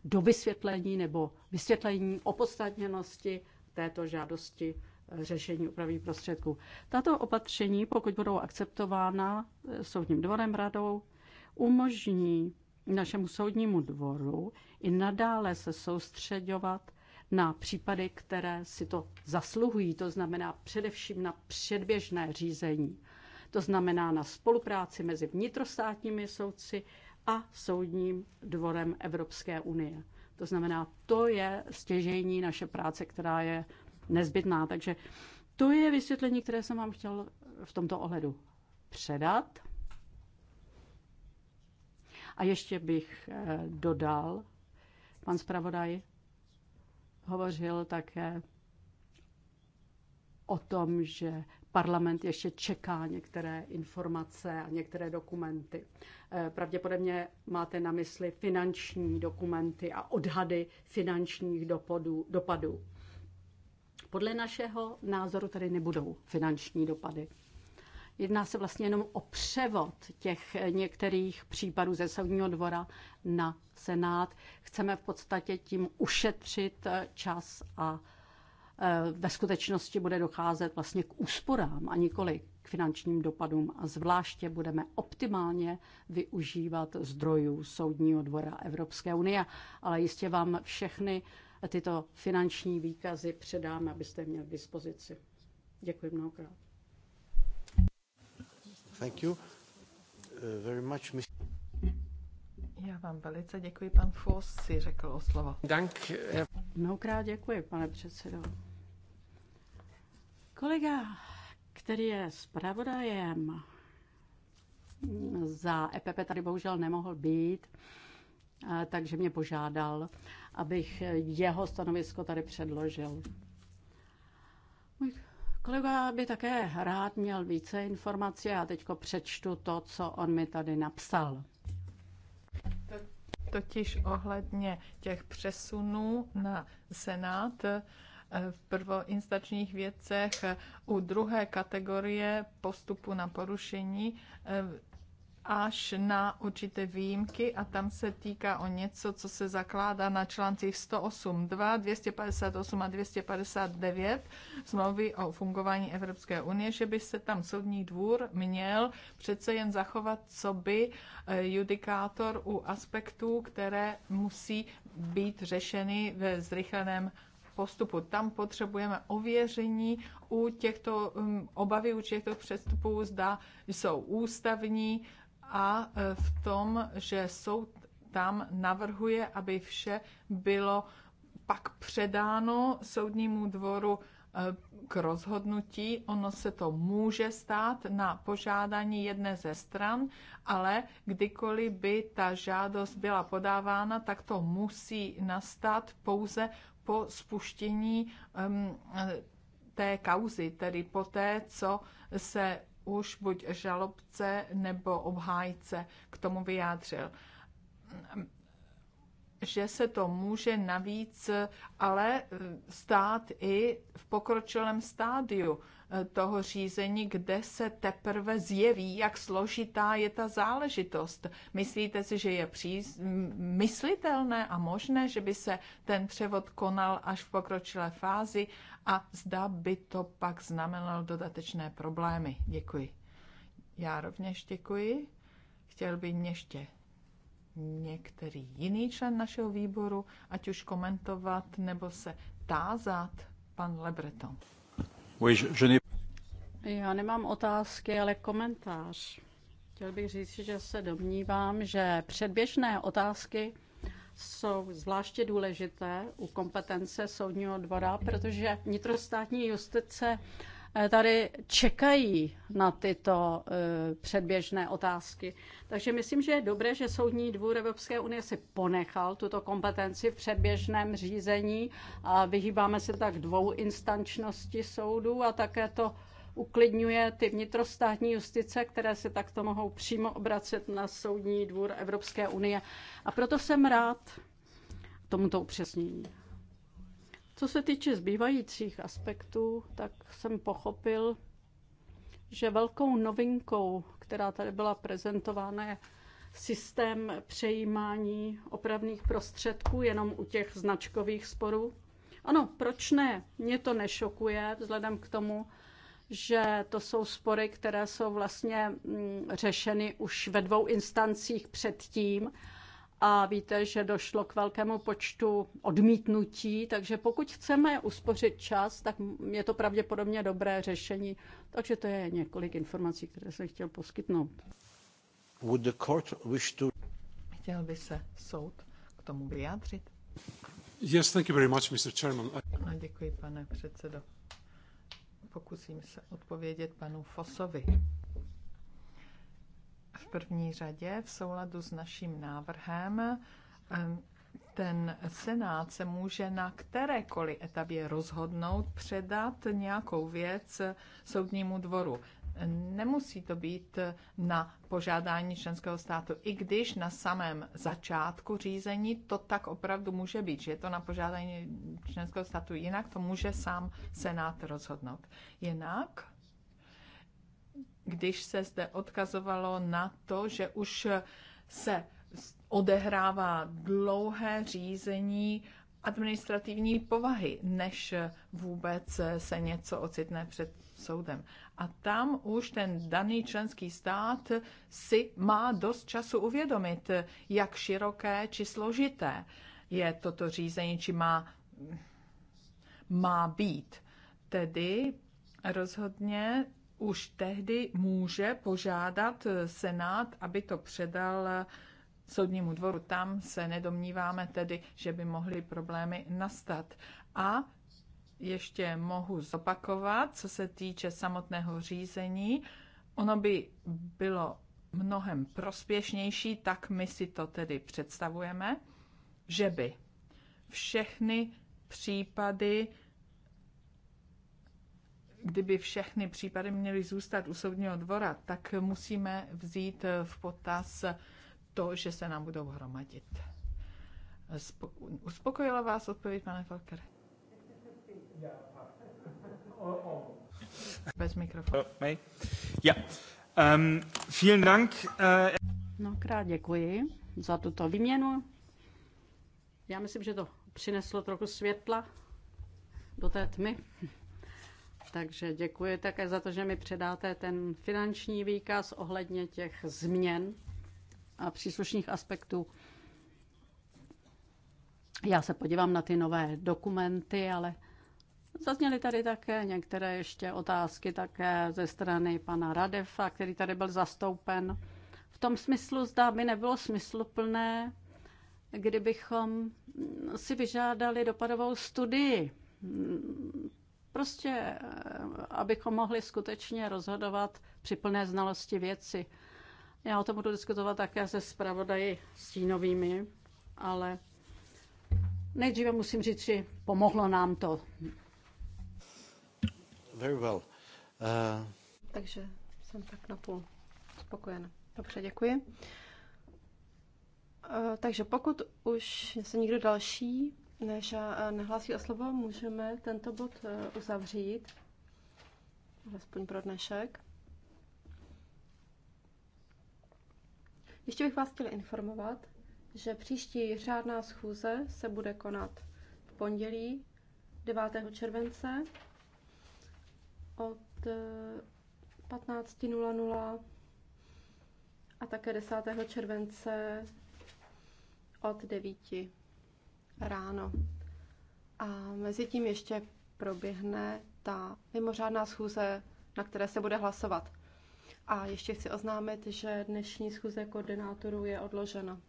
dovysvětlení nebo vysvětlení opodstatněnosti této žádosti eh, řešení opravných prostředků. Tato opatření, pokud budou akceptována eh, soudním dvorem radou, umožní našemu soudnímu dvoru i nadále se soustředovat na případy, které si to zasluhují, to znamená především na předběžné řízení. To znamená na spolupráci mezi vnitrostátními soudci a Soudním dvorem Evropské unie. To znamená, to je stěžejní naše práce, která je nezbytná. Takže to je vysvětlení, které jsem vám chtěl v tomto ohledu předat. A ještě bych eh, dodal, pan zpravodaj, hovořil také o tom, že parlament ještě čeká některé informace a některé dokumenty. Eh, pravděpodobně máte na mysli finanční dokumenty a odhady finančních dopadů. dopadů. Podle našeho názoru tady nebudou finanční dopady. Jedná se vlastně jenom o převod těch některých případů ze soudního dvora na senát. Chceme v podstatě tím ušetřit eh, čas a eh, ve skutečnosti bude docházet vlastně k úsporám a nikoli k finančním dopadům a zvláště budeme optimálně využívat zdrojů Soudního dvora Evropské unie. Ale jistě vám všechny tyto finanční výkazy předáme, abyste je měli k dispozici. Děkuji mnohokrát. Thank you uh, very much, Mr. Já vám velice děkuji, pan Foss si řekl o slovo. Dank. Eh, Mnohokrát děkuji, pane předsedo. Kolega, který je zpravodajem za EPP, tady bohužel nemohl být, eh, takže mě požádal, abych jeho stanovisko tady předložil. Můj Kolega by také rád měl více informací a teďko přečtu to, co on mi tady napsal. Totiž ohledně těch přesunů na Senát eh, v prvoinstačních věcech u druhé kategorie postupu na porušení eh, až na určité výjimky a tam se týká o něco, co se zakládá na článcích 108, 2, 258 a 259 smlouvy o fungování Evropské unie, že by se tam soudní dvůr měl přece jen zachovat, co by eh, judikátor u aspektů, které musí být řešeny ve zrychleném postupu. Tam potřebujeme ověření u těchto um, obavy, u těchto přestupů, zda jsou ústavní, a e, v tom, že soud tam navrhuje, aby vše bylo pak předáno soudnímu dvoru e, k rozhodnutí. Ono se to může stát na požádání jedné ze stran, ale kdykoliv by ta žádost byla podávána, tak to musí nastat pouze po spuštění um, té kauzy, tedy po té, co se už buď žalobce nebo obhájce k tomu vyjádřil. Že se to může navíc ale stát i v pokročilém stádiu toho řízení, kde se teprve zjeví, jak složitá je ta záležitost. Myslíte si, že je příz... myslitelné a možné, že by se ten převod konal až v pokročilé fázi a zda by to pak znamenalo dodatečné problémy? Děkuji. Já rovněž děkuji. Chtěl by ještě některý jiný člen našeho výboru, ať už komentovat nebo se tázat pan Lebreton. Já nemám otázky, ale komentář. Chtěl bych říct, že se domnívám, že předběžné otázky jsou zvláště důležité u kompetence soudního dvora, protože vnitrostátní justice Eh, tady čekají na tyto eh, předběžné otázky. Takže myslím, že je dobré, že Soudní dvůr Evropské unie si ponechal tuto kompetenci v předběžném řízení a vyhýbáme se tak dvou instančnosti soudů a také to uklidňuje ty vnitrostátní justice, které se takto mohou přímo obracet na Soudní dvůr Evropské unie. A proto jsem rád tomuto upřesnění. Co se týče zbývajících aspektů, tak jsem pochopil, že velkou novinkou, která tady byla prezentována, je systém přejímání opravných prostředků jenom u těch značkových sporů. Ano, proč ne? Mě to nešokuje vzhledem k tomu, že to jsou spory, které jsou vlastně mm, řešeny už ve dvou instancích předtím a víte, že došlo k velkému počtu odmítnutí, takže pokud chceme uspořit čas, tak je to pravděpodobně dobré řešení. Takže to je několik informací, které jsem chtěl poskytnout. Would the court wish to... Chtěl by se soud k tomu vyjádřit? Yes, thank you very much, Mr. Chairman. A děkuji, pane předsedo. Pokusím se odpovědět panu Fosovi v první řadě v souladu s naším návrhem ten senát se může na kterékoliv etapě rozhodnout předat nějakou věc soudnímu dvoru. Nemusí to být na požádání členského státu, i když na samém začátku řízení to tak opravdu může být, že je to na požádání členského státu, jinak to může sám Senát rozhodnout. Jinak když se zde odkazovalo na to, že už se odehrává dlouhé řízení administrativní povahy, než vůbec se něco ocitne před soudem. A tam už ten daný členský stát si má dost času uvědomit, jak široké či složité je toto řízení, či má, má být. Tedy rozhodně už tehdy může požádat eh, Senát, aby to předal eh, soudnímu dvoru. Tam se nedomníváme tedy, že by mohly problémy nastat. A ještě mohu zopakovat, co se týče samotného řízení. Ono by bylo mnohem prospěšnější, tak my si to tedy představujeme, že by všechny případy kdyby všechny případy měly zůstat u soudního dvora, tak musíme vzít v potaz to, že se nám budou hromadit. Uspokojila vás odpověď, pane Falker? Bez mikrofonu. Ja. Oh, um, vielen Dank. Uh, krát děkuji za tuto výměnu. Já myslím, že to přineslo trochu světla do té tmy. Takže děkuji také za to, že mi předáte ten finanční výkaz ohledně těch změn a příslušných aspektů. Já se podívám na ty nové dokumenty, ale zazněly tady také některé ještě otázky také ze strany pana Radefa, který tady byl zastoupen. V tom smyslu zdá by nebylo smysluplné, kdybychom si vyžádali dopadovou studii Prostě, eh, abychom mohli skutečně rozhodovat při plné znalosti věci. Já o tom budu diskutovat také se zpravodaji stínovými, ale nejdříve musím říct, že pomohlo nám to. Very well. Uh... Takže jsem tak napůl spokojená. Dobře, děkuji. Eh, takže pokud už se nikdo další než nehlásí o slovo, můžeme tento bod e, uzavřít, alespoň pro dnešek. Ještě bych vás chtěla informovat, že příští řádná schůze se bude konat v pondělí 9. července od 15.00 e, a také 10. července od 9 ráno. A mezi tím ještě proběhne ta mimořádná schůze, na které se bude hlasovat. A ještě chci oznámit, že dnešní schůze koordinátorů je odložena.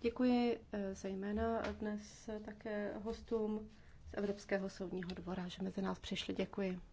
Děkuji eh, zejména dnes také hostům z Evropského soudního dvora, že mezi nás přišli. Děkuji.